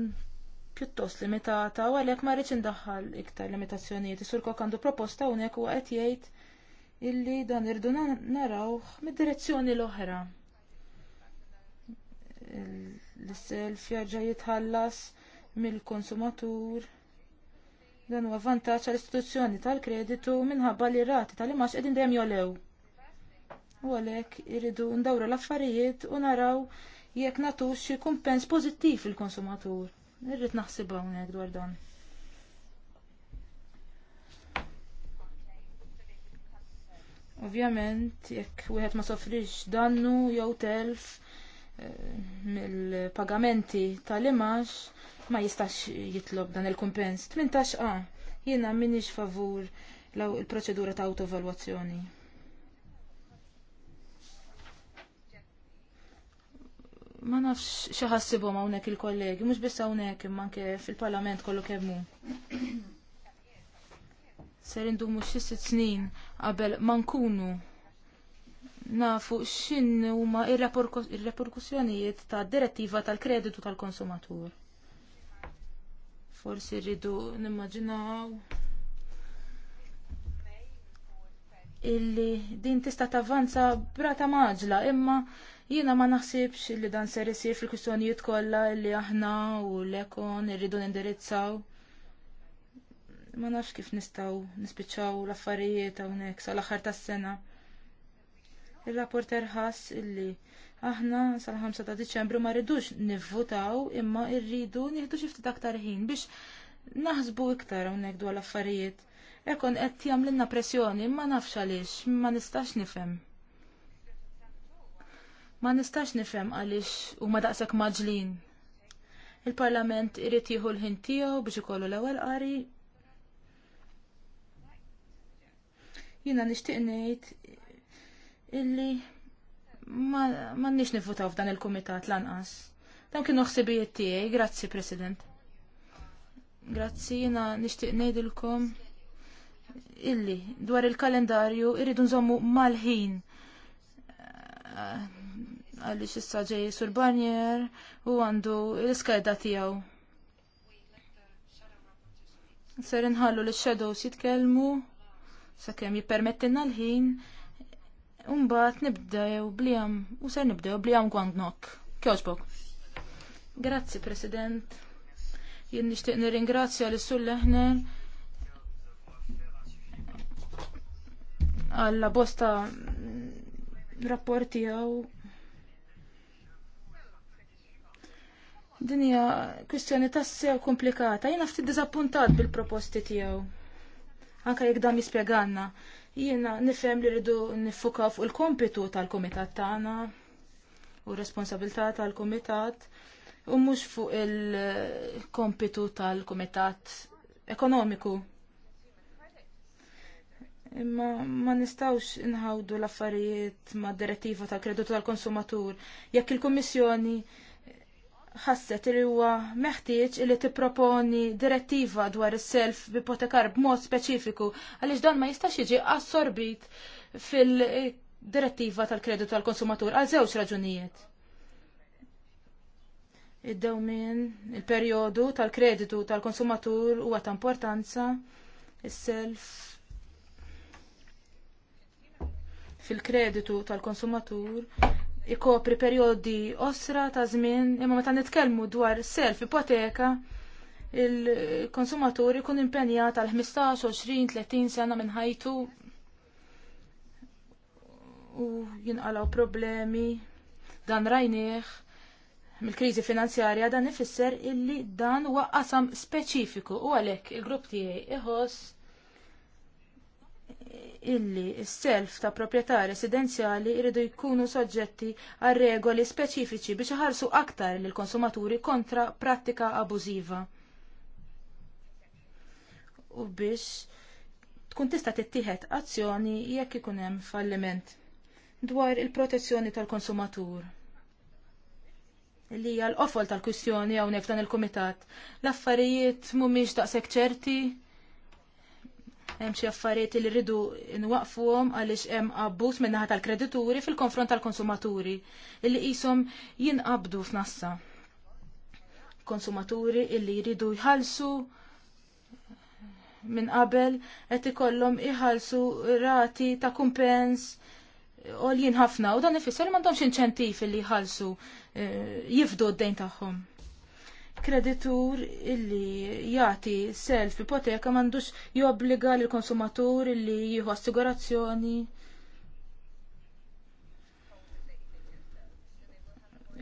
pjuttost limitata u għalhekk ma indaħħal iktar limitazzjonijiet. Sur kok għandu proposta hawnhekk u qed jgħid illi dan irdu narawh mid-direzzjoni l-oħra. L-self jarġa' jitħallas mill-konsumatur Dan huwa vantaġġ għall istituzzjoni tal-kreditu minħabba li rati tal-imax qegħdin dejjem jolew. U għalhekk iridu ndawru l-affarijiet u naraw jekk nagħtux xi kumpens pożittiv il-konsumatur. Irrid naħsib hawnhekk dwar dan. Ovvjament, jekk wieħed ma sofrix dannu jew telf eh, mill-pagamenti tal-imax, ma jistax jitlob dan il-kumpens. 18 a ah, jiena minix favur law il-proċedura ta' autovalwazzjoni. Ma nafx xi ħassibhom hawnhekk il-kollegi, mhux biss hawnhekk imma anke fil-Parlament kollu kemm hu. mux xissit xi sitt snin qabel ma nkunu nafu x'in huma ir-reperkussjonijiet tad direttiva tal-kreditu tal-konsumatur. Forsi rridu nimmaġinaw illi din tista' tavvanza brata maġla imma jiena ma naħsibx li dan ser isir fil-kwistjonijiet kollha li aħna u l-ekon irridu nindirizzaw. Ma nafx kif nistgħu nispiċċaw l-affarijiet hawnhekk sal-aħħar tas-sena. Ir-rapporter ħass illi aħna sal-5 ta' Diċembru ma rridux nivvutaw imma rridu nieħdu xi ftit aktar ħin biex naħsbu iktar hawnhekk dwar l-affarijiet. Ekon qed jagħmlilna pressjoni ma nafx għaliex, ma nistax nifhem. Ma nistax nifhem għaliex huma daqshekk maġlin. Il-Parlament irid jieħu l-ħin tiegħu biex ikollu l-ewwel qari. Jiena nixtieq ngħid illi ma nix nifutaw f'dan il-komitat lanqas. Dan kienu ħsibijiet tiegħi, grazzi President. Grazzi, jina nixtieq ngħidilkom illi dwar il-kalendarju irridu nżommu mal-ħin eh, Għalli issa ġej sur Barnier u għandu l skajda tijaw. Ser inħallu l shadows jitkelmu, sa' kem jipermettinna l-ħin, Umbat nibdew bliam, u ser nibdew bljam Guangnok. Kjoġbok. Grazzi, President. Jien nixtieq nirringrazzja li sul Leħner għalla bosta rapporti għaw. Dinja kwistjoni tassew komplikata. Jien ftit dizappuntat bil-proposti tiegħu. Anka jekk dan jispjeganna Jiena nifhem li rridu nifukaw fuq il-kompitu tal-kumitat tagħna u responsabilità tal-kumitat u mhux fuq il-kompitu tal-kumitat ekonomiku imma ma nistawx inħawdu l-affarijiet ma' direttiva tal kreditu tal-konsumatur. Jekk il-Kummissjoni ħasset li huwa meħtieġ li tipproponi direttiva dwar is-self ipotekar b'mod speċifiku għaliex dan ma jistax jiġi assorbit fil-direttiva tal-kreditu tal-konsumatur għal żewġ raġunijiet. Id-dewmin, il-perjodu tal-kreditu tal-konsumatur huwa ta' importanza, is-self fil-kreditu tal-konsumatur ikopri periodi osra ta' żmien, imma meta nitkellmu dwar self ipoteka, il-konsumatur ikun impenjat għal 15, 20, 30 sena minn ħajtu u jinqalaw problemi dan rajnieħ mill-kriżi finanzjarja dan ifisser illi dan huwa qasam speċifiku u għalhekk il-grupp tiegħi iħoss illi s-self ta' proprjetà residenzjali jridu jkunu soġġetti għal regoli speċifiċi biex iħarsu aktar lill konsumaturi kontra prattika abużiva. U biex tkun tista' tittieħed azzjoni jekk ikun hemm falliment dwar il-protezzjoni tal-konsumatur li hija l-qofol tal-kwistjoni hawnhekk dan il-kumitat. L-affarijiet mhumiex daqshekk ċerti hemm xi affarijiet li rridu nwaqfuhom għaliex hemm abbuż min-naħa tal-kredituri fil-konfront tal-konsumaturi illi qishom jinqabdu f'nassa. Konsumaturi illi jridu jħallsu minn qabel qed ikollhom iħalsu rati ta' kumpens għoljien ħafna u dan ifisser m'għandhomx inċentiv illi jħallsu eh, jifdu d-dejn tagħhom kreditur illi jagħti self ipoteka m'għandux jobbliga lill konsumatur illi jieħu assigurazzjoni.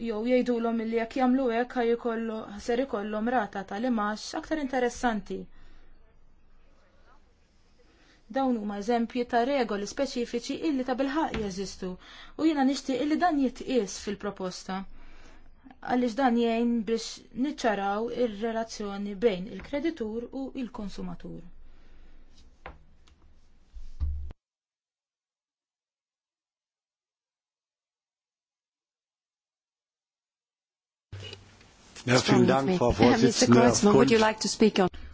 jew jgħidulhom illi jekk jagħmlu hekk ser ikollhom rata tal-imax aktar interessanti. Dawn huma eżempji ta' regoli speċifiċi illi ta' bilħaq jeżistu u jiena nixtieq illi dan jitqies fil-proposta għaliex dan jgħin biex niċċaraw ir-relazzjoni bejn il-kreditur u l il konsumatur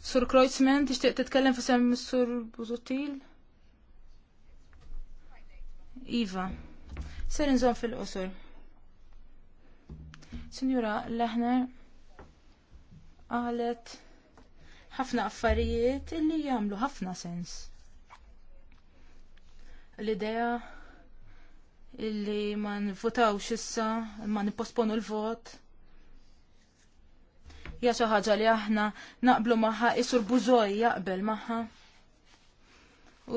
Sur Kreuzmann, tixtieq titkellem fisem Sur Buzutil? Iva, ser nżomm fil-qosor. Sinjura Lehner qalet ħafna affarijiet illi jagħmlu ħafna sens. L-idea illi ma nvotawx issa, ma nipposponu l-vot. Ja xi ħaġa li aħna naqblu magħha isur bużoj jaqbel magħha.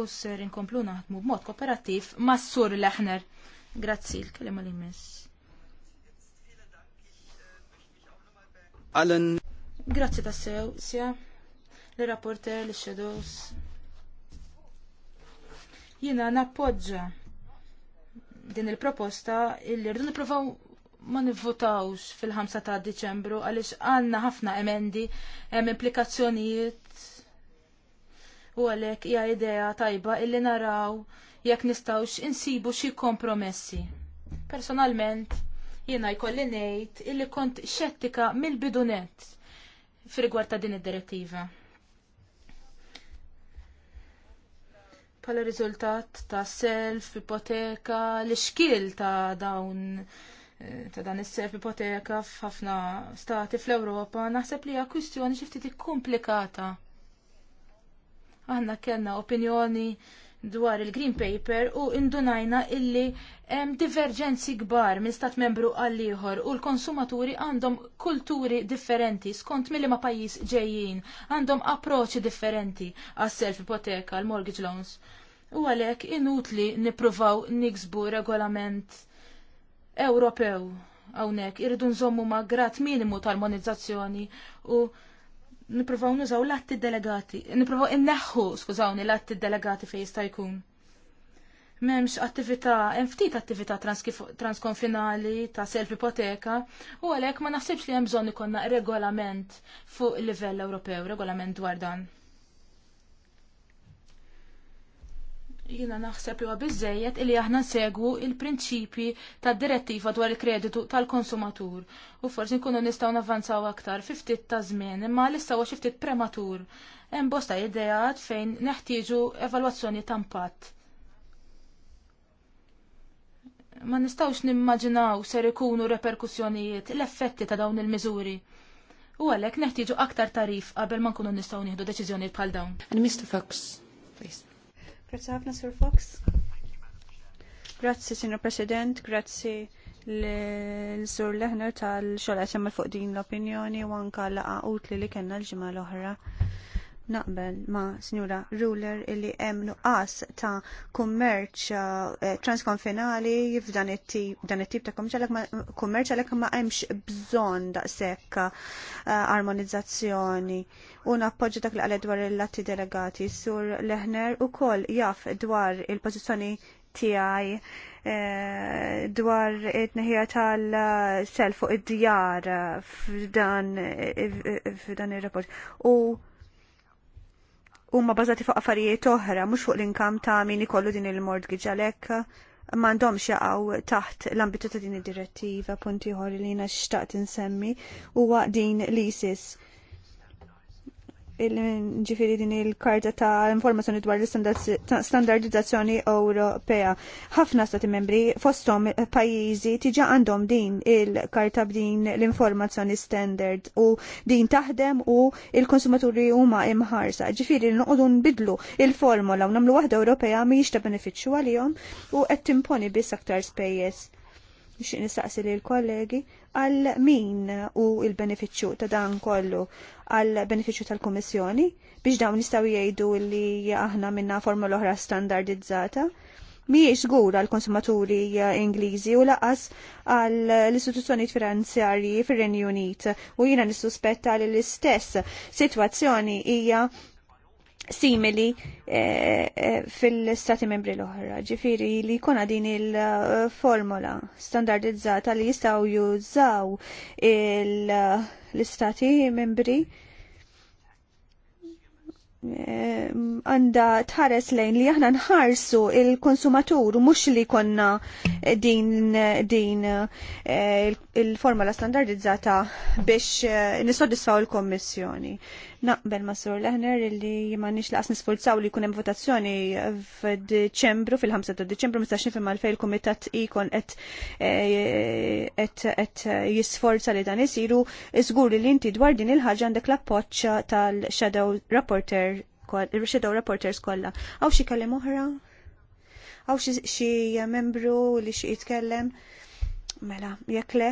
U ser inkomplu naħdmu b'mod kooperattiv s sur Lehner. Grazzi l kelima li miss. Allen. Grazzi tassew, sja, Le rapporter le shadows. Jina nappoġġa din il-proposta illi rridu niprofaw ma nivvotawx fil-5 ta' Diċembru għaliex għandna ħafna emendi hemm implikazzjonijiet u għalhekk hija idea tajba illi naraw jekk nistgħux insibu xi kompromessi. Personalment jiena jkolli ngħid illi kont xettika mill-bidunet fil rigward ta' din id-direttiva. Pala riżultat ta' self, ipoteka, l ixkil ta' dawn eh, ta' dan is-self ipoteka f'ħafna stati fl-Ewropa naħseb li hija kwistjoni xi ftit ikkumplikata. Aħna kellna opinjoni dwar il-Green Paper u indunajna illi hemm diverġenzi kbar minn stat membru għal ieħor u l-konsumaturi għandhom kulturi differenti skont mill ma pajjiż ġejjin, għandhom approċċi differenti għas-self ipoteka, l-mortgage loans. U għalhekk inutli nippruvaw niksbu regolament Ewropew hawnhekk irridu nżommu ma' grat minimu tal-monizzazzjoni u Niprofaw nużaw l-atti delegati, niprofaw inneħħu, skużawni, l-atti delegati fej jista' jkun. Memx attività, hemm ftit attività transkonfinali ta' self-ipoteka u għalhekk ma naħsibx li hemm bżonn ikollna regolament fuq il-livell Ewropew, regolament dwar dan. Jina naħseb li huwa biżżejjed illi aħna segwu il-prinċipji tad-direttiva dwar il-kreditu tal-konsumatur u forsi nkunu nistgħu navvanzaw aktar fi ftit ta' żmien imma l huwa xi ftit prematur. Hemm bosta ideat fejn neħtieġu evalwazzjoni ta' impatt. Ma nistgħux nimmaġinaw ser ikunu reperkussjonijiet l-effetti ta' dawn il-miżuri u għalek neħtieġu aktar tarif qabel ma nkunu nistgħu nieħdu deċiżjonijiet bħal dawn. And Mr. Fox, please. Grazie ħafna, Sir Fox. Grazie, Signor President, grazie l-Sur Lehner tal-xogħol għaxem fuq din l-opinjoni u anka l utli li kellna l-ġimgħa l-oħra naqbel ma' Sinjura Ruler illi hemm nuqqas ta' kummerċ eh, transkonfinali f'dan it-tip ta' kummerċ għalhekk ma hemmx bżonn daqshekk eh, armonizzazzjoni. U nappoġġi dak li qal dwar il-latti delegati sur Leħner ukoll jaf dwar il-pożizzjoni tiegħi eh, dwar it-neħija tal-self u id-djar f'dan ir-rapport. U huma bażati fuq affarijiet oħra mhux fuq l-inkam ta' min ikollu din il-mortgage għalhekk m'għandhomx jaqgħu taħt l-ambitu ta' din id-direttiva punti ieħor li jiena xtaqt insemmi huwa din l-ISIS ġifiri din il-karta ta' informazzjoni dwar l-standardizzazzjoni Ewropea. Ħafna stati membri fostom pajjiżi tiġa għandhom din il-karta b'din l-informazzjoni standard u din taħdem u il-konsumaturi huma imħarsa. Ġifiri nqogħdu nbidlu il-formula u nagħmlu waħda Ewropea mhijiex ta' benefiċċju għalihom u qed timponi biss aktar spejjeż nixtieq nistaqsi l kollegi għal min u l-benefiċċju ta' dan kollu għal benefiċċju tal-Kummissjoni biex dawn nistgħu jgħidu li aħna minna forma l-oħra standardizzata miex żgur għal konsumaturi Ingliżi u laqas għal l-istituzzjonijiet finanzjarji fir-Renju Unit u jiena nissuspetta li l-istess sitwazzjoni hija simili eh, eh, fil-stati membri l-oħra. Ġifiri li kuna din il formula standardizzata li jistaw jużaw l-istati membri eh, għanda tħares lejn li aħna nħarsu il-konsumatur mux li konna din, din il-formola standardizzata biex nissodisfaw il-kommissjoni. il kommissjoni Naqbel ma' Sur Lehner illi ma' nix laqas nisforzaw li kunem votazzjoni f'Deċembru, fil-5 ta' Deċembru, mistax nifhem għalfej il-Kumitat ikon e, e, qed jisforza li dan isiru, iżgur li inti dwar din il-ħaġa għandek l-appoġġ tal-Shadow Reporter il-Shadow Reporters kollha. Għaw xi kellem oħra? Għaw xi membru li xi jitkellem? Mela, jekk le?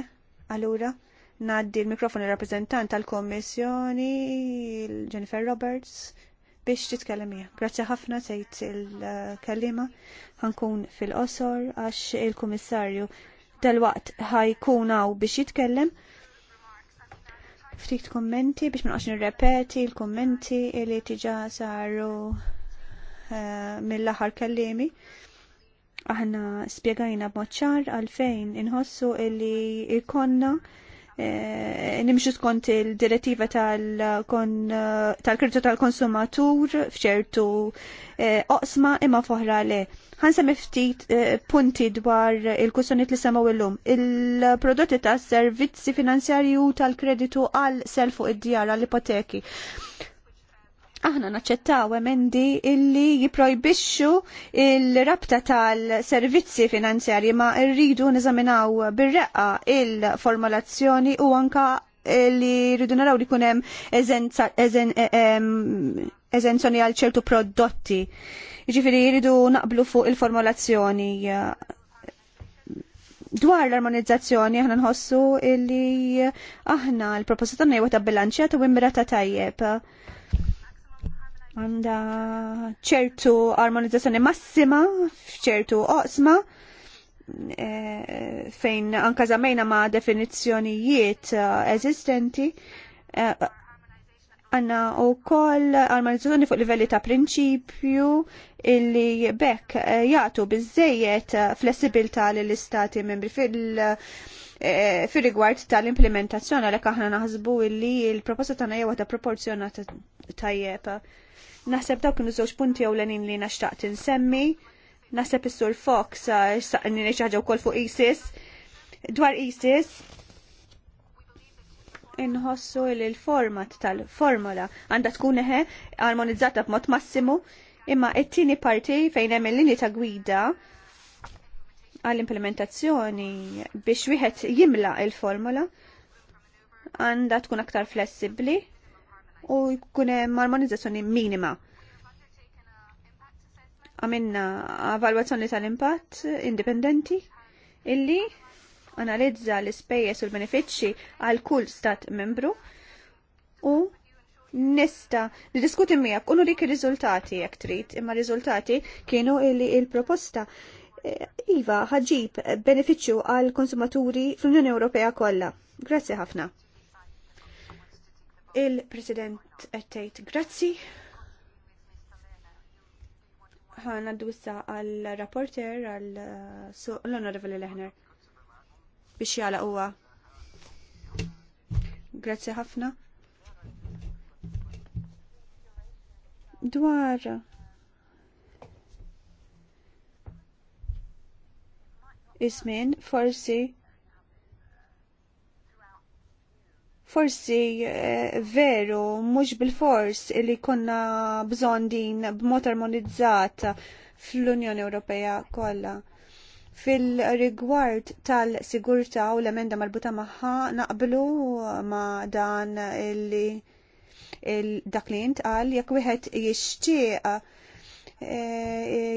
Allura? Naddi l-mikrofon il-rappresentant tal-Kommissjoni, Jennifer Roberts, biex titkellem hija. Grazzi ħafna tgħid il-kellima ħankun fil-qosor għax il-Kummissarju tal-waqt ħajkun hawn biex jitkellem. Ftit kommenti biex ma nqax nirrepeti l-kummenti li tiġa saru eh, mill-aħħar kellimi. Aħna spjegajna b'mod ċar għalfejn inħossu li ikonna il Eh, nimxu skont il-direttiva eh, tal-kreditu tal-konsumatur fċertu eh, oqsma imma foħra le. Ħansa ftit punti dwar il kussonit li semaw illum. Il-prodotti tas servizzi finanzjarju tal-kreditu għal selfu id-djar għal ipoteki aħna naċċettaw emendi illi jiprojbixxu il-rabta tal-servizzi finanzjarji ma rridu niżaminaw bir-reqqa il-formulazzjoni u anka li rridu naraw li kunem e- eżenzjoni għal ċertu prodotti. Ġifiri rridu naqblu fuq il-formulazzjoni dwar l-armonizzazzjoni aħna nħossu illi aħna l-proposta tagħna jweta bilanċjata u immirata tajjeb għanda ċertu armonizzazzjoni massima f'ċertu oqsma eh, fejn anka zamejna ma' definizzjonijiet eh, eżistenti eh, għanna u koll armonizzazzjoni fuq livelli ta' prinċipju illi bekk jgħatu bizzejiet flessibilta l-istati membri fil- fil fir rigward tal-implementazzjoni għalhekk aħna naħsbu illi l-proposta tagħna hija waħda proporzjonata tajjeb. Ta Naħseb dawk kienu żewġ punti ewlenin li naxtaqt insemmi. Naħseb is-sur Fox uh, saqni ħaġa wkoll fuq ISIS. Dwar ISIS, inħossu li l-format tal-formola għandha tkun eħe armonizzata b'mod massimu imma it-tieni parti fejn hemm il-linji ta' gwida għall-implementazzjoni biex wieħed jimla il-formola għandha tkun aktar flessibbli u jkun hemm armonizzazzjoni minima. Għamilna evalwazzjoni tal-impatt indipendenti illi analizza l-ispejjeż u l-benefiċċji għal kull stat membru u nista niddiskuti miegħek u dik ir-riżultati jekk trid, imma riżultati kienu illi il-proposta eh, iva ħaġib benefiċċju għal konsumaturi fl-Unjoni Ewropea kollha. Grazzi ħafna. Il-President għettejt grazzi. Għan għaddu issa għal-rapporter għal-Onorevoli Lehner biex jgħala huwa. Grazzi ħafna. Dwar ismin forsi forsi eh, veru, mhux bil-fors li konna bżon din b'mod armonizzat fl-Unjoni Ewropea kollha. Fil-rigward tal-sigurta u l-emenda marbuta magħha naqblu ma' dan li dak li intqal jekk wieħed jixtieq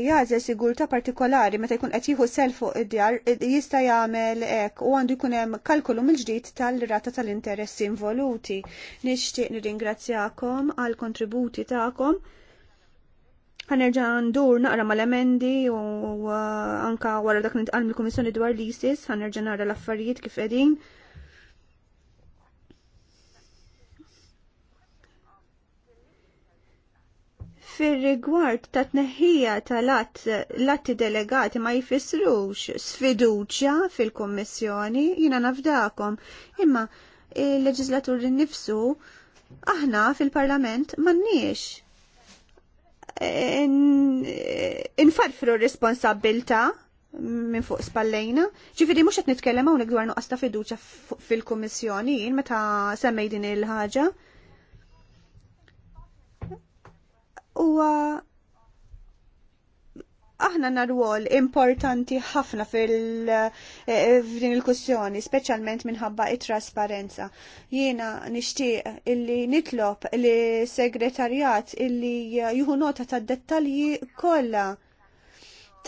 jażel sigurta partikolari meta jkun qed jieħu s-sell fuq id-djar jista' jagħmel hekk u għandu jkun hemm kalkulu mill-ġdid tal-rata tal-interessi involuti. Nixtieq nirringrazzjakom għal kontributi tagħkom ħanerġa ndur naqra mal-emendi u anka wara dak nitqal mill-Kummissjoni dwar l-ISIS ħanerġa nara l-affarijiet kif qegħdin Fir-rigward ta' tneħħija tal-atti delegati ma jfissrux sfiduċja fil-Kommissjoni, jina nafdakom, imma il-leġislatur nifsu aħna fil-Parlament manniex infarfru e, e, responsabilta minn fuq spallejna. Ġifiri, mux għet nitkellem għonek dwar nuqqas ta' fiduċa fil-Kommissjoni, meta semmej din il-ħagġa. huwa aħna narwol importanti ħafna fil-din il-kussjoni, specialment minħabba it-trasparenza. Jiena nishtiq illi nitlob li segretarjat illi juhu nota ta' dettalji kolla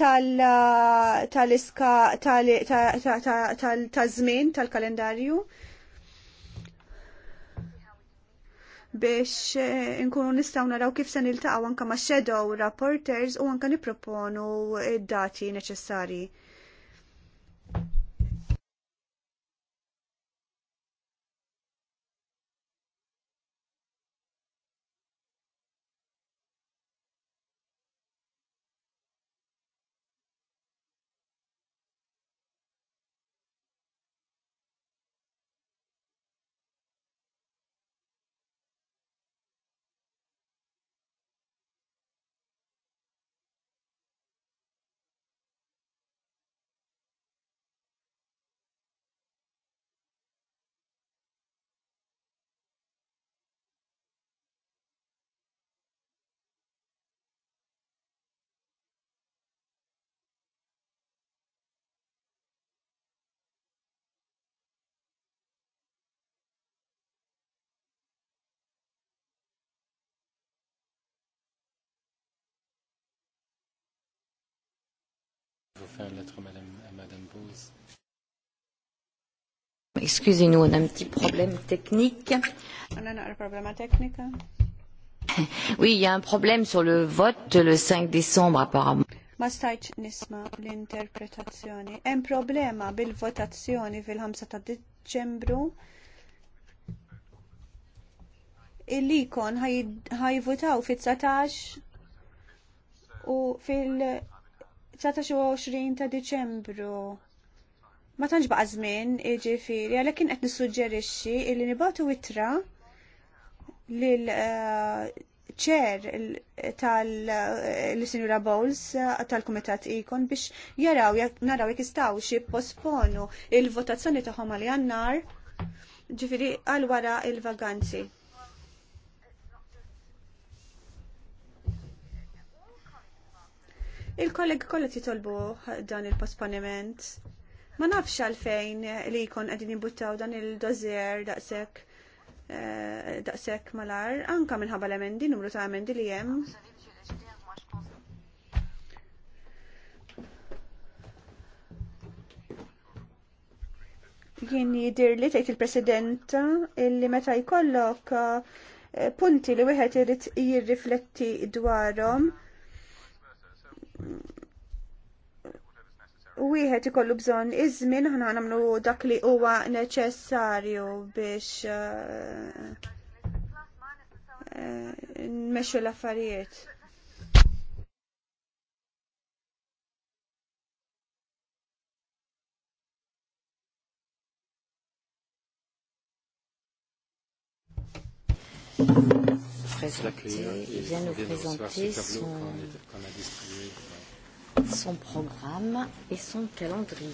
tal-iska tal-żmien tal-kalendarju. Tal biex eh, nkunu nistaw naraw kif se niltaqgħu anke ma' shadow rapporters u anke nipproponu id-dati neċessarji. faire lettre à Madame, à Madame Bose. Excusez-nous, on a un petit problème technique. On a un problème technique. [laughs] Oui, il y a un problème sur le vote le 5 décembre apparemment. Ma stajċ nisma l-interpretazzjoni. Hemm problema bil-votazzjoni fil-5 ta' Deċembru. Il-likon ħajvotaw fit-19 u fil- ta' Diċembru. Ma tantx baqa' żmien jiġifieri għalhekk qed nissuġġerixxi li nibatu wittra l ċer eh, tal-Sinjura eh, Bowles eh, tal-Kumitat Ikon biex jaraw, naraw jek istaw posponu il-votazzjoni taħħom għal jannar ġifiri għal wara il-vaganzi. Il-kolleg kollet jitolbu dan il-posponiment. Ma nafx għalfejn li jkun għedin jibuttaw dan il-dozier daqsek eh, daqsek malar, anka minħabba l-emendi, numru ta' emendi li jem. Jien jidir li tgħid il-President illi meta jkollok eh, punti li wieħed irid jirrifletti dwarhom wieħed ikollu bżonn iż-żmien aħna nagħmlu dak li huwa neċessarju biex eh, nmexxu l-affarijiet présenter, il vient nous présenter son, son programme et son calendrier.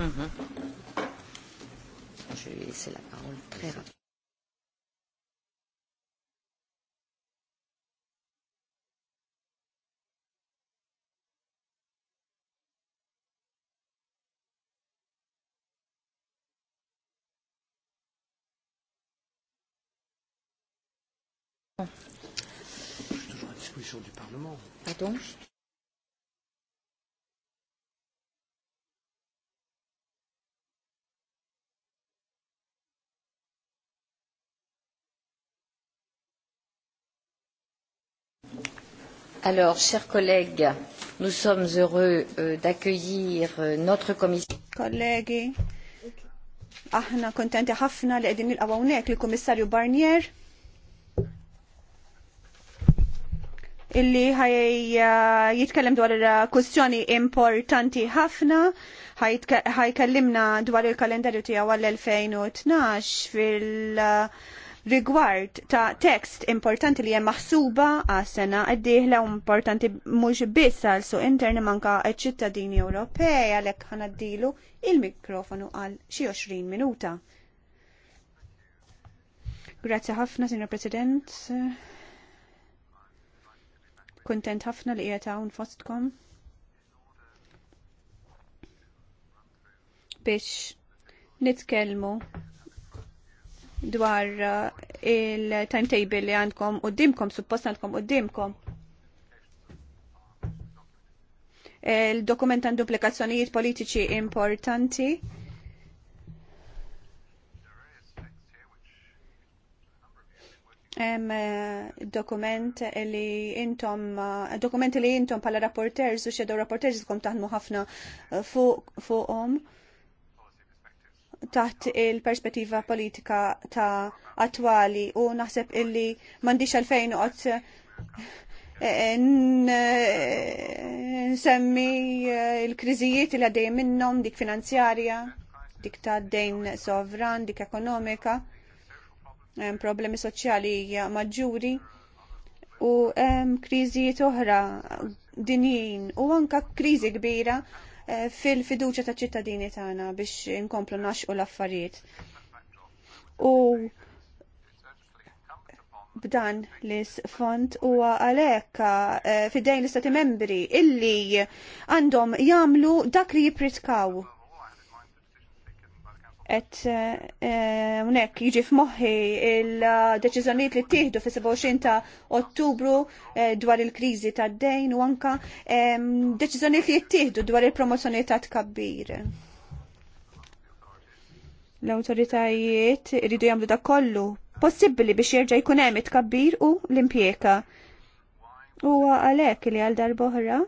Mhm. Je vais laisser la parole très rapidement. Pardon Alors, chers collègues, nous sommes heureux euh, d'accueillir euh, notre commission. Collègues, aħna kontenti ħafna li qegħdin nilqgħu hawnhekk lill-Kummissarju Barnier illi ħaj uh, jitkellem dwar importanti ħafna ħajkellimna dwar il-kalendarju tiegħu għall-2012 fil- uh, rigward ta' tekst importanti li hemm maħsuba għas sena d-dieħla importanti mhux biss għal suq interni manka ċ-ċittadini Ewropej għalhekk ħanaddilu il-mikrofonu għal xi 20 minuta. Grazzi ħafna, Sinjor President. Kuntent ħafna li qiegħed hawn fostkom. Biex nitkellmu dwar eh, il-timetable li għandkom u dimkom, suppost għandkom u dimkom. Il-dokument għandu politiċi importanti. Em, eh, dokument li intom, eh, dokument li intom pala rapporters u xedaw rapporters kom taħdmu ħafna fuqhom. Fu taħt il-perspettiva politika ta' attwali u naħseb illi mandiċ għalfejn uqt eh, eh, nsemmi eh, il-kriżijiet li għaddej minnom dik finanzjarja, dik ta' dejn sovran, dik ekonomika, problemi soċjali maġġuri u kriżijiet oħra dinjin u anka kriżi kbira fil-fiduċa ta' ċittadini tagħna biex inkomplu naxqu l-affarijiet. U b'dan li font u għalek eh, fidejn l-istati membri illi għandhom jamlu dak li jipritkaw et eh, unek jiġi f'moħħi il-deċiżjonijiet li ttieħdu fis-27 ta' Ottubru eh, dwar il-kriżi tad-dejn u anka deċiżjonijiet li jittieħdu dwar il-promozzjoni ta' tkabbir. L-awtoritajiet iridu jagħmlu dak kollu possibbli biex jerġa' jkun hemm it-tkabbir u l-impjeka. Huwa għalhekk li għal darboħra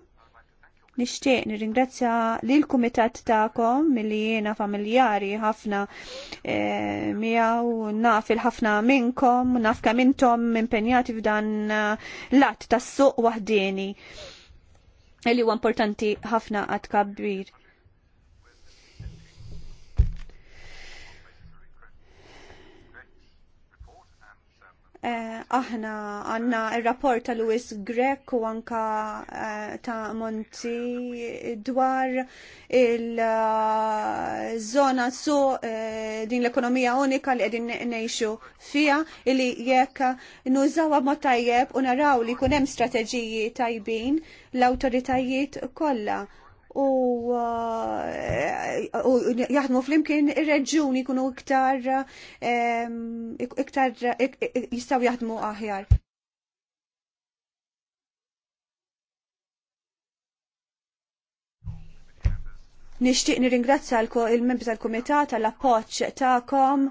Nixtieq nirringrazzja lil kumitat tagħkom milli jiena familjari ħafna e, miegħu naf il-ħafna minnkom, naf kemm intom impenjati f'dan eh, l-att tas-suq waħdieni li huwa importanti ħafna għad kabbir. Eh, aħna għanna il-rapport ta' Lewis Grek u anka eh, ta' Monti dwar il-zona su eh, din l-ekonomija unika li għedin neħxu fija illi jekk nużawa ma tajjeb u naraw li kunem strateġiji tajbin l-autoritajiet kolla Eh, u, jaħdmu flimkien ir-reġuni jkunu iktar iktar jistgħu jaħdmu aħjar. Nixtieq nirringrazzja il-membri tal-kumitat għall appoġġ tagħkom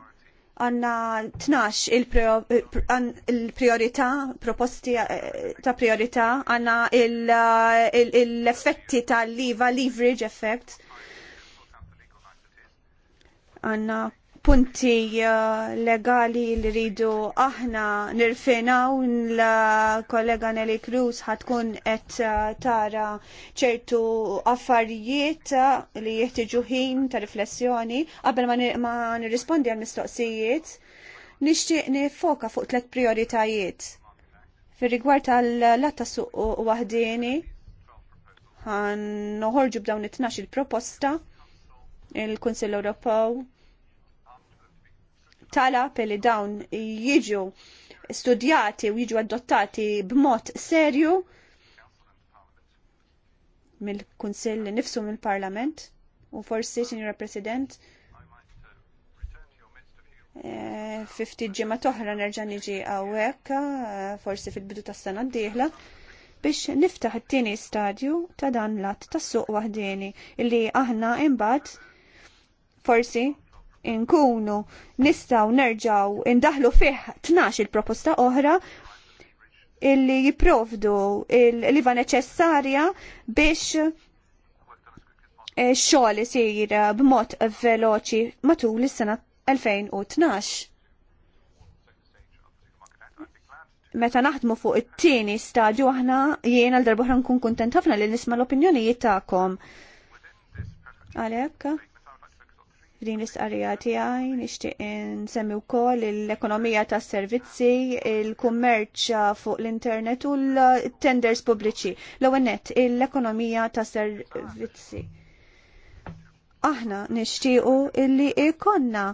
għanna 12 il-priorità, proposti eh, ta' priorità, għanna eh, l-effetti tal l leverage effect, għanna punti eh, legali li rridu aħna nirfinaw la kollega Nelly Cruz ħatkun qed eh, tara ċertu affarijiet eh, li jeħtieġu ħin ta' riflessjoni qabel ma nirrispondi għal mistoqsijiet nixtieq nifoka fuq tliet prioritajiet fir rigward tal-latta suq wahdini, għan noħorġu b'dawn it-tnax il-proposta, il-Kunsill Ewropew talab li dawn jiġu studjati u jiġu adottati b'mod serju mill-Kunsill nifsu mill-Parlament u forsi, Sinjora President, 50 eh, ġimma toħra nerġa' niġi hawnhekk eh, forsi fil-bidu tas-sena d-dieħla biex niftaħ it-tieni stadju ta' dan l-att tas-suq waħdieni illi aħna imbagħad forsi Inkunu nistaw nerġaw indaħlu fih 12 il-proposta oħra illi jiprovdu il-liva neċessarja biex eh, xogħol isir b'mod veloċi matul is-sena 2012. meta naħdmu fuq it-tieni stadju aħna jiena l darba nkun kuntent ħafna li nisma' l-opinjonijiet tagħkom. Għalhekk din l-istqarrija tiegħi nixtieq nsemmi wkoll l-ekonomija tas-servizzi, il-kummerċ fuq l-internet u l-tenders pubbliċi. L-ewwel nett l-ekonomija tas-servizzi. Aħna nixtiequ illi ikonna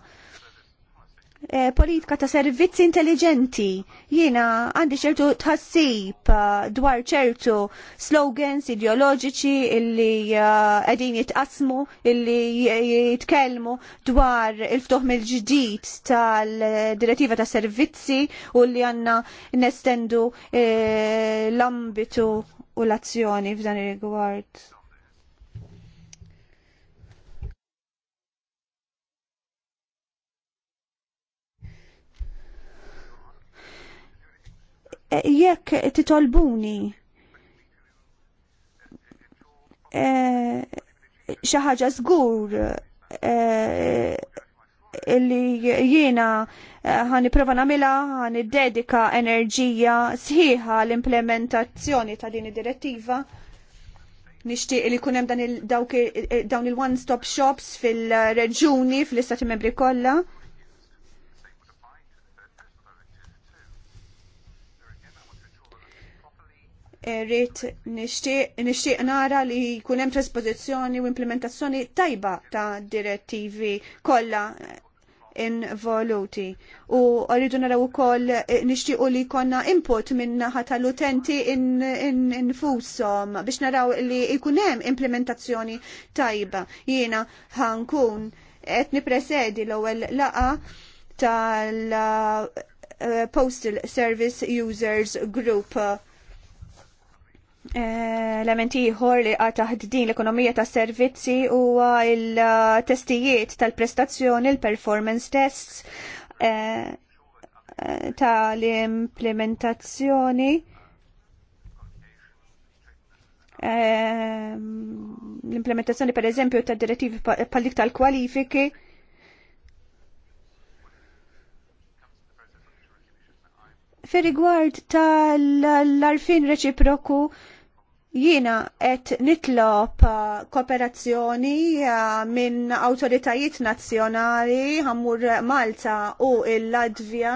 Eh, politika ta' servizzi intelligenti. Jiena għandi ċertu tħassib eh, dwar ċertu slogans ideoloġiċi illi għedin eh, jitqasmu, illi jitkellmu dwar il-ftuħ mill-ġdid tal-direttiva ta' servizzi u li għanna nestendu l-ambitu u l-azzjoni f'dan ir-rigward. jekk titolbuni eh, xi ħaġa żgur eh, illi jiena eh, ħan iprofa namila, ħan dedika enerġija sħiħa l-implementazzjoni ta' din id-direttiva. Nixtieq li kunem dan il, dawn il-one-stop shops fil-reġuni, fil-istati membri kollha rrit nishtiq nara li kunem trasposizjoni u implementazzjoni tajba ta' direttivi kolla involuti. U rridu naraw ukoll eh, nixtiequ li konna input minna naħa tal-utenti infushom biex naraw li jkun hemm implementazzjoni tajba. Jiena ħankun qed nippresedi l-ewwel laqa tal eh, Postal Service Users Group Eh, Elementi ieħor li għata ħdin l-ekonomija ta' servizzi huwa il-testijiet tal-prestazzjoni, il-performance tests eh, eh, tal-implementazzjoni l-implementazzjoni per eżempju ta' direttivi pallik tal-kwalifiki Fi rigward tal-arfin reċiproku Jiena qed nitlob uh, kooperazzjoni uh, minn awtoritajiet nazzjonali ħammur Malta u l-Latvja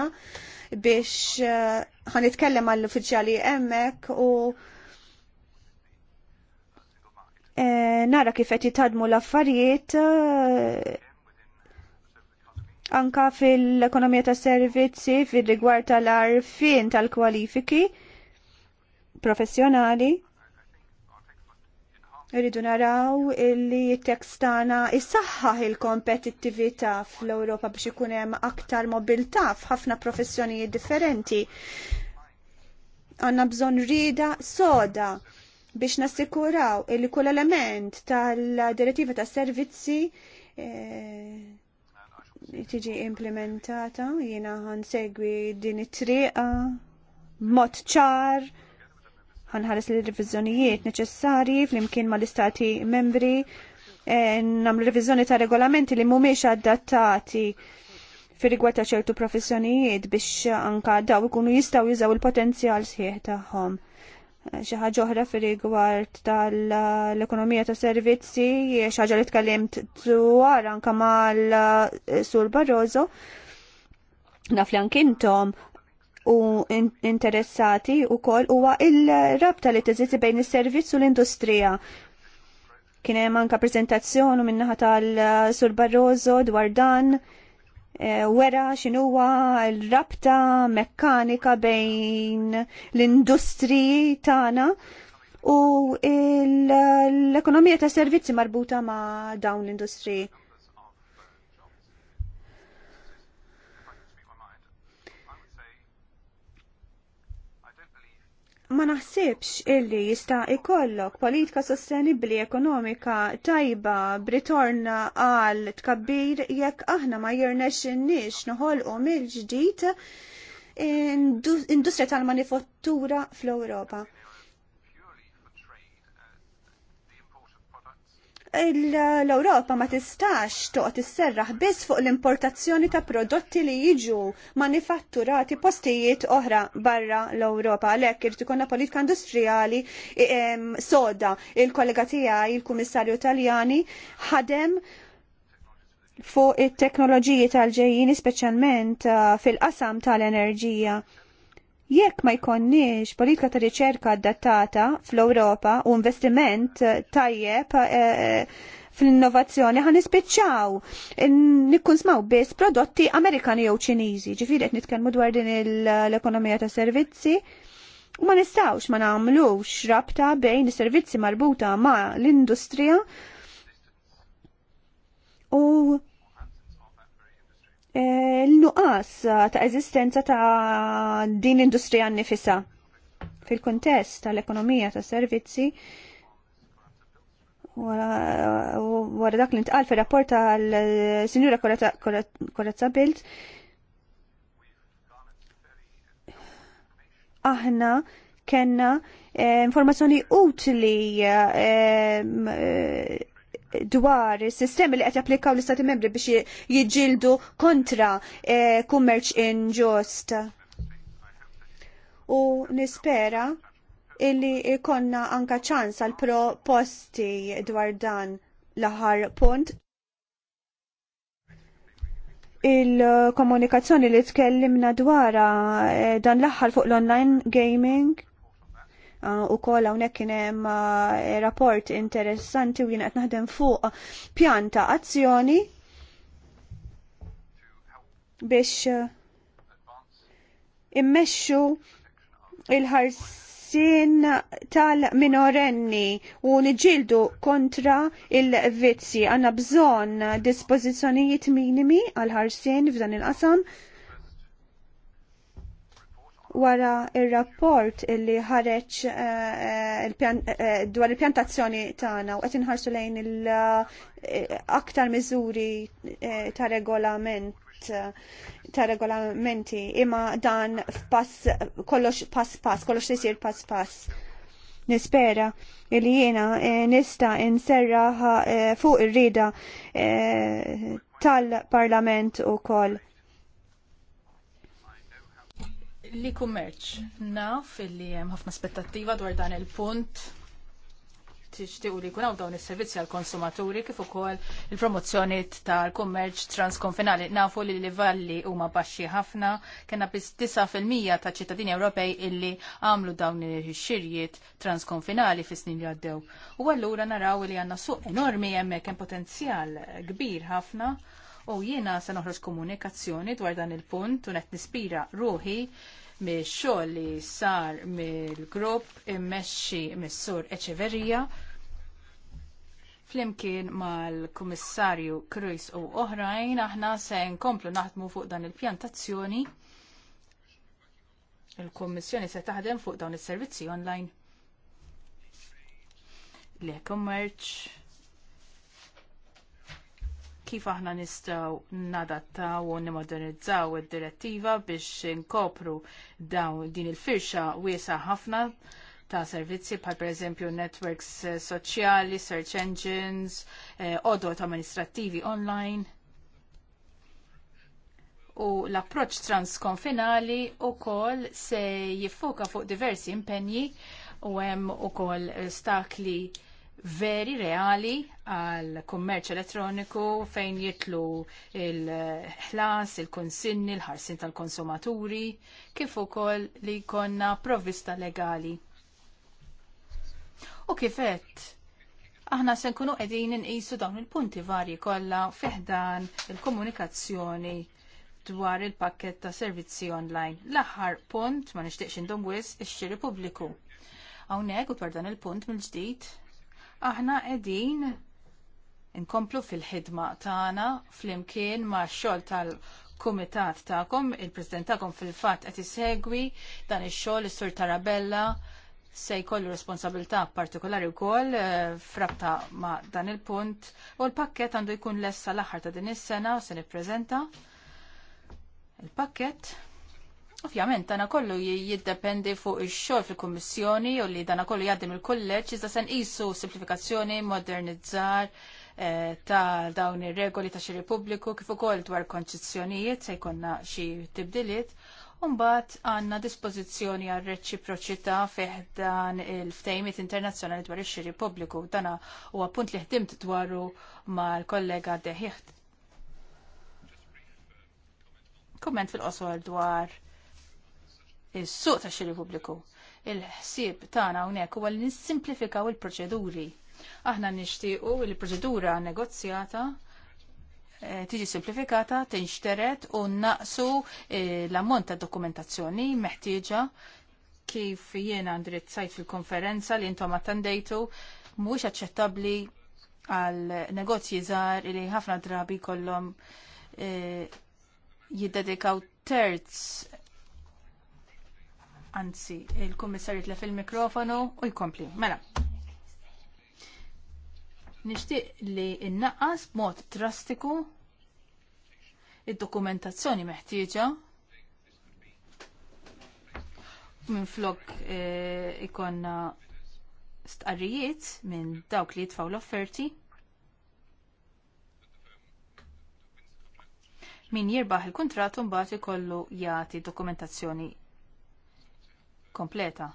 biex uh, ħanitkellem għall-uffiċjali hemmhekk u E, nara kif qed jitadmu l-affarijiet anka fil-ekonomija ta' servizzi fil-rigward tal-arfin tal-kwalifiki professjonali. Irridu naraw li t-tekst il-kompetittività fl-Ewropa biex ikun hemm aktar mobilità f'ħafna professjonijiet differenti. Għanna bżonn rida soda biex nassikuraw li kull element tal-direttiva tas servizzi e, tiġi implementata, jiena ħansegwi din it-triqa, mod ċar ħanħares li revizjonijiet neċessarji fl-imkien ma l-istati membri eh, namlu revizjoni ta' regolamenti li mumiex adattati fir rigward ta' ċertu professjonijiet biex anka daw ikunu jistaw jużaw il-potenzjal sħiħ tagħhom. Eh, xi ħaġa oħra fir rigward tal-ekonomija ta' servizzi, xi ħaġa li tkellimt dwar anka mal-Sur eh, Barroso, naf li ankintom u interessati u kol huwa il-rabta li teżisti bejn is-servizz u l-industrija. Kien hemm anke preżentazzjoni minnaħa tal-Sur Barroso dwar dan e, wera x'inhuwa l-rabta mekkanika bejn l-industriji tagħna u l-ekonomija ta' servizzi marbuta ma' dawn l-industriji. ma naħsibx illi jista' ikollok politika sostenibbli ekonomika tajba britorna għal tkabbir jekk aħna ma nix noħolqu mill-ġdid industrija tal-manifattura fl-Ewropa. l-Europa ma tistax toqgħod isserraħ biss fuq l-importazzjoni ta' prodotti li jiġu manifatturati postijiet oħra barra l-Europa. Għalhekk irid ikollna politika industrijali soda. Il-kollega tiegħi il-Kummissarju Taljani ħadem fuq it-teknoloġiji tal-ġejjini speċjalment eh, fil-qasam tal-enerġija. Jekk ma jkonniex politika ta' riċerka adattata fl-Ewropa u investiment eh, tajjeb eh, fl-innovazzjoni ħan nispiċċaw nikkun smaw biss prodotti Amerikani jew Ċiniżi. Ġifieri qed nitkellmu dwar din l-ekonomija ta' servizzi. U ma nistawx ma nagħmlux rabta bejn is-servizzi marbuta ma' l-industrija u Eh, l-nuqas ta' eżistenza ta' din industrija nifisa fil-kontest tal-ekonomija ta' servizzi wara dak li ntqal fir-rapport tal-Sinjura Korazza Bilt aħna kenna eh, informazzjoni utli eh, dwar is-sistemi li qed japplikaw l-Istati Membri biex jiġġieldu kontra eh, kummerċ inġust. U nispera illi ikonna anka ċans għal proposti dwar dan l-aħar punt. Il-komunikazzjoni li tkellimna dwara eh, dan l-aħħar fuq l-online gaming Ah, u kolla hawnhekk kien hemm ah, rapport interessanti u jina qed naħdem fuq pjan ta' azzjoni biex ah, immexxu il-ħarsin tal-minorenni u niġildu kontra il-vizzi. Għanna bżon dispożizzjonijiet minimi għal-ħarsin f'dan il-qasam wara il-rapport illi ħareċ eh, eh, eh, dwar il-pjantazzjoni tagħna u qed inħarsu lejn il-aktar miżuri ta' regolament ta' regolamenti imma dan f'pass kollox pass pass kollox isir pass pass nispera illi jiena nista inserraħ fuq ir-rida tal-Parlament ukoll li kummerċ. Naf illi hemm ħafna aspettattiva dwar dan il-punt tixtiequ li jkun hawn dawn is-servizzi għall konsumaturi kif ukoll il-promozzjoni tal-kummerċ transkonfinali. Nafu li l-livalli huma baxxi ħafna, kena biss 9% ta' ċittadini Ewropej illi għamlu dawn ix-xirjiet transkonfinali fis snin li għaddew. U allura naraw li għandna suq enormi hemmhekk hemm potenzjal kbir ħafna u jiena se noħroġ komunikazzjoni dwar dan il-punt u qed nispira ruħi mi xogħol li sar mill-grupp immexxi mis-sur Eċeverija flimkien mal-Kummissarju Cruz u oħrajn aħna se nkomplu naħdmu fuq dan il-pjantazzjoni. Il-Kummissjoni se taħdem fuq dawn is-servizzi online. Le commerce kif aħna nistgħu nadattaw u nimodernizzaw id-direttiva biex inkopru dawn din il-firxa wiesa ħafna ta' servizzi bħal pereżempju networks eh, soċjali, search engines, eh, odot amministrattivi online. U l-approċ transkonfinali wkoll se jiffoka fuq diversi impenji u hemm ukoll stakli veri reali għal kummerċ elettroniku fejn jitlu il-ħlas, il-konsinni, il-ħarsin tal-konsumaturi, kif ukoll li konna provvista legali. U kifet, aħna se nkunu qegħdin inqisu dawn il-punti varji kollha fiħdan il-komunikazzjoni dwar il-pakket ta' servizzi online. L-aħħar punt ma nixtieqx indom wis ix-xiri pubbliku. Hawnhekk u dwar dan il-punt mill-ġdid aħna qegħdin inkomplu fil-ħidma tagħna flimkien ma' xogħol tal-kumitat tagħkom, il-President tagħkom fil-fatt qed isegwi dan ix-xogħol is-Sur Tarabella se jkollu responsabilità partikolari wkoll eh, frabta ma' dan il-punt u l-pakket għandu jkun lessa l-aħħar ta' din is-sena u se nippreżenta il-pakket Ovvjament, dana kollu jiddependi fuq ix-xogħol fil-Kummissjoni u li dana kollu jgħaddim il kolleġ iżda se nqisu simplifikazzjoni, modernizzar eh, ta' dawn ir-regoli ta' xi Repubbliku kif ukoll dwar konċezzjonijiet se jkollna xi tibdiliet. Umbat għanna dispozizjoni għal reċiproċità fih dan il ftejmit internazzjonali dwar ix-xiri pubbliku. Dana huwa punt li ħdimt dwaru mal-kollega Deħiħt. Komment fil-qosor dwar is-suq ta' xiri pubbliku. Il-ħsieb tagħna hawnhekk huwa li nissimplifikaw il-proċeduri. Aħna nixtiequ li l-proċedura negozjata eh, tiġi simplifikata, tinxteret u naqsu eh, l-ammont ta' dokumentazzjoni meħtieġa kif jiena ndritt sajt fil-konferenza li intom attendejtu mhuwiex aċċettabbli għal negozji żgħar li ħafna drabi kollhom eh, jiddedikaw terz Anzi, il-kummissarju jitlef il-mikrofonu u jkompli. Mela. Nixtieq li innaqas b'mod drastiku id-dokumentazzjoni meħtieġa minn flok eh, ikonna stqarrijiet minn dawk li jitfaw l-offerti. Min jirbaħ il-kontrat mbagħad ikollu jagħti dokumentazzjoni kompleta.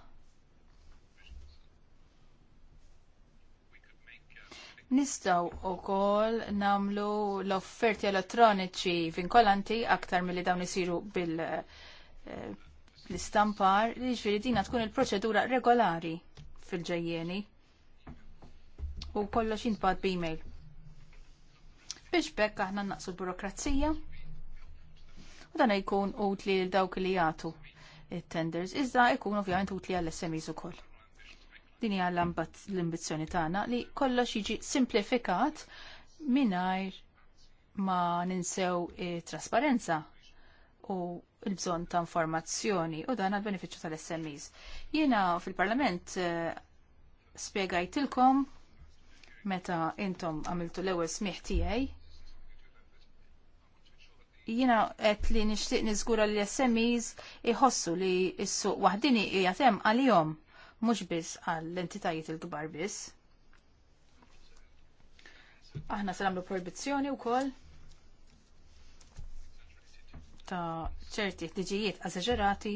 Nistaw u kol namlu l-offerti elettroniċi vinkolanti aktar mill-li dawn isiru bil-istampar eh, li ġviri dina tkun il-proċedura regolari fil ġajjeni u kollox jintbad b-email. Biex bekk aħna naqsu l-burokrazija u dan jkun utli l-dawk li jgħatu tenders iżda jkun ovvjament utli għall-SMEs ukoll. Din hija l-ambizzjoni tagħna li kollox jiġi simplifikat mingħajr ma ninsew trasparenza u l-bżon ta' informazzjoni u dan għal-beneficju tal-SMEs. Jiena fil-parlament eh, spiegajtilkom meta intom għamiltu l ewwel smieħ tiegħi Jiena għet li nixtieq niżgura li l-SMEs iħossu li s-suq waħdini għal-jom, għalihom mhux biss għall-entitajiet il-kbar biss. Aħna se nagħmlu proibizzjoni wkoll ta' ċerti ħtiġijiet eżaġerati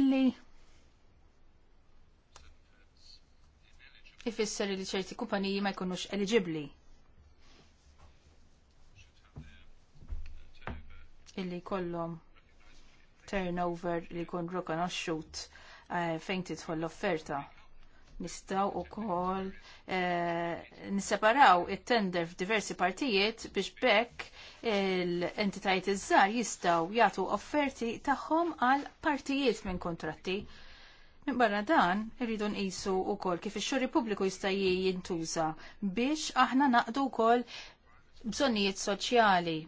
illi ifisser li ċerti kumpaniji ma jkunux eligibli illi jkollhom turnover li jkun rikonoxxut eh, fejn tidħol l-offerta. Nistgħu wkoll eh, nisseparaw it-tender f'diversi partijiet biex bekk l-entitajiet iż-żgħar jistgħu jagħtu offerti tagħhom għal partijiet minn kuntratti. Minbarra dan, irridu nqisu wkoll kif ix-xogħol pubbliku jista' jintuża biex aħna naqdu wkoll bżonnijiet soċjali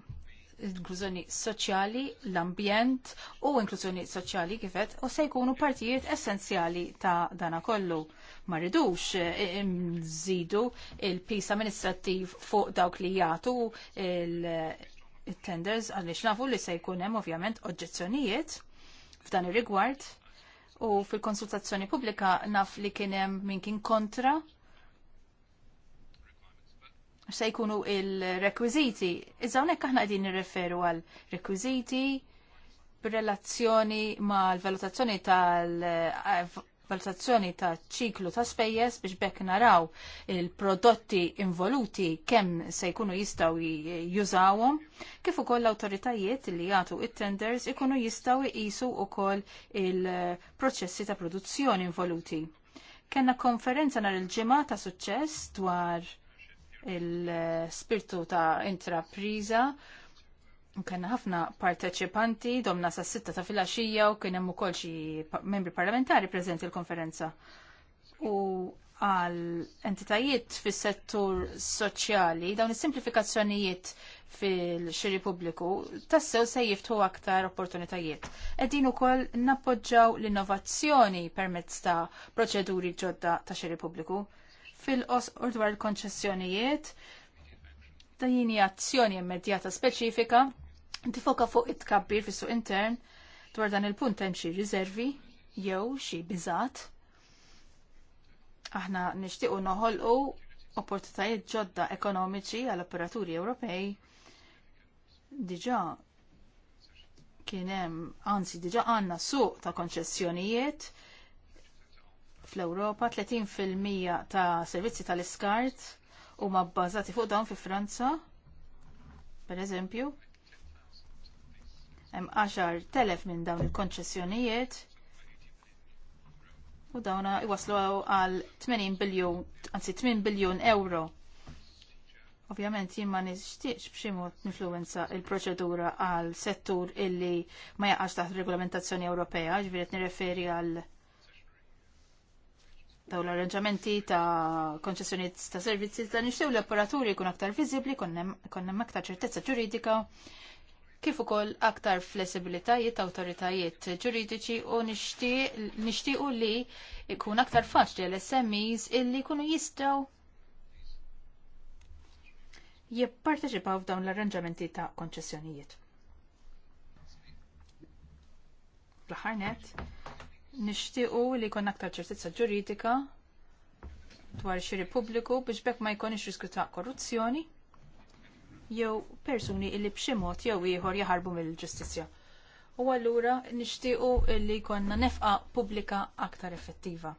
inklużjoni soċjali, l-ambjent u inklużjoni soċjali kifet u se jkunu partijiet essenzjali ta' dana kollu. Ma rridux eh, eh, nżidu il-pis amministrattiv fuq dawk li jagħtu il-tenders għaliex nafu li se jkun hemm ovvjament oġġezzjonijiet f'dan ir-rigward u fil-konsultazzjoni pubblika naf li kien hemm min kien kontra se jkunu il-rekwiziti. Iżda hawnhekk aħna qegħdin nirreferu għal rekwiziti b'relazzjoni mal-valutazzjoni tal-valutazzjoni ta' ċiklu ta' spejjeż biex bekk naraw il-prodotti involuti kemm se jkunu jistgħu jużawhom, kif ukoll l-awtoritajiet li jagħtu it-tenders ikunu jistgħu jqisu wkoll il-proċessi ta' produzzjoni involuti. Kenna konferenza nhar il-ġimgħa ta' suċċess dwar il-spirtu ta' intrapriża. Kenna ħafna parteċipanti, domna sa' sitta ta' filaxija u kien hemm ukoll xi membri parlamentari preżenti l-konferenza. U għal entitajiet fis settur soċjali, dawn is-simplifikazzjonijiet fil-xiri pubbliku, tassew se jiftħu aktar opportunitajiet. Qegħdin ukoll nappoġġaw l-innovazzjoni permezz ta' proċeduri ġodda ta' xiri pubbliku fil-qosqor dwar il-konċessjonijiet tajjini azzjoni immedjata speċifika tifoka fuq it-kabbir fis-suq intern dwar dan il-punt hemm xi riservi jew xi biżat. Aħna nixtiequ noħolqu opportunitajiet ġodda ekonomiċi għal operaturi Ewropej diġà kien hemm anzi diġà għandna suq ta' konċessjonijiet fl-Ewropa, 30% ta' servizzi tal-iskart huma bbażati fuq dawn fi Franza, pereżempju. Hemm telef minn dawn il-konċessjonijiet u dawna iwaslu għal 80 biljun, anzi 8 biljun euro. Ovvjament jien ma nixtieqx b'xi mod influenza l proċedura għal settur illi ma jaqax taħt regolamentazzjoni Ewropea, ġifieri nirreferi għal daw l-arranġamenti ta' konċessjoniet ta' servizzi ta' nixtew l-operaturi kun aktar viżibli, konnem aktar ċertezza ġuridika, kif ukoll aktar flessibilitajiet ta' autoritajiet ġuridiċi u nixtiequ li jkun aktar faċli l-SMEs illi jkunu jistgħu jipparteċipaw f'dawn l-arranġamenti ta' konċessjonijiet. L-aħħar nixtiequ li jkun aktar ċertizza ġuridika dwar xiri pubbliku biex bekk ma jkunx riskju ta' korruzzjoni jew persuni illi b'xi mod jew ieħor jaħarbu mill-ġustizzja. U allura nixtiequ li jkollna nefqa pubblika aktar effettiva.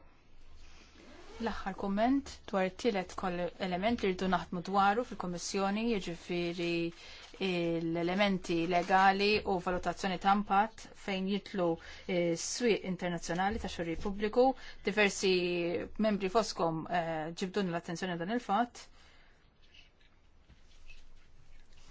L-aħħar kumment dwar it-tielet element li rridu naħdmu dwaru fil-Kommissjoni jiġifieri l-elementi legali u valutazzjoni ta' impatt fejn jitlu eh, s-swieq internazzjonali ta' xorri pubbliku. Diversi membri foskom eh, ġibdun l-attenzjoni dan il-fatt.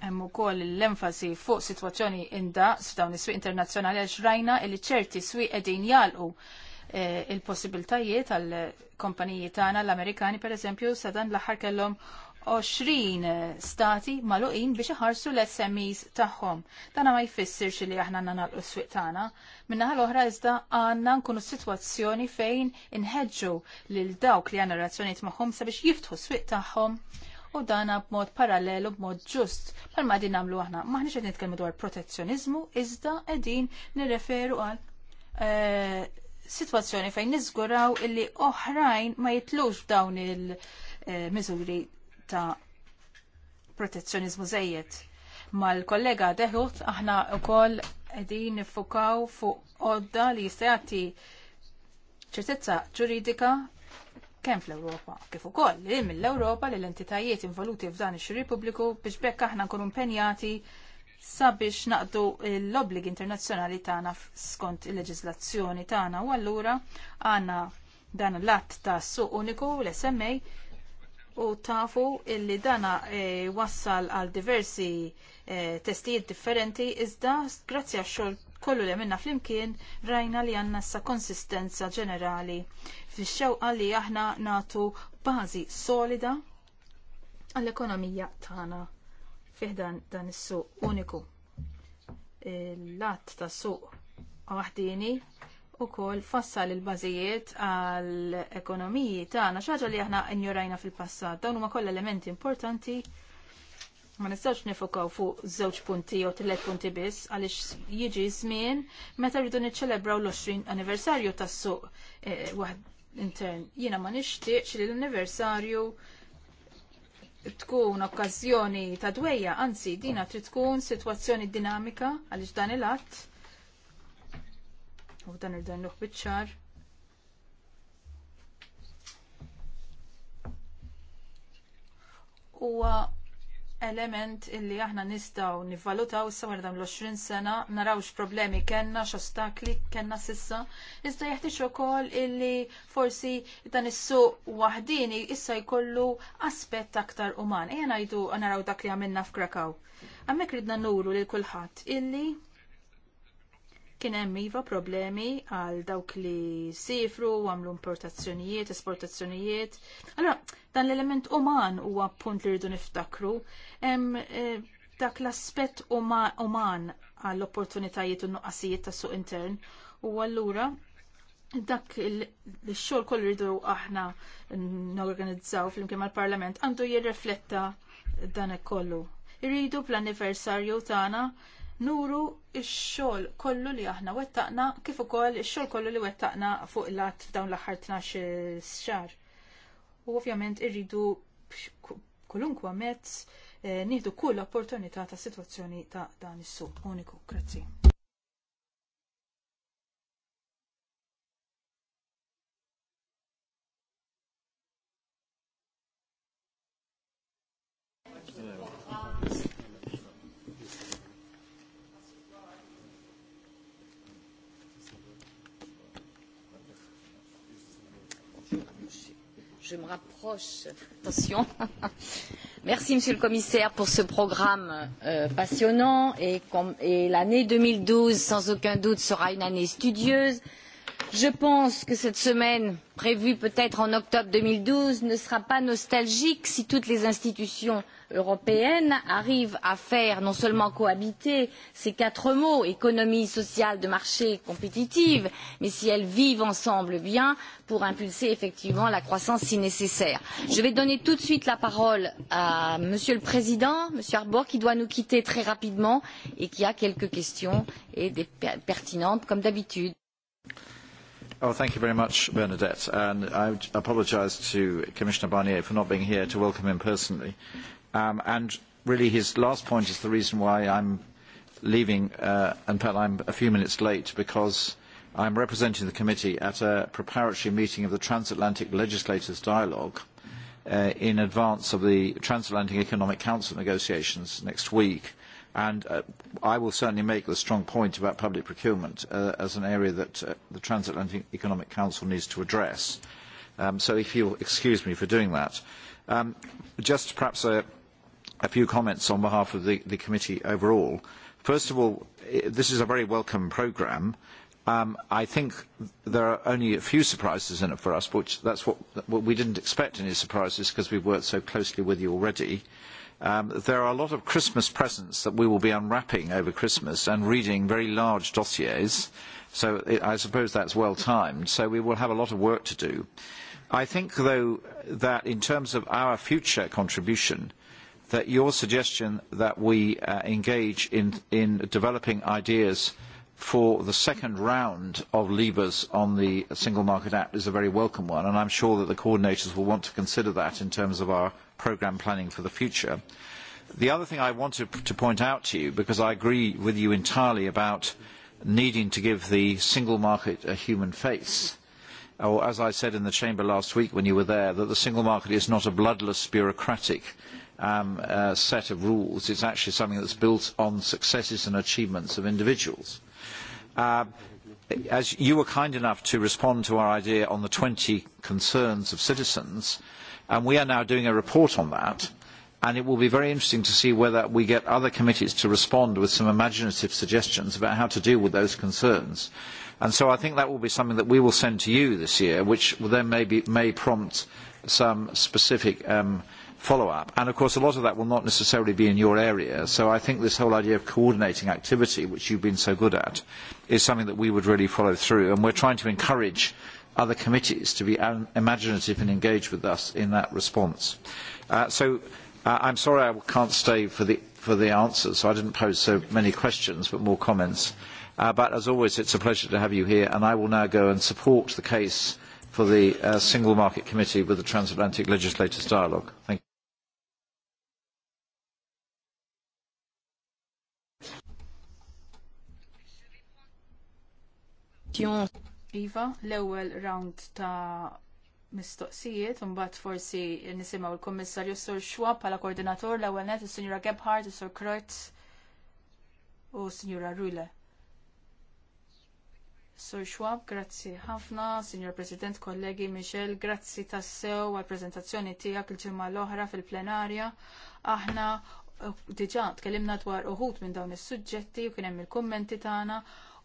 Hemm ukoll l-enfasi fuq sitwazzjoni indaqs f'dawn is-swieq internazzjonali għal xrajna li ċerti swieq qegħdin jalqu eh, il-possibiltajiet għal kompaniji tagħna l-Amerikani pereżempju sadan l-aħħar kellhom 20 stati maluqin biex iħarsu l-SMEs tagħhom. Tana ma jfissirx li aħna għandna nagħlqu s-swieq tagħna. Minnaħa l-oħra iżda għandna nkunu sitwazzjoni fejn inħeġġu lil dawk li għandna relazzjonijiet magħhom sabiex jiftħu s-swieq tagħhom u dana b'mod parallelu b'mod ġust palma din nagħmlu aħna. Maħniex qed nitkellmu dwar protezzjonizmu iżda qegħdin nirreferu għal situazzjoni eh, sitwazzjoni fejn niżguraw illi oħrajn ma jitlux dawn il-miżuri eh, ta' protezzjonizmu żejjed. Mal-kollega Deħut aħna wkoll qegħdin nifukaw fuq għodda li jista' jagħti ċertezza ġuridika kemm fl-Ewropa, kif ukoll li mill-Ewropa l entitajiet involuti f'dan ix-xiri pubbliku biex bekk aħna nkunu impenjati sabiex naqdu l-obbligi internazzjonali tagħna skont il-leġiżlazzjoni tagħna u allura għandna dan l-att ta' suq uniku l-SMA u tafu illi dana e, wassal għal diversi e, testijiet differenti iżda grazzi għax xogħol kollu li minna flimkien rajna li għandna sa konsistenza ġenerali fix xewqa li aħna nagħtu bażi solida għall-ekonomija tagħna fiħdan dan is-suq uniku. Il-lat tas suq waħdini kol fassa il-bażijiet għall ekonomiji tagħna xi li aħna injorajna fil-passat. Dawn huma kollha elementi importanti ma nistgħux nifokaw fuq żewġ punti jew tliet punti biss għaliex jiġi żmien meta rridu niċċelebraw l-20 anniversarju tas-suq eh, waħd intern. Jiena ma nixtieqx li l-anniversarju tkun okkażjoni ta' dwejja, anzi dina trid tkun sitwazzjoni dinamika għaliex dan il-att u dan irdan l bitċar. Huwa element illi aħna nistgħu nivvalutaw issa wara dawn l-20 sena, narawx problemi kellna, x'ostakli kellna sissa, iżda jeħtieġ ukoll illi forsi dan is-suq waħdini issa jkollu aspett aktar uman. Ejja ngħidu naraw dak li għamilna f'Krakaw. Hemmhekk ridna nuru lil kulħadd illi Kien hemm iva problemi għal dawk li sifru, għamlu importazzjonijiet, esportazzjonijiet. Allora, dan l-element uman huwa punt li rridu niftakru. Hemm eh, dak l-aspett uman għall opportunitajiet u nuqqasijiet tas suq intern. U allura dak il-xogħol kollu rridu aħna n-organizzaw fl-imkien mal-Parlament għandu jirrefletta dan kollu. Irridu fl anniversarju tagħna nuru x-xogħol kollu li aħna wettaqna kif ukoll ix-xogħol kollu li wettaqna fuq il-lat f'dawn l-aħħar 12 xahar. U ovvjament irridu kulunkwa mezz eh, nieħdu kull opportunità ta' sitwazzjoni ta' dan is-suq uniku. Grazzi. je me rapproche. Attention. [laughs] Merci, Monsieur le Commissaire, pour ce programme euh, passionnant. Et, et l'année 2012, sans aucun doute, sera une année studieuse. Je pense que cette semaine, prévue peut-être en octobre 2012, ne sera pas nostalgique si toutes les institutions européenne arrive à faire non seulement cohabiter ces quatre mots économie sociale de marché compétitive, mais si elles vivent ensemble bien pour impulser effectivement la croissance si nécessaire. Je vais donner tout de suite la parole à Monsieur le Président, Monsieur Harbour, qui doit nous quitter très rapidement et qui a quelques questions et des pertinentes comme d'habitude. Oh, thank you very much, Bernadette. And I apologise to Commissioner Barnier for not being here to welcome him personally. Um, and really his last point is the reason why I'm leaving uh, and I'm a few minutes late because I am representing the committee at a preparatory meeting of the Transatlantic Legislators Dialogue uh, in advance of the Transatlantic Economic Council negotiations next week. And uh, I will certainly make the strong point about public procurement uh, as an area that uh, the Transatlantic Economic Council needs to address. Um, so if you will excuse me for doing that. Um, just perhaps a a few comments on behalf of the, the committee overall. First of all, this is a very welcome programme. Um, I think there are only a few surprises in it for us, which that's what, what we didn't expect any surprises because we've worked so closely with you already. Um, there are a lot of Christmas presents that we will be unwrapping over Christmas and reading very large dossiers, so it, I suppose that's well timed. So we will have a lot of work to do. I think, though, that in terms of our future contribution, that your suggestion that we uh, engage in, in developing ideas for the second round of levers on the Single Market Act is a very welcome one, and I am sure that the coordinators will want to consider that in terms of our programme planning for the future. The other thing I wanted to point out to you, because I agree with you entirely about needing to give the single market a human face, or as I said in the chamber last week when you were there, that the single market is not a bloodless bureaucratic um, uh, set of rules. It's actually something that's built on successes and achievements of individuals. Uh, as you were kind enough to respond to our idea on the 20 concerns of citizens, and we are now doing a report on that, and it will be very interesting to see whether we get other committees to respond with some imaginative suggestions about how to deal with those concerns. And so I think that will be something that we will send to you this year, which then maybe, may prompt some specific um, follow-up. And of course, a lot of that will not necessarily be in your area. So I think this whole idea of coordinating activity, which you have been so good at, is something that we would really follow through. And we are trying to encourage other committees to be imaginative and engage with us in that response. Uh, so uh, I am sorry I cannot stay for the, for the answers. So I did not pose so many questions, but more comments. Uh, but as always, it is a pleasure to have you here. And I will now go and support the case for the uh, Single Market Committee with the Transatlantic Legislators Dialogue. Thank you. Iva, l-ewwel round ta' mistoqsijiet, mbagħad forsi nisimaw l-Kummissarju Sur Schwab bħala koordinatur l-ewwel net is-Sinjura Gebhardt, il sur Kreutz u s-Sinjura Rule. Sur Schwab, grazzi ħafna, Sinjur President, kollegi Michel, grazzi tassew għal-prezentazzjoni tiegħek il-ġimgħa l-oħra fil-plenarja. Aħna eh, diġà tkellimna dwar uħud minn dawn is-suġġetti u kien hemm il-kummenti tagħna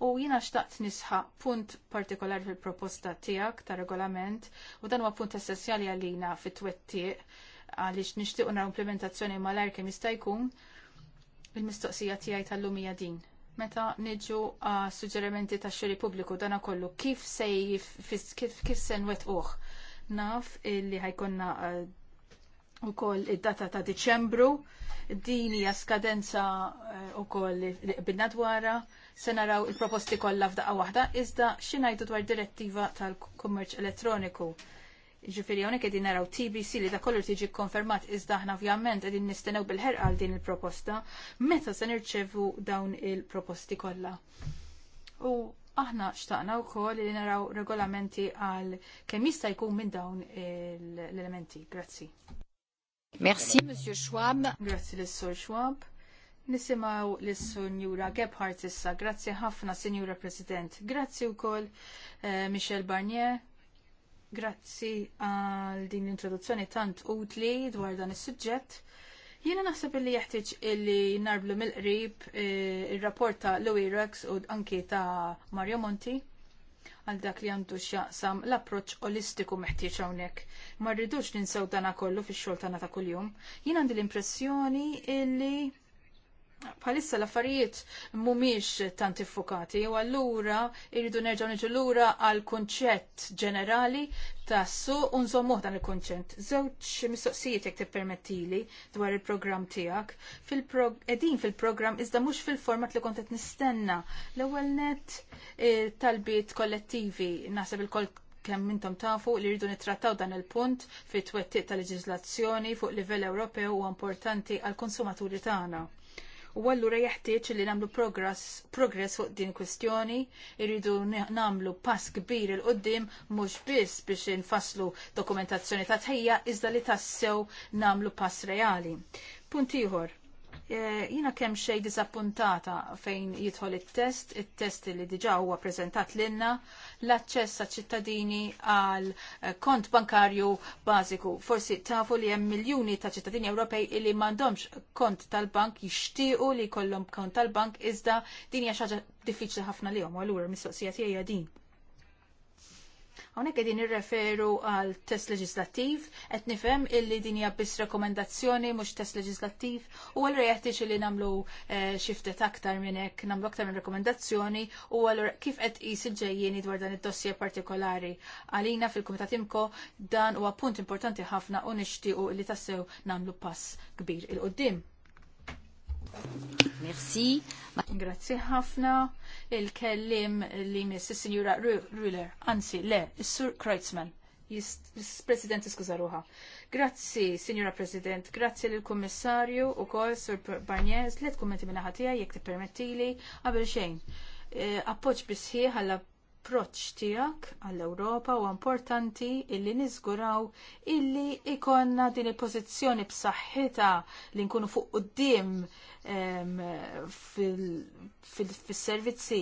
u jiena xtaqt nisħa punt partikolar fil-proposta tiegħek ta' regolament u dan huwa punt essenzjali għalina fit-twettiq għaliex nixtiequ naraw implementazzjoni malajr kemm jista' jkun il-mistoqsija tiegħi tal-lum hija din meta niġu uh, suġġerimenti ta' xiri pubbliku dana kollu, kif se kif, kif se uħ Naf illi ħajkonna uh, koll id-data ta' Diċembru, din hija skadenza eh, ukoll li bidna dwarha, se naraw il-proposti kollha f'daqqa waħda, iżda xi ngħidu dwar direttiva tal-kummerċ elettroniku. Ġifiri hawnhekk edin naraw TBC li da kollu tiġi konfermat iżda aħna ovvjament qegħdin nistennew bil ħer għal din il-proposta, meta se nirċevu dawn il-proposti kollha. U aħna xtaqna wkoll li naraw regolamenti għal kemm jista' jkun minn dawn l-elementi. Grazzi. Merci, Monsieur Schwab. Grazie l-Sur Schwab. Nisimaw l-Sunjura Gebhardt issa. Grazie ħafna, Sinjura President. Grazie u koll, eh, Michel Barnier. Grazzi għal din l-introduzzjoni tant utli dwar dan is-suġġett. Jiena naħseb li jeħtieġ illi narblu mill-qrib eh, ir-rapport ta' Louis Rex u anki ta' Mario Monti għal dak li għandu x'jaqsam l-approċċ olistiku meħtieġ hawnhekk. Ma rridux ninsew dana kollu fix-xogħol tagħna ta' kuljum. Jien għandi l-impressjoni illi Bħalissa l-affarijiet mumiex tant iffukati u allura irridu nerġgħu niġu lura għal kunċett ġenerali tassu u nżommuh dan il-kunċett. Żewġ mistoqsijiet jekk tippermettili dwar il-programm tiegħek. Qegħdin fil-programm iżda mhux fil-format li kont qed nistenna. L-ewwel net eh, talbiet kollettivi naħseb il-kol kemm intom tafu li rridu nittrattaw dan il-punt fit twettiq ta' leġizlazzjoni fuq livell Ewropew u importanti għall konsumaturi tagħna u allura jeħtieġ li nagħmlu progress fuq din kwestjoni, irridu nagħmlu pass kbir il qoddim mhux biss biex infasslu dokumentazzjoni ta' tħejja iżda li tassew nagħmlu pass reali. Punt ieħor Eh, jina kemm xej dizappuntata fejn jidħol it-test, it-test li diġa huwa prezentat lilna, l-aċċess ċittadini għal eh, kont bankarju bażiku. Forsi tafu li hemm miljuni ta' ċittadini Ewropej li m'għandhomx kont tal-bank jixtiequ li jkollhom kont tal-bank iżda din hija xi ħaġa diffiċli ħafna lihom, u allura mistoqsija tiegħi din Hawnhekk qegħdin nirreferu għal test leġislattiv, qed nifhem illi din jabbis biss rekomendazzjoni mhux test leġislattiv u allura jeħtieġ li nagħmlu eh, xiftet aktar minn hekk, nagħmlu aktar minn rekomendazzjoni u allura kif qed qis il dwar dan id-dossier partikolari. Għalina fil komitat Imko dan huwa punt importanti ħafna u nixtiequ li tassew nagħmlu pass kbir il qoddim Merci. Grazie ħafna. Il-kellim li miss il-Sinjura Ruler, anzi le, il-Sur Kreutzmann, President iskuza ruħa. Grazzi, Sinjura President, grazzi l-Kommissarju u kol Sur Barnier, let kommenti minna ħatija jek ti permettili, għabel xejn. Eh, Appoċ bisħi għalla l-approċċ tiegħek għall-Ewropa huwa importanti illi niżguraw illi ikonna din il-pożizzjoni b'saħħitha li nkunu fuq quddiem fis servizzi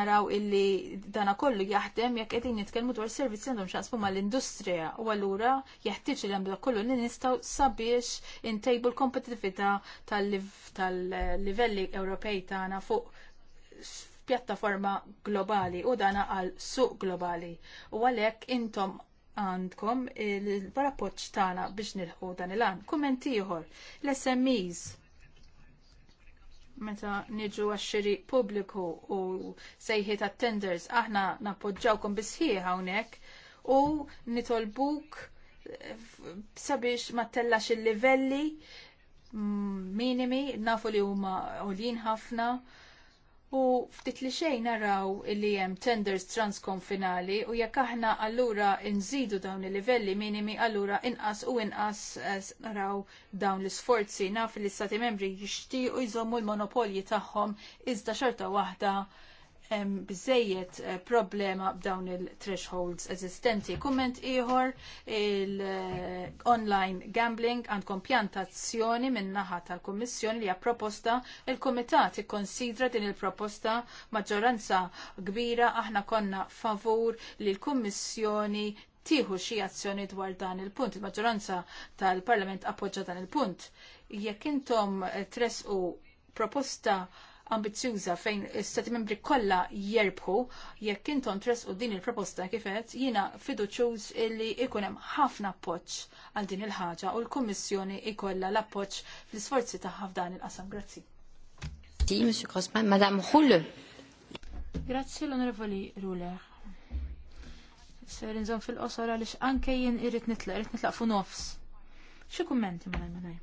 naraw illi dana kollu jaħdem jekk qegħdin nitkellmu dwar servizzi għandhom xaqsmu mal-industrija u allura jeħtieġ li hemm kollu li nistgħu sabiex intejbu l-kompetitività tal-livelli Ewropej tagħna fuq Pjattaforma globali u dana għal suq globali. U għalhekk intom għandkom il-parappoċ tagħna biex nilħu dan il-għan. Kummenti ieħor, l-SMEs meta niġu għaxxiri pubbliku u sejħiet tenders aħna nappoġġawkom bisħieħ hawnhekk u nitolbuk eh, sabiex ma tellax il-livelli mm, minimi nafu li huma għolin ħafna u ftit li xejn naraw li hemm tenders transkonfinali u jekk aħna allura nżidu dawn il-livelli minimi allura inqas u inqas eh, naraw dawn l-isforzi naf li stati membri jixtiequ jżommu l-monopolji tagħhom iżda xorta waħda hemm biżejjed eh, problema b'dawn il-thresholds eżistenti. Kumment ieħor il-online eh, gambling għandkom pjantazzjoni minn naħa tal-Kummissjoni li hija proposta il-Kumitat ikkonsidra din il-proposta maġġoranza kbira aħna konna favur li l-Kummissjoni tieħu xi azzjoni dwar dan il-punt. Il-maġġoranza tal-Parlament appoġġa dan il-punt. Jekk intom eh, tresqu proposta ambizzjuża fejn is-stati membri kollha jerbħu jekk intom tresqu din il-proposta kifet jiena fiduċjuż illi ikun hemm ħafna appoġġ għal din il-ħaġa u l-Kummissjoni ikollha l-appoġġ fl-isforzi tagħha f'dan il-qasam. Grazzi. Grazzi l-Onorevoli Rule. Ser nżomm fil-qosor għaliex anke jien irrid nitlaq, irrid nitlaq fu nofs. Xi kummenti ma malaj?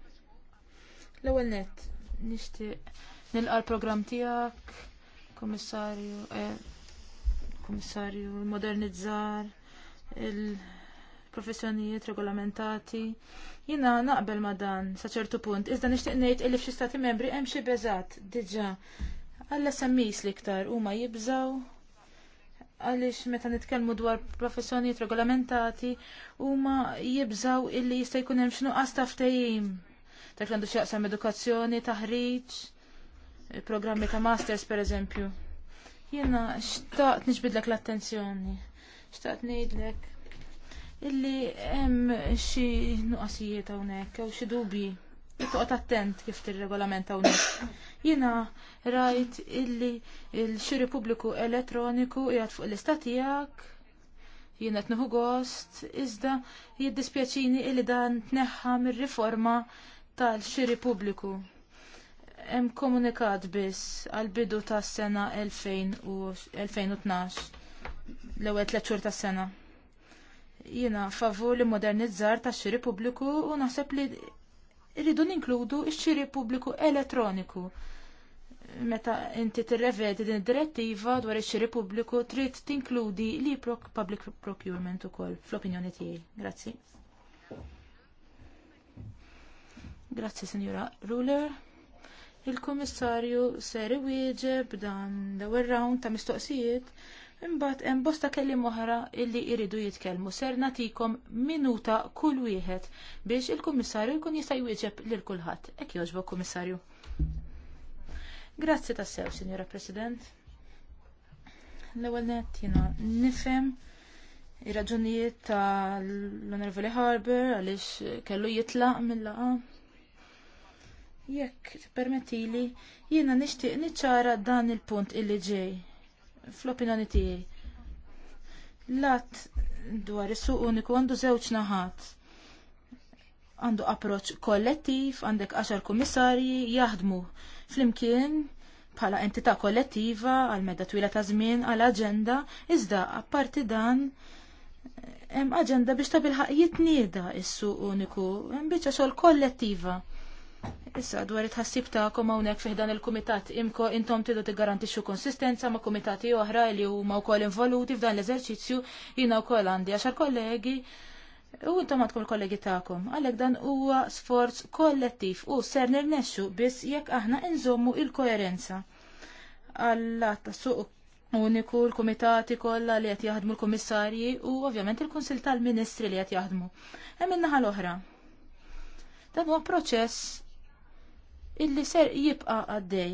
L-ewwel nett nixtieq nilqa l-programm tiegħek, komissarju, eh, komissarju, modernizzar il-professjonijiet regolamentati. Jiena naqbel ma dan sa ċertu punt, iżda nixtieq ngħid illi f'xi stati membri hemm xi beżat diġà għall-SMEs liktar huma jibżaw għalix meta nitkellmu dwar professjonijiet regolamentati huma jibżaw illi jista' jkun hemm x'nuqqas ta' Dak għandu x'jaqsam edukazzjoni, taħriġ, programmi ta' masters per eżempju. Jena xtaqt nixbidlek l-attenzjoni, xtaqt nejdlek illi hemm xi nuqasijiet hawnhekk jew xi dubji. Toqgħod attent kif tir-regolament hawnhekk. Jiena rajt illi l-xiri pubbliku elettroniku qiegħed fuq l-lista tiegħek jiena tnuħu gost, iżda jiddispjaċini illi dan tneħħa mir-riforma tal-xiri pubbliku hemm komunikat biss għall bidu tas sena 2012 l-ewwel tliet xhur tas-sena. Jiena favur li modernizzar tax-xiri pubbliku u naħseb li rridu ninkludu x-xiri pubbliku elettroniku. Meta inti tirrevedi din id-direttiva dwar ix-xiri pubbliku trid tinkludi li public procurement ukoll fl-opinjoni tiegħi. Grazzi. Grazzi, Signora Ruler il-Kummissarju ser wieġeb dan l-ewwel round ta' mistoqsijiet imbagħad hemm bosta kelli moħra illi jridu jitkellmu ser nagħtikom minuta kull wieħed biex il-Kummissarju jkun jista' jwieġeb lil kulħadd. Hekk jogħġbok Kummissarju. Grazzi tassew, Sinjora President. L-ewwel nett jiena nifhem ir-raġunijiet tal-Onorevoli Harbour għaliex kellu jitlaq mill-laqa Jekk permettili, jiena nixtieq niċċara dan il-punt illi ġej fl-opinjoni tiegħi. Lat dwar is-suq uniku għandu żewġ naħat. Għandu approċċ kollettiv, għandek għaxar kummissarji jaħdmu flimkien bħala entità kollettiva għal medda twila ta' żmien għal aġenda, iżda apparti dan hemm aġenda biex tabilħaq jitnieda s-suq uniku, hemm biċċa xogħol kollettiva. Issa, dwar it-ħassib ta' hawnhekk fiħdan il-kumitat, imko intom t-garantixu konsistenza ma' kumitati oħra li huma wkoll involuti f'dan l-eżerċizzju u wkoll għandi għaxar kollegi u intom għandkom il-kollegi ta'kom. Għalhekk dan huwa sforz kollettiv u ser nirnexxu biss jekk aħna inżommu il-koerenza. Għalla ta' suq uniku l-kumitati kollha li qed jaħdmu l-kummissarji u ovvjament il-kunsil tal-ministri li qed jaħdmu. Hemm in-naħa l-oħra. Dan huwa proċess illi ser jibqa għaddej.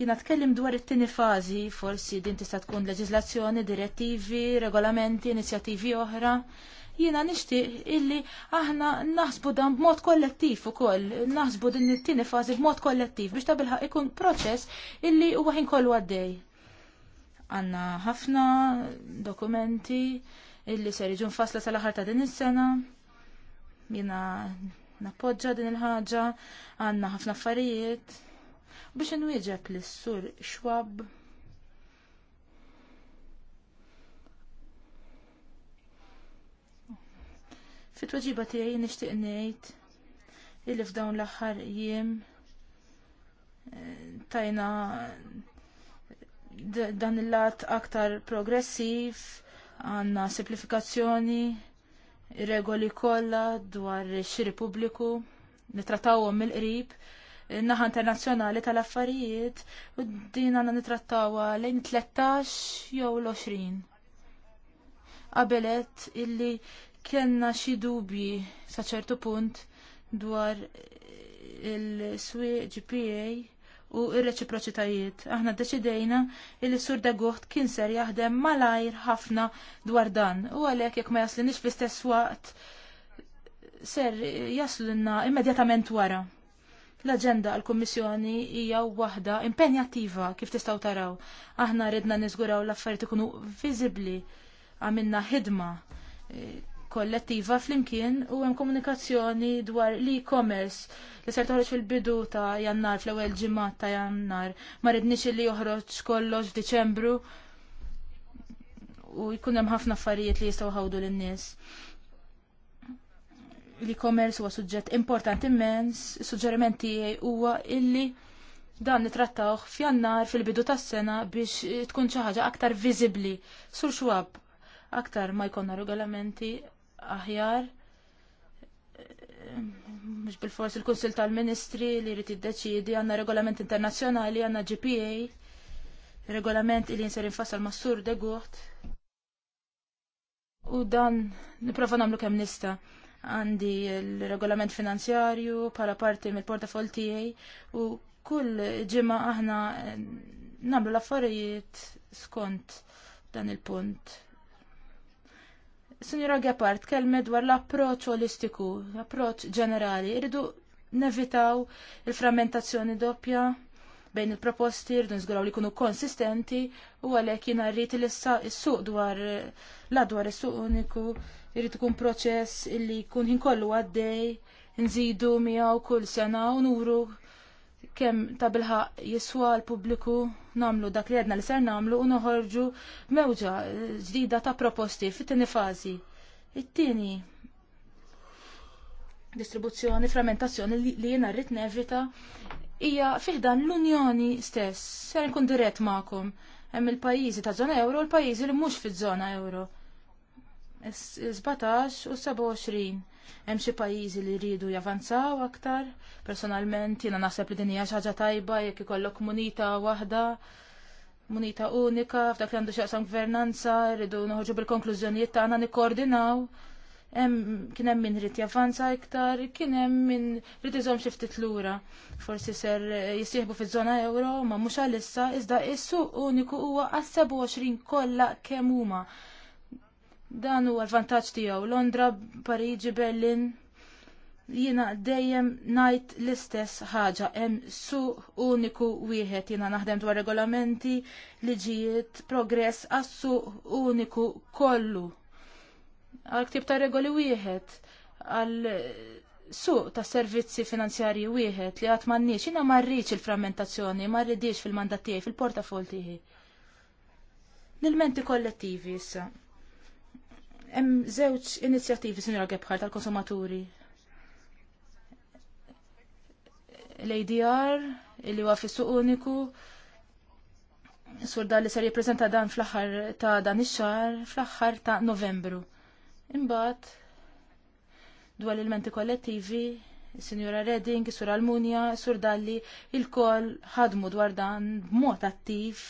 Jina tkellim dwar it-tini fazi, forsi din tista' tkun leġislazzjoni, direttivi, regolamenti, inizjattivi oħra. Jina nixtieq illi aħna naħsbu dan b'mod kollettiv ukoll, naħsbu din it-tieni fażi b'mod kollettiv biex tabilħaq ikun proċess illi huwa ħin kollu għaddej. Għanna ħafna dokumenti illi ser jiġu nfasla sal-aħħar ta' din is-sena. Jina nappoġġa din il-ħaġa, għandna ħafna affarijiet biex inwieġeb lis-sur xwab. Fit-tweġiba tiegħi nixtieq ngħid illi f'dawn l-aħħar jiem eh, tajna eh, dan il-lat aktar progressiv, għanna simplifikazzjoni, regoli kollha dwar xiri pubbliku, nitrattawhom mill-qrib, naħa internazzjonali tal-affarijiet u din għandna nitrattawha lejn 13 jew l-20. Qabelet illi kellna xi dubji sa ċertu punt dwar il-swieq GPA u ir-reċiproċitajiet. Aħna deċidejna il sur Dagoħt kien ser jaħdem malajr ħafna dwar dan u għalhekk jekk ma jaslinix fl-istess waqt ser jaslilna immedjatament wara. L-agenda għal-Kommissjoni hija waħda impenjattiva kif tistgħu taraw. Aħna ridna niżguraw l-affarijiet ikunu viżibbli għamilna ħidma eh, kollettiva flimkien u hemm komunikazzjoni dwar l-e-commerce li ser toħroġ fil-bidu ta' jannar fl-ewwel ġimgħat ta' jannar. Ma rridniex li joħroġ kollox f'Diċembru u jkun hemm ħafna affarijiet li jistgħu ħawdu lin-nies. L-e-commerce huwa suġġett importanti immens, suġġeriment tiegħi huwa illi dan nitrattawh f'jannar fil-bidu tas-sena biex tkun xi ħaġa aktar viżibbli sur xwab aktar ma jkollna regolamenti, aħjar eh, mux bil-fors il-Kunsil tal-Ministri li jrid deċidi għandna regolament internazzjonali għandna GPA regolament li jinser infassal massur sur de U dan niprofa nagħmlu kemm nista' għandi l-regolament finanzjarju bħala parti mill-portafol tiegħi u kull ġimma aħna eh, nagħmlu l-affarijiet skont dan il-punt. Sinjora Gepard, kelme dwar l-approċ olistiku, l-approċ ġenerali, irridu nevitaw il-frammentazzjoni doppja bejn il-proposti, irridu nżguraw li kunu konsistenti, u għalek jina rrit l-issa il-suq dwar, l-adwar il-suq uniku, irridu ikun proċess illi kun jinkollu għaddej, nżidu miegħu kull sena u nuru kemm ta' bilħa jiswa l-pubbliku namlu dak li għedna li ser namlu u noħorġu mewġa ġdida ta' proposti fit-tieni fażi. It-tieni distribuzzjoni, frammentazzjoni li jena rrit nevita hija fiħdan l-Unjoni stess. Ser nkun dirett ma'kom, hemm il-pajjiżi ta' żona euro u l-pajjiżi li mhux fiż-żona euro. 17 u 27 Hemm xi pajjiżi li jridu javanzaw aktar. Personalment jiena naħseb li din hija xi ħaġa tajba jekk ikollok munita waħda munita unika f'dak li għandu xaqsam gvernanza, rridu noħġu bil-konklużjonijiet tagħna nikkoordinaw. hemm Kien hemm min rid javanza iktar, kien hemm min rid iżomm xi ftit lura. Forsi ser jisieħbu fiż-żona euro, ma mhux għalissa iżda is-suq uniku huwa għas-27 kollha kemm huma Dan huwa l-vantaġġ tiegħu Londra, Pariġi, Berlin. Jiena dejjem ngħid l-istess ħaġa hemm suq uniku wieħed jiena naħdem dwar regolamenti, liġijiet, progress għas su uniku kollu. Għal ktib ta' regoli wieħed għal su ta' servizzi finanzjarji wieħed li għat mannix, jina marriċ il-frammentazzjoni, marridix fil-mandat tiegħi, fil-portafol tiegħi. nil menti kollettivi issa. Hemm żewġ inizjattivi sinjora Gebhardt tal-konsumaturi. L-ADR, li huwa fis uniku, Surda li ser jippreżenta dan fl-aħħar ta' dan ix-xahar, fl-aħħar ta' Novembru. Imbagħad dwar l-elementi kollettivi, Sinjora Redding, Sur Almunia, Sur Dalli, il-koll ħadmu dwar dan b'mod attiv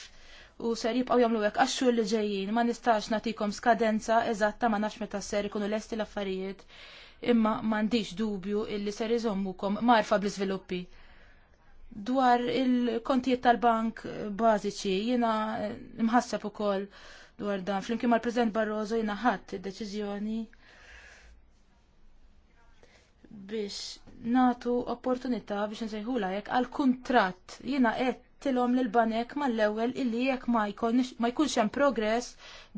u ser jibqgħu jagħmlu hekk għax-xhur li ġejjin ma nistax nagħtikom skadenza eżatta ma nafx meta ser ikunu lesti l-affarijiet imma m'għandix dubju illi ser iżommukom marfa bl-iżviluppi. Dwar il-kontijiet tal-bank bażiċi jiena mħasseb ukoll dwar dan flimkien mal-President Barroso jiena ħadd id-deċiżjoni biex natu opportunità biex nsejħula jekk għal kuntratt jiena qed tilhom lil banek mal-ewwel illi jekk ma jkunx hemm progress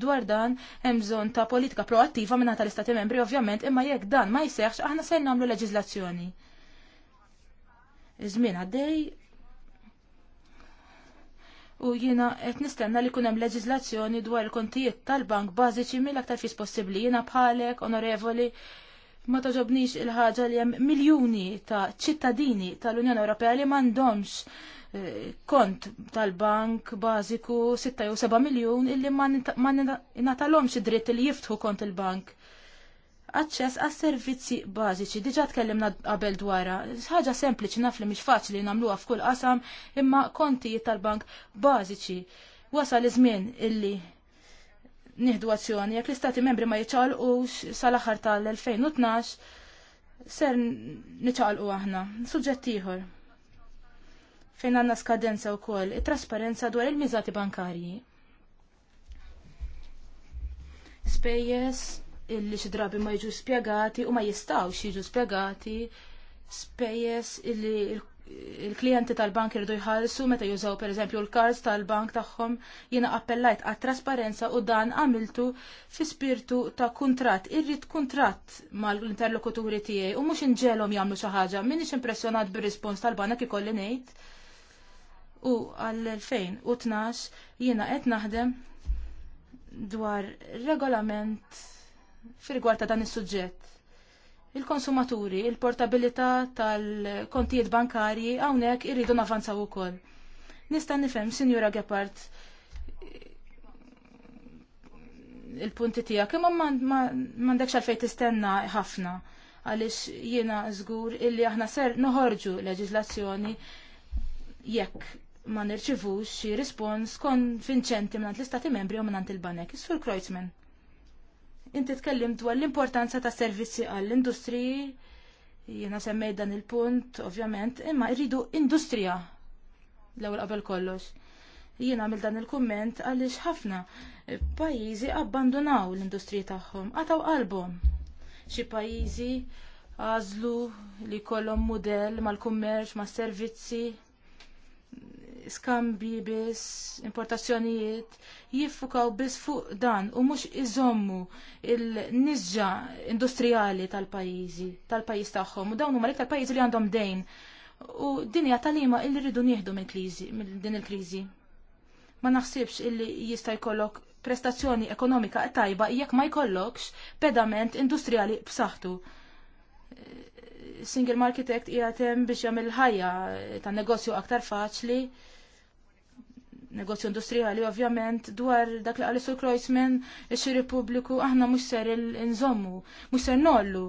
dwar dan hemm bżonn ta' politika proattiva minn tal-Istati Membri ovvjament imma jekk dan ma jseħħx aħna se nagħmlu leġiżlazzjoni. Iż-żmien għaddej u jiena qed nistenna li jkun hemm leġiżlazzjoni dwar il-kontijiet tal-bank bażiċi mill-aktar fis possibbli jiena bħalek onorevoli ma toġobnix il-ħaġa li hemm miljuni ta' ċittadini tal-Unjoni Ewropea li m'għandhomx kont tal-bank bażiku 6 jew 7 miljun illi ma natalhomx xi dritt li jiftħu kont il-bank. Aċċess għas servizzi bażiċi, diġa' tkellimna qabel dwarha, ħaġa sempliċi naf li mhix faċli nagħmluha f'kull qasam imma kontijiet tal-bank bażiċi. Wasal iż-żmien illi nieħdu azzjoni jekk l-istati membri ma jiċċalqux sal-aħħar tal-2012 ser niċċalqu aħna. Suġġett ieħor fejn għandna skadenza wkoll it-trasparenza dwar il-miżati bankarji. Spejjeż illi xi drabi ma jiġu spjegati u ma jistgħux jiġu spjegati spejjes illi il klienti tal-bank irdu jħallsu meta jużaw pereżempju l kars tal-bank tagħhom jiena appellajt għat trasparenza u dan għamiltu fi spirtu ta' kuntratt, irrid kuntratt mal-interlokuturi tiegħi u mhux inġelhom jagħmlu xi ħaġa, minix impressjonat bir-rispons tal-banek ikolli ngħid u għall-2012 jiena qed naħdem dwar regolament fir rigward ta' dan is-suġġett. Il-konsumaturi, il-portabilità tal-kontijiet bankarji hawnhekk irridu navanzaw ukoll. Nista' nifhem, Sinjura Gepard, il-punti tiegħek imma m'għandekx għalfejn tistenna ħafna għaliex jiena żgur illi aħna ser noħorġu leġiżlazzjoni jekk ma nirċivux xi rispons konvinċenti minn l-istati membri u minn il-banek. Sur Kreuzman, inti tkellim dwar l-importanza ta' servizzi għall-industriji, jiena semmej dan il-punt, ovvjament, imma rridu industrija l-ewwel qabel kollox. Jien għamil dan il-kumment għaliex ħafna pajjiżi abbandonaw l-industriji tagħhom, għataw qalbhom. Xi pajjiżi għażlu li jkollhom mudell mal-kummerċ, mas-servizzi, skambi biss, importazzjonijiet, jiffukaw biss fuq dan u mhux iżommu il-nisġa industrijali tal-pajjiżi, tal-pajjiż tagħhom u dawn huma tal-pajjiżi li għandhom dejn. U din hija ima illi rridu nieħdu minn din il-kriżi. Ma naħsibx illi jista' jkollok prestazzjoni ekonomika tajba jekk ma jkollokx pedament industrijali b'saħħtu single market act jgħatem biex jagħmel ħajja tan negozju aktar faċli negozju industrijali, ovvjament, dwar dak li għalissu Kreuzman, il-xiri pubbliku, aħna mux ser nżommu, mux ser nollu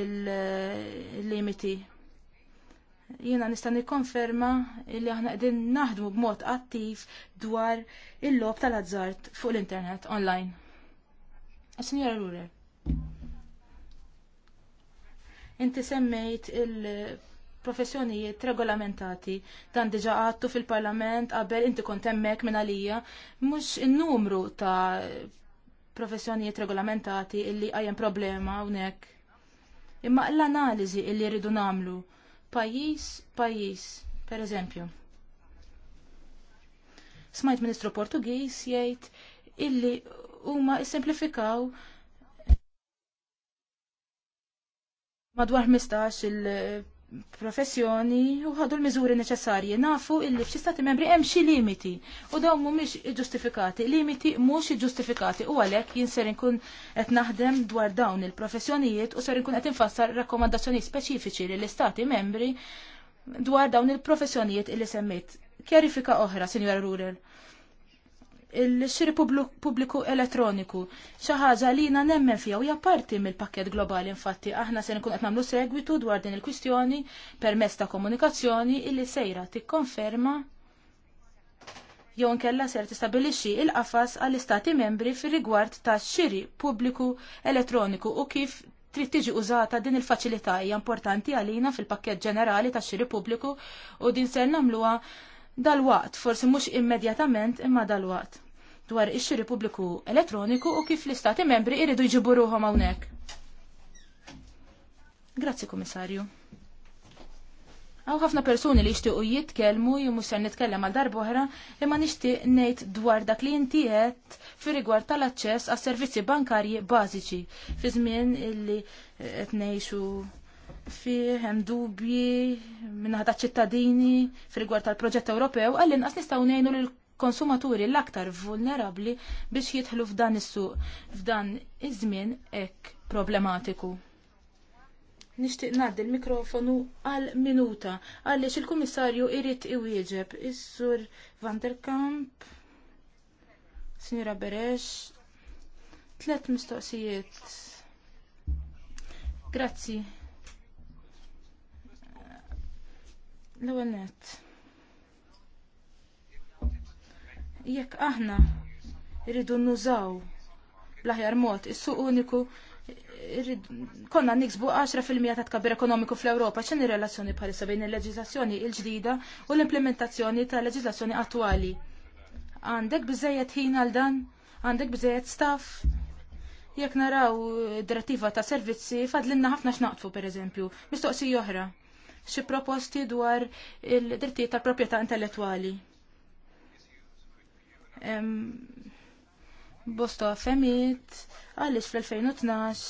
il-limiti. Jena nista' nikkonferma li aħna qegħdin naħdmu b'mod attiv dwar il-lob tal-azzart fuq l-internet online. Signora Rurer, inti semmejt il- professjonijiet regolamentati. Dan diġa għattu fil-parlament qabel inti kont hemmhekk minn għalija, mhux in-numru ta' professjonijiet regolamentati illi għajem problema hawnhekk. Imma l-analiżi illi rridu nagħmlu pajjiż pajjiż, pereżempju. Smajt Ministru Portugiż jgħid illi huma issimplifikaw madwar 15 il professjoni u ħadu l-miżuri neċessarji. Nafu illi f'xi stati membri hemm xi limiti u dawn mhumiex iġġustifikati. Limiti mhux iġġustifikati u għalhekk jien ser inkun qed naħdem dwar dawn il-professjonijiet u ser inkun qed infassar rakkomandazzjoni speċifiċi lill istati membri dwar dawn il-professjonijiet illi semmit. Kjarifika oħra, Sinjora Rurer il-xiri pubbliku elettroniku. Xi ħaġa li jina nemmen fija u hija parti mill-pakkett globali infatti aħna se nkun qed nagħmlu segwitu dwar din il-kwistjoni permezz ta' komunikazzjoni illi sejra tikkonferma jew nkella ser tistabilixxi il-qafas għall-istati membri fir-rigward ta' xiri pubbliku elettroniku u kif trid tiġi użata din il-faċilità hija importanti għalina fil-pakkett ġenerali tax-xiri pubbliku u din ser nagħmluha Dalwaqt forsi mhux immedjatament imma dalwaqt dwar ix-xiri pubbliku elettroniku u kif l-istati membri jridu jġibu ruhom hawnhekk. Grazzi Kummissarju. Għaw ħafna persuni li jishtiqu jitkelmu, mhux se nitkellem għal darba oħra, imma nixtieq ngħid dwar dak li inti qed tal-aċċess għas servizzi bankarji bażiċi fi żmien illi qed ngħixu fih hemm dubji minnaħa ta' ċittadini fil gwar tal-proġett Ewropew, għal inqas nistgħu ngħinu lill konsumaturi l-aktar vulnerabbli biex jidħlu f'dan is-suq f'dan iż-żmien hekk problematiku. Nixtieq ngħaddi l-mikrofonu għal minuta għaliex il-Kummissarju irid iwieġeb is-Sur Van der Kamp, Sinjura Beresh, tliet mistoqsijiet. Grazzi, L-ewwel nett. Jekk aħna irridu nużaw bl-aħjar mod is-suq uniku konna niksbu 10% ta' tkabbir ekonomiku fl-Ewropa, ċen ir-relazzjoni bħalissa bejn il-leġislazzjoni il-ġdida u l-implementazzjoni ta' leġislazzjoni attwali. Għandek biżejjed ħin għal dan, għandek biżejjed staff. Jekk naraw direttiva ta' servizzi, fadlinna ħafna x'naqtfu pereżempju, mistoqsi oħra xi proposti dwar il-drittijiet tal proprjetà intellettwali. Bosto femit, għaliex fl-2012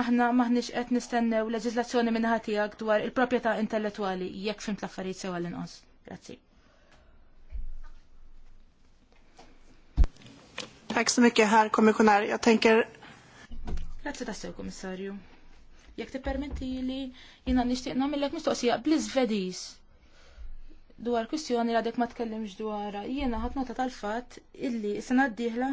aħna maħniex qed nistennew leġizlazzjoni minn tiegħek dwar il-proprjetà intellettwali jekk fim tlaffariet affarijiet l għall-inqos. Grazzi. Tack så mycket, herr kommissionär. Jag tänker... Grazie tassew, kommissarju. Jekk tippermetti li jiena nixtieq nagħmellek mistoqsija bl vedis dwar kwistjoni li għadek ma tkellimx dwarha. Jiena ħadd nota tal-fatt illi sena d-dieħla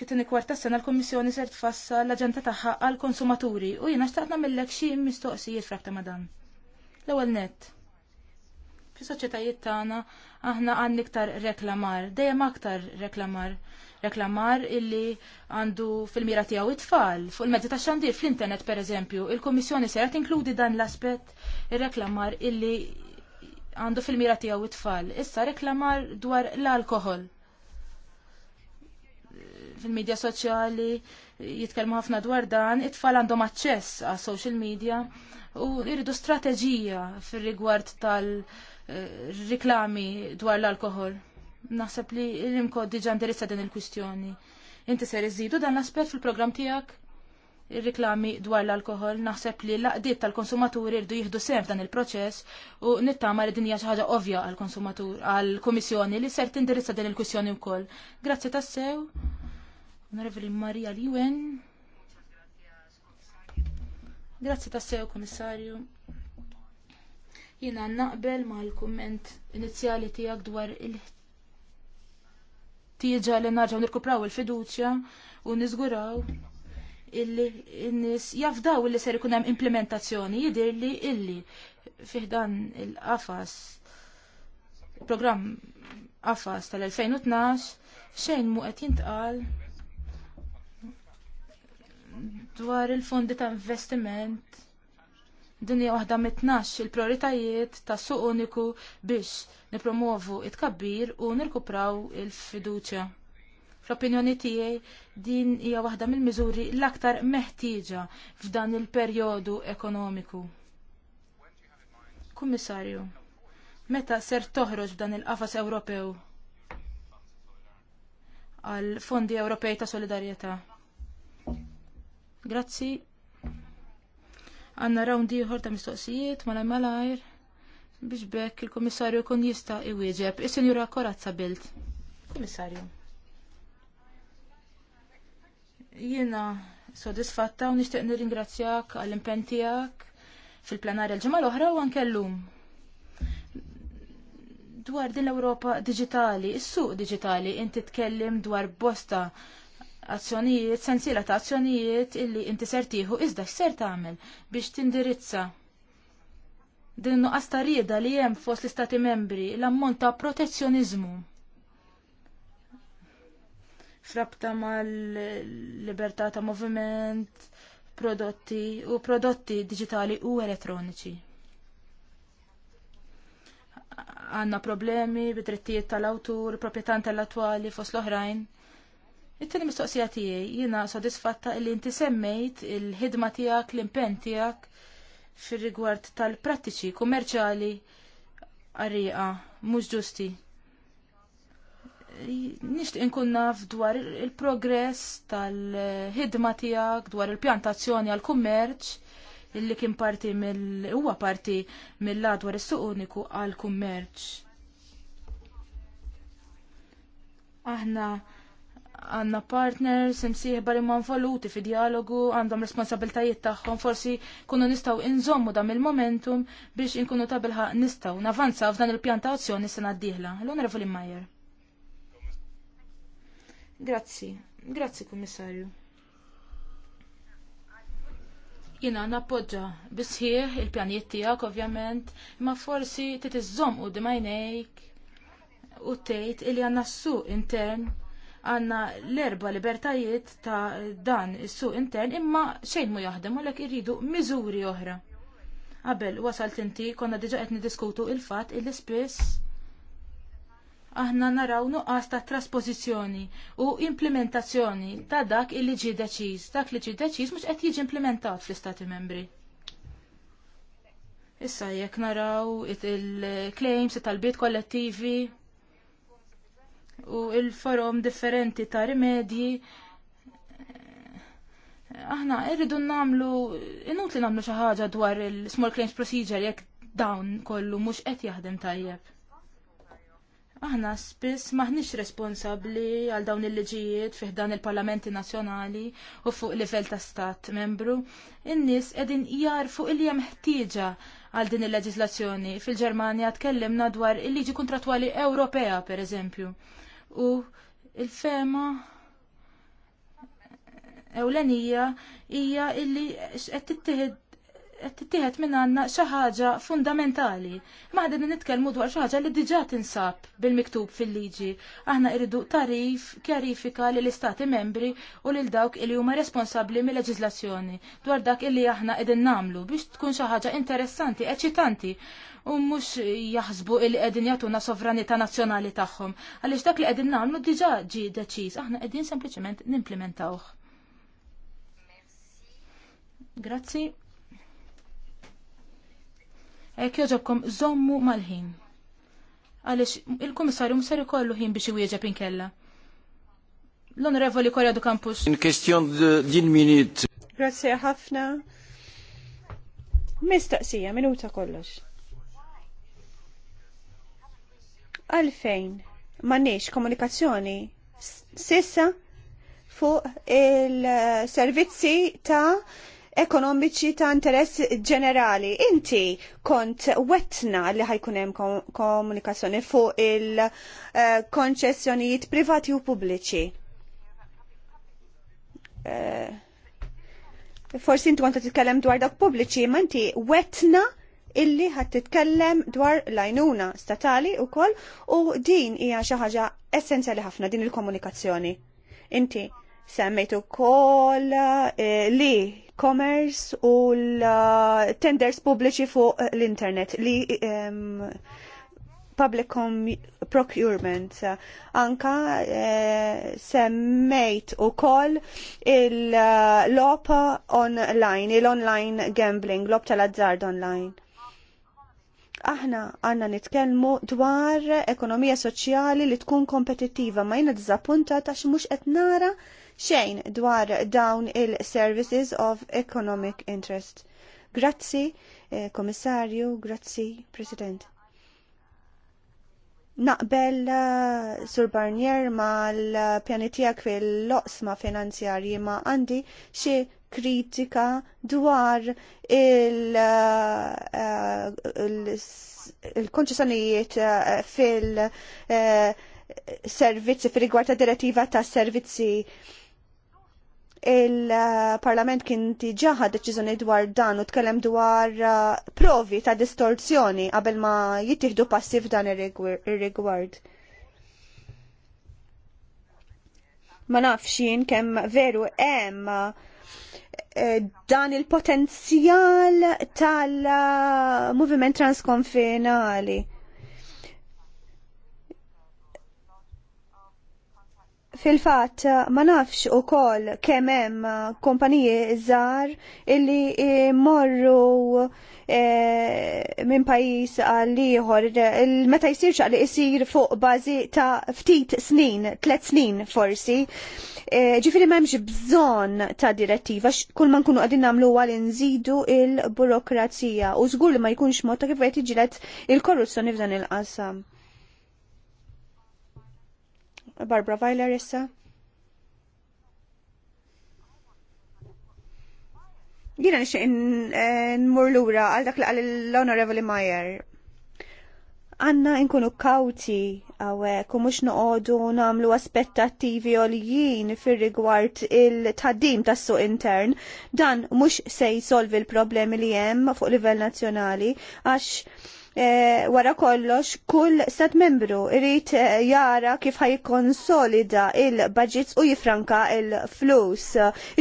fit tini kwarta sena l-Kummissjoni ser tfassa l-aġenda tagħha għall-konsumaturi u jiena xtaqt nagħmellek xi mistoqsijiet frakta madan. dan. L-ewwel nett fi soċjetajiet tagħna aħna għandna iktar reklamar, dejjem aktar reklamar reklamar illi għandu fil-mira tiegħu it-tfal fuq il-mezzi ta' xandir fl-internet pereżempju, il-Kummissjoni se tinkludi dan l-aspett il reklamar illi għandu fil-mira tiegħu it-tfal. Issa reklamar dwar l-alkohol fil-medja soċjali jitkellmu ħafna dwar dan, it-tfal għandhom aċċess għas social media u jridu strateġija fil-rigward tal-riklami eh, dwar l-alkohol. Naħseb li l-imkod diġa interessa din il-kwistjoni. Inti ser iżidu dan l-aspet fil-program tijak? Il-riklami dwar l-alkohol, naħseb li l-laqdiet tal-konsumaturi rridu jihdu sem f'dan il-proċess u nittama li dinja ħaġa ovvja għal-konsumatur, għal-komissjoni li ser tindirizza din il-kwistjoni wkoll. Grazzi tassew. Onorevoli Maria Liwen. Grazzi tassew, komissarju jina naqbel ma l-komment inizjali tijak dwar il ħtieġa li narġaw nirkupraw il-fiduċja u nizguraw illi n-nis jafdaw illi ser ikun hemm implementazzjoni jidirli illi fiħdan il-qafas program qafas tal-2012 xejn mu qed jintqal dwar il-fondi ta' investiment Din hija waħda mit-tnax il-prioritajiet ta' suq uniku biex nipromovu it-kabbir u nirkupraw il-fiduċja. Fl-opinjoni tiegħi din hija waħda mill-miżuri l-aktar meħtieġa f'dan il-perjodu ekonomiku. Kummissarju, meta ser toħroġ f'dan il-qafas Ewropew għal fondi Ewropej ta' Solidarjetà? Grazzi. Għanna rawn ieħor ta' mistoqsijiet malaj malajr biex bekk il-Komissarju kun jista' iwieġeb. Is-Sinjura Korazza Bilt. Komissarju jiena sodisfatta u nixtieq nirringrazzjak għall impenn tiegħek fil-plenarja l-ġimgħa l-oħra u anke llum. Dwar din l-Ewropa diġitali, is-suq diġitali, inti tkellim dwar bosta azzjonijiet, sensiela ta' azzjonijiet illi inti ser iżda x'ser tagħmel biex tindirizza din nuqqas ta' rieda li hemm fost l-istati membri l-ammont ta' protezzjoniżmu frabta mal-libertà ta' moviment, prodotti u prodotti digitali u elettroniċi għanna problemi bit-drittijiet tal-awtur, proprjetà intellettwali fost l-oħrajn. It-tieni mistoqsija tiegħi jiena sodisfatta li inti semmejt il-ħidma tiegħek l-impenn tiegħek fir-rigward tal-prattiċi kummerċali għarriqa mhux ġusti. Nixtieq inkun naf dwar il-progress tal-ħidma tiegħek dwar il-pjantazzjoni għall kummerċ illi kien parti mill huwa parti mill-adwar is-suq uniku għall kummerċ. Aħna għanna partners, semsiħ bari ma' involuti fi dialogu, għandhom responsabiltajiet tagħhom, forsi kunu nistaw inżommu dam il-momentum biex inkunu tabilħa nistaw navanza f'dan il-pjan ta' azzjoni sena d-dieħla. L-Onorevoli Majer. Grazzi, grazzi kummissarju. Jina nappoġġa bisħieħ il-pjanijiet tiegħek ovvjament, ma forsi titiżżomm u dimajnejk u tgħid illi għandna suq intern għanna l-erba libertajiet ta' dan is-suq intern imma xejn mu jaħdem għalhekk irridu miżuri oħra. Qabel wasalt inti konna diġa qed niddiskutu il-fatt illi spiss aħna naraw nuqqas ta' traspożizzjoni u implementazzjoni ta' dak il-li ġie deċiż. Dak li ġie deċiż mhux qed jiġi implementat fl-Istati Membri. Issa jekk naraw il-claims, it-talbiet kollettivi, u il-forom differenti ta' rimedji. Aħna irridu namlu, inutli li namlu xaħġa dwar il-Small Claims Procedure jekk dawn kollu mux qed jaħdem tajjeb. Aħna spiss m'aħniex responsabli għal dawn il-liġijiet fih dan il-parlamenti nazjonali u fuq livell ta' stat membru. In-nies qegħdin jar il hemm ħtieġa għal din il-leġislazzjoni. Fil-Ġermanja tkellimna dwar il-liġi kontratwali Ewropea, per eżempju u il-fema ewlenija hija illi qed tittieħed qed tittieħed minn għandna xi ħaġa fundamentali. Ma qegħdin nitkellmu dwar xi ħaġa li diġà tinsab bil-miktub fil-liġi. Aħna rridu tarif kjarifika l istati membri u lil dawk li huma responsabbli mill leġizlazzjoni dwar dak illi aħna qegħdin nagħmlu biex tkun xi ħaġa interessanti, eċitanti u mhux jaħsbu li qegħdin jagħtuna sovranità nazzjonali tagħhom. Għaliex dak li qegħdin nagħmlu diġà ġie deċiż, aħna qegħdin sempliċement nimplementawh. Grazzi. Ek joġobkom zommu mal-ħin. Għalix il-komissarju msar ikollu ħin biex iwieġeb inkella. L-onorevoli Korja du Campus. In kestjon din minit. Grazie ħafna. Mistaqsija, minuta kollox. Għalfejn, manniex komunikazzjoni sissa fuq il-servizzi ta' ekonomiċi ta' interess ġenerali. Inti kont wetna li ħajkun hemm komunikazzjoni fuq il-konċessjonijiet eh, privati u pubbliċi. Eh, forsi inti kont titkellem dwar dak pubbliċi, ma inti wetna illi ħat titkellem dwar lajnuna statali u koll u din hija xi ħaġa essenzjali ħafna din il-komunikazzjoni. Inti semmejtu koll eh, li commerce u l-tenders pubbliċi fuq l-internet li public procurement anka eh, semmejt u koll l-lop online, l online gambling, lop tal-azzard online aħna għanna nitkellmu dwar ekonomija soċjali li tkun kompetittiva ma jina dizappunta ta' mhux qed nara xejn dwar dawn il-Services of Economic Interest. Grazzi, eh, Komissarju, grazzi, President. Naqbel uh, Sur Barnier ma l-pjanitijak fil-loqsma finanzjarji ma għandi xie kritika dwar il-konċessjonijiet eh, uh, uh, fil- servizzi fil-rigward direttiva ta' servizzi il-Parlament kien tiġaħa deċiżjoni dwar dan u tkellem dwar uh, provi ta' distorzjoni qabel ma jittieħdu passi f'dan ir-rigward. Ma nafx jien kemm veru hemm uh, dan il-potenzjal tal-moviment uh, transkonfinali. fil-fat ma nafx u kol kemem kompanije zar illi morru e, minn pajis għal-liħor meta jisirx għal jisir fuq bazi ta' ftit snin, tlet snin forsi. E, ġifiri memx bżon ta' direttiva, kull man kunu għadin namlu għal nżidu il-burokrazija u zgur li ma jkunx mod ta' kif għet iġilet il-korruzzjoni f'dan il-qasam. Barbara Weiler issa. Jina n-mur eh, nmur lura għal dak li qal l-Honorable Meyer. Għanna nkunu kawti għawek u mux noqodu namlu aspettattivi għolijin fir rigward il-taddim tas suq intern. Dan mux se jisolvi l-problemi li jem fuq livell nazjonali għax Eh, wara kollox kull stat membru irrit eh, jara kif ħajkonsolida il-budgets u jifranka il-flus.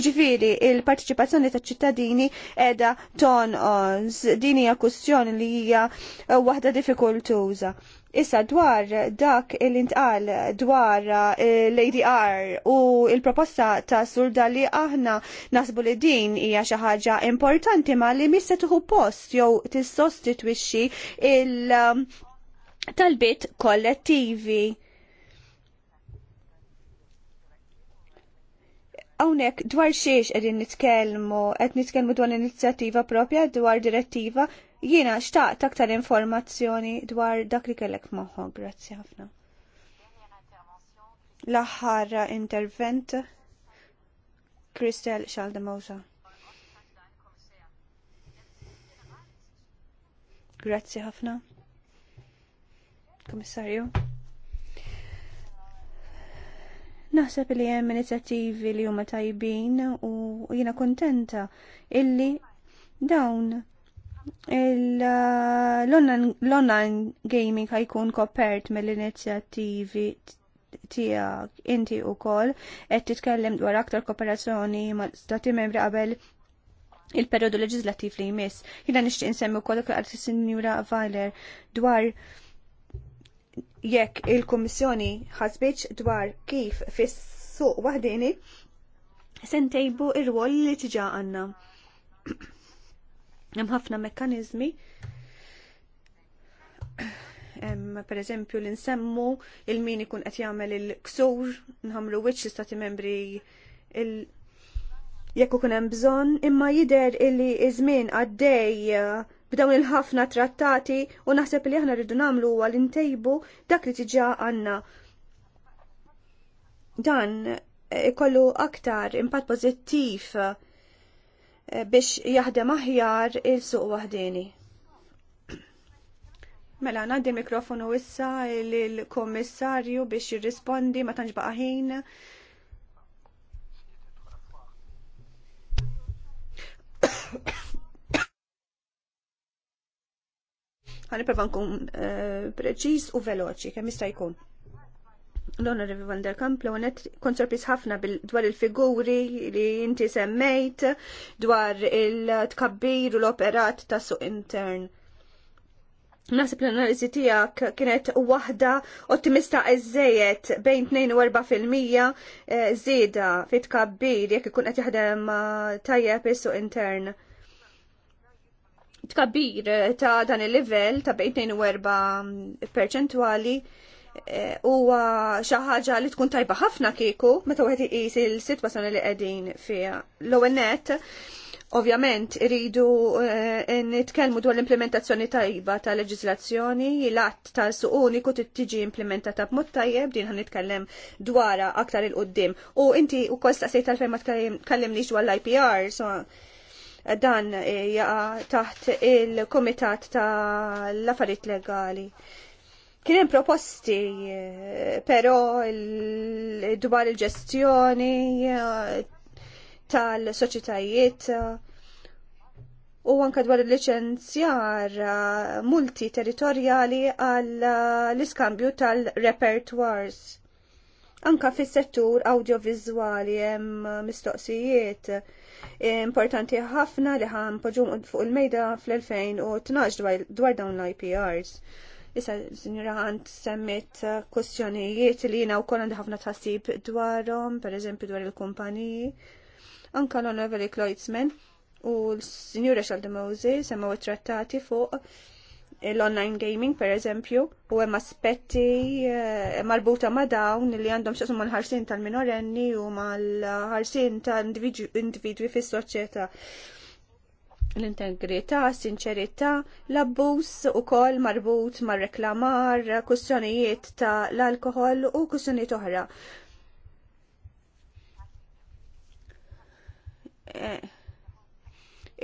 Ġifiri, il-partiċipazzjoni ta' ċittadini edha ton ons. Dini hija kwestjoni li hija eh, waħda diffikultuża. Issa dwar dak il-intqal dwar eh, l-ADR u il-proposta ta' surda li aħna nasbu li din hija xi ħaġa importanti ma li mista tuħu post jew tissostitwixxi il- um, talbit kollettivi. Hawnhekk dwar xiex qegħdin nitkellmu, qed nitkellmu dwar inizjattiva propja dwar direttiva Jiena xtaqt aktar informazzjoni dwar dak li kellek moħħok, grazzi ħafna. L-aħħar intervent Kristel Xaldemosa. Grazzi ħafna. Komissarju. Naħseb li hemm inizjattivi li huma tajbin u jiena kontenta illi dawn l-online gaming ħajkun kopert mill-inizjattivi tiegħek inti wkoll qed titkellem dwar aktar kooperazzjoni ma' stati membri qabel il-periodu leġislattiv li jmiss. Jina nixtieq insemmi wkoll dak li sinjura Valer dwar jekk il-Kummissjoni ħasbitx dwar kif fis-suq waħdini se ntejbu ir-rwol li tiġa għandna. Hemm ħafna mekkaniżmi per eżempju li nsemmu il-min ikun qed jagħmel il-ksur, nħamlu wiċċ l-istati membri jekk ikun hemm bżonn, imma jidher illi iż-żmien għaddej eh, b'dawn il-ħafna trattati u naħseb li aħna rridu nagħmlu huwa li ntejbu dak li tiġà għandna. Dan eh, ikollu aktar impatt pożittiv Eh, biex jaħdem aħjar il-suq waħdieni. Mela, naddi mikrofonu issa l-kommissarju biex jirrispondi ma tanġ ħin. [coughs] Għaniprofa nkun eh, preċis u veloċi, kemm jista' jkun l-Honorable Van der Kamp l-għonet konsorpis ħafna dwar il-figuri li inti semmejt dwar il-tkabbir u l-operat ta' suq intern. Nasib l-analizi tijak kienet wahda ottimista eżejet bejn 2-4% eh, zida fit tkabbir jek ikun qed jaħdem eh, tajjeb is-suq intern. Tkabbir eh, ta' dan il-level ta' bejn 2-4 perċentwali Eh, huwa xi ħaġa li tkun tajba ħafna kieku meta wieħed iqis il-sitwazzjoni li qegħdin fiha. L-ewwel ovvjament iridu eh, nitkellmu dwar l-implementazzjoni tajba ta' leġiżlazzjoni, l-att ta' suq uniku tiġi implementata b'mod tajjeb din għan nitkellem dwara aktar il-qoddim. U inti wkoll staqsejt tal-fejn ma tkellimniex dwar l-IPR, so dan eh, jaqa taħt il-Komitat ta' l-Affarijiet Legali. Kien hemm proposti, però dwar il-ġestjoni eh, tal soċjetajiet eh, u anka dwar il-liċenzjar eh, multi territorjali għall-iskambju tal repertwars Anka fis-settur audiovizwali hemm mistoqsijiet importanti ħafna li ħan poġum fuq il-mejda fl-2012 dwar dawn l-IPRs. Issa, signora Hunt, semmit eh, kwestjonijiet li jina u kolanda ħafna tħassib dwarom, per eżempju dwar il-kumpaniji. Anka l-onorevoli Kloitzman u l-signora Xaldemose semmaw trattati fuq l-online gaming, per eżempju, u hemm aspetti eh, marbuta ma' dawn li għandhom xaqsum mal-ħarsin tal-minorenni u mal-ħarsin tal-individwi fis soċjetà l-integrità, sinċerità, l-abbuż ukoll marbut mar-reklamar, kustjonijiet ta' l-alkohol u kwistjonijiet oħra. Eh,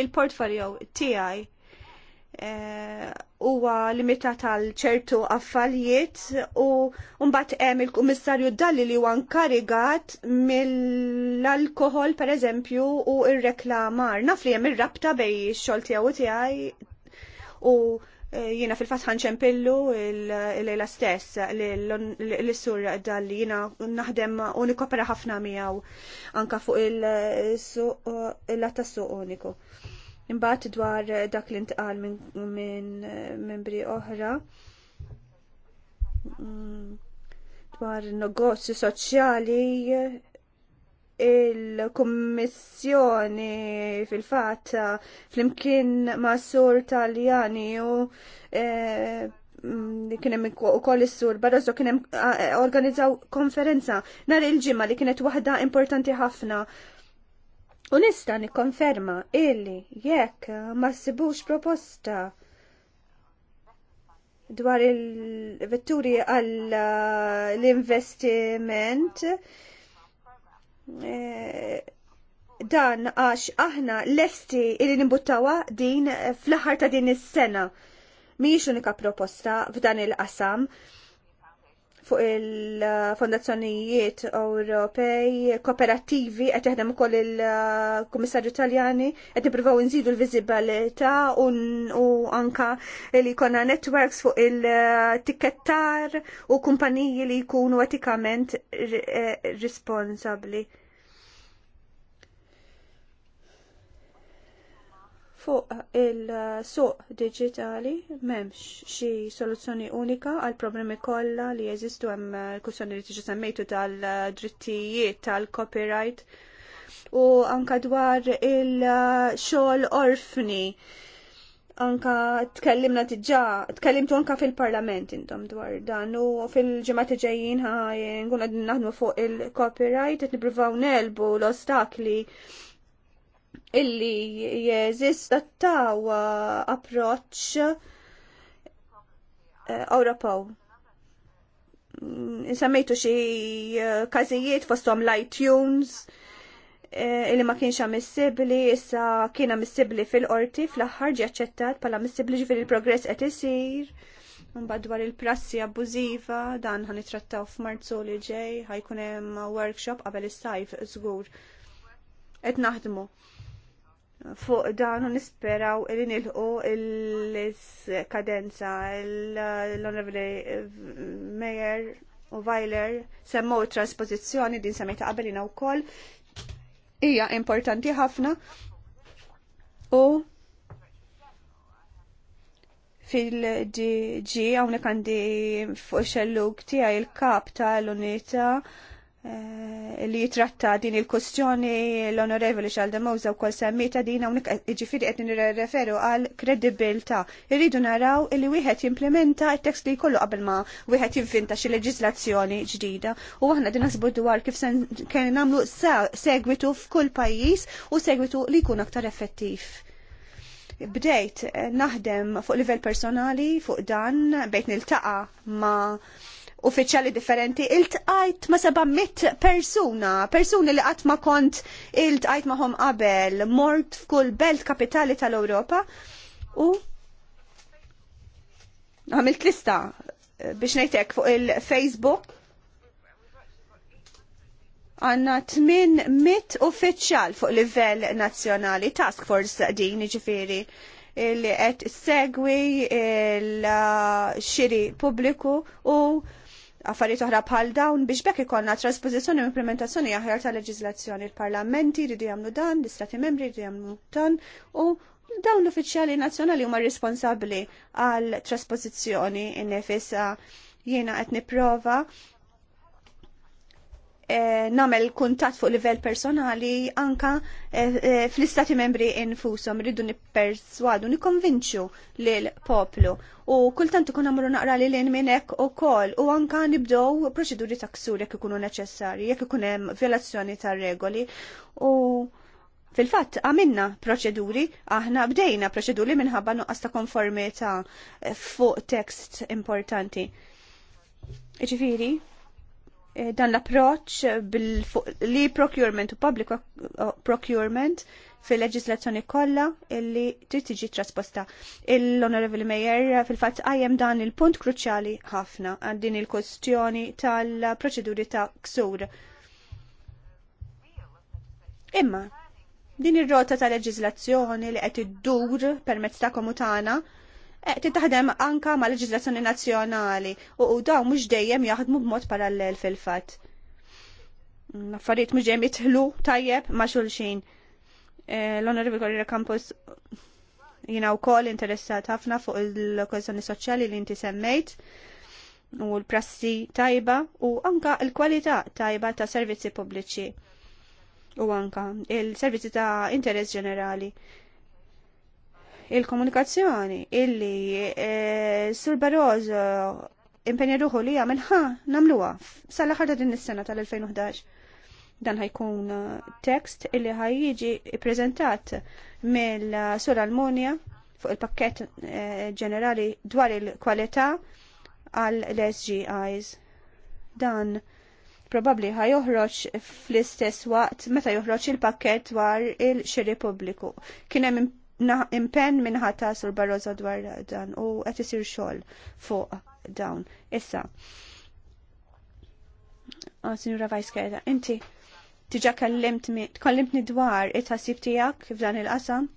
il-portfolio tiegħi Eh, huwa uh, limitat għal ċertu affarijiet u mbagħad hemm il-kummissarju dalli li huwa nkarigat mill-alkohol pereżempju u r-reklamar. Naf li hemm ir-rabta bej x-xogħol tiegħu tiegħi u eh, jiena fil-fatt ħanċempillu l-lejla stess l-sur dalli jiena naħdem u nikopera ħafna miegħu anka fuq il-latta suq suq uniku. Imbagħad dwar dak li ntqal minn eh, membri oħra mm, dwar negozju soċjali il-Kommissjoni fil fatt fl-imkien ma' sur Taljani u eh, mm, kien hemm ukoll is sur Barroso hemm organizzaw konferenza nhar il-ġimma li kienet waħda importanti ħafna U nista nikkonferma illi jekk ma sibux proposta dwar il-vetturi għall-investiment e, dan għax aħna lesti illi nimbuttawa din fl-aħħar ta' din is-sena. Mhijiex unika proposta f'dan il-qasam fuq il-fondazzjonijiet Ewropej, kooperativi, qed teħdem ukoll il-Kummissarju Taljani, qed nippruvaw nżidu l-viżibilità u anka li jkollna networks fuq il-tikettar u kumpaniji li jkunu etikament eh, responsabbli. Fuq il-suq digitali m'hemmx xi soluzzjoni unika għal problemi kollha li jeżistu hemm il-kussjoni li tiġi semmejtu tal-drittijiet tal-copyright u anka dwar il-xogħol orfni. Anka tkellimna diġà, tkellimtu anka fil-parlament intom dwar dan u fil-ġimgħat ġejjin ħaj eh, nkun qegħdin naħdmu fuq il-copyright qed nippruvaw nelbu l-ostakli illi jeżista taw uh, approċ uh, Ewropew. Mm, semmejtu xi uh, każijiet fosthom l-iTunes illi ma kienx ammissibbli, issa kien ammissibbli fil-qorti fl-aħħar ġi aċċettat bħala missibbli ġifieri il-progress qed isir. Mbagħad dwar il-prassi abbużiva dan ħanitrattaw f'Marzu li ġej ħajkun hemm workshop qabel is-sajf żgur qed naħdmu fuq dan u nisperaw li nilħu l-kadenza l-Honorable Mayor u Weiler semmu trasposizjoni din semmejta qabelina wkoll hija importanti ħafna u fil-ġi għawnek għandi fuq xellug tijaj il-kap tal-unita Eh, li jitratta din il-kustjoni l-onorevoli xalda mawza u kol semmita dina unik iġifiri għet referu għal kredibilta. Irridu naraw li wieħed jimplementa il-tekst li jkollu qabel ma wieħed jinfinta xi leġislazzjoni ġdida. U aħna din nasbu dwar kif kien namlu segwitu f'kull pajjiż u segwitu li jkun aktar effettiv. Bdejt eh, naħdem fuq livell personali fuq dan bejt niltaqa ma' uffiċjali differenti, il-tqajt ma' 700 persuna, persuni li qatt ma kont tqajt magħhom qabel, mort f'kull belt kapitali tal-Ewropa u għamilt lista eh, biex ngħidlek fuq il-Facebook għanna 800 uffiċjal fuq livell nazzjonali, task force din ġifiri li qed segwi l-xiri pubbliku u affarijiet oħra bħal dawn biex bekk ikollna trasposizzjoni u implementazzjoni aħjar ta' leġiżlazzjoni. Il-parlamenti jridu jagħmlu dan, l-istati membri jridu jagħmlu dan u dawn l-uffiċjali nazzjonali huma responsabbli għal trasposizzjoni in-nefisa jiena qed nipprova eh, namel kuntat fuq livell personali anka eh, eh fl-istati membri infusom rridu nipperswadu, nikonvinċu l-poplu u kultant ikun għamru naqra li lejn minnek u kol u anka nibdow proċeduri ta' ksur jek ikunu neċessari, jek ikun hemm violazzjoni ta' regoli u Fil-fatt, għamilna proċeduri, aħna bdejna proċeduri minħabba nuqqas ta' konformita fuq tekst importanti. Iġifiri, dan l-approċ li procurement u public procurement fil-leġislazzjoni kollha illi trid tiġi trasposta. Il-Honorable Mayor fil-fatt għajem dan il-punt kruċjali ħafna għal din il-kwestjoni tal-proċeduri ta' ksur. Imma din ir-rota ta' leġislazzjoni li qed iddur permezz ta' komutana Eh, tittaħdem anka ma' leġislazzjoni nazzjonali u dawn mhux dejjem jaħdmu b'mod parallel fil-fatt. Mm, affarijiet mux dejjem jitħlu tajjeb ma' xulxin. Eh, L-Onorevoli Corriere Campus jina u kol interessat ħafna fuq il kwezzjoni soċjali li inti semmejt u l-prassi tajba u anka l-kwalità tajba ta' servizzi pubbliċi u anka il-servizzi ta' interess ġenerali il-komunikazzjoni illi e, Sur Barroso impenja ruħu li jagħmel ħa nagħmluha sal-aħħar ta' din is-sena tal-2011. Dan ħajkun eh, tekst illi jiġi prezentat mill-Sur eh, Almonja fuq il-pakket ġenerali dwar il-kwalità għal-SGIs. Dan probabli ħaj joħroġ fl-istess waqt meta joħroġ il-pakket dwar il-xiri pubbliku. Kien hemm impenn minħata sur Barroso dwar dan u qed isir xogħol fuq dawn. Issa. Oh, Signora Vajskeda, inti tiġa kallimtni tkellimtni dwar it-ħassib tiegħek f'dan il-qasam.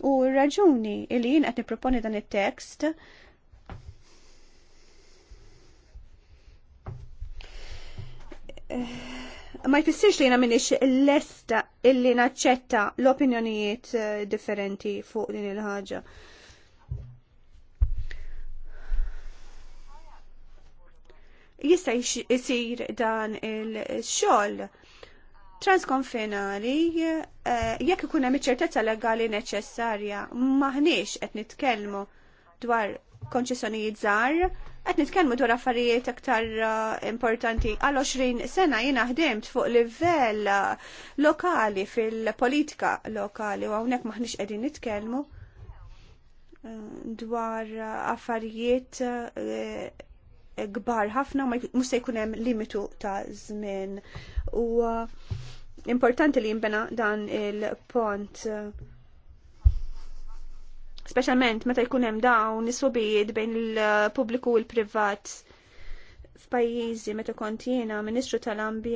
U r-raġuni li jien qed nipproponi dan it-tekst ma jfissirx li jena minix l-lesta illi naċċetta l-opinjonijiet eh, differenti fuq din il-ħagġa. Jista jisir dan il-xol transkonfinali eh, jekk ikun hemm iċ-ċertezza legali neċessarja maħniex qed nitkellmu dwar konċessjonijiet żgħar Qed nitkellmu dwar affarijiet aktar uh, importanti. Għal 20 sena jiena ħdimt fuq livell uh, lokali fil-politika lokali u hawnhekk maħniex qegħdin nitkellmu uh, dwar affarijiet kbar ħafna ma mhux se jkun hemm limitu ta' żmien. U importanti li jinbena dan il-pont specialment meta jkun hemm dawn is subijiet bejn il-pubbliku u l-privat f'pajjiżi meta kont jiena Ministru tal-Ambjent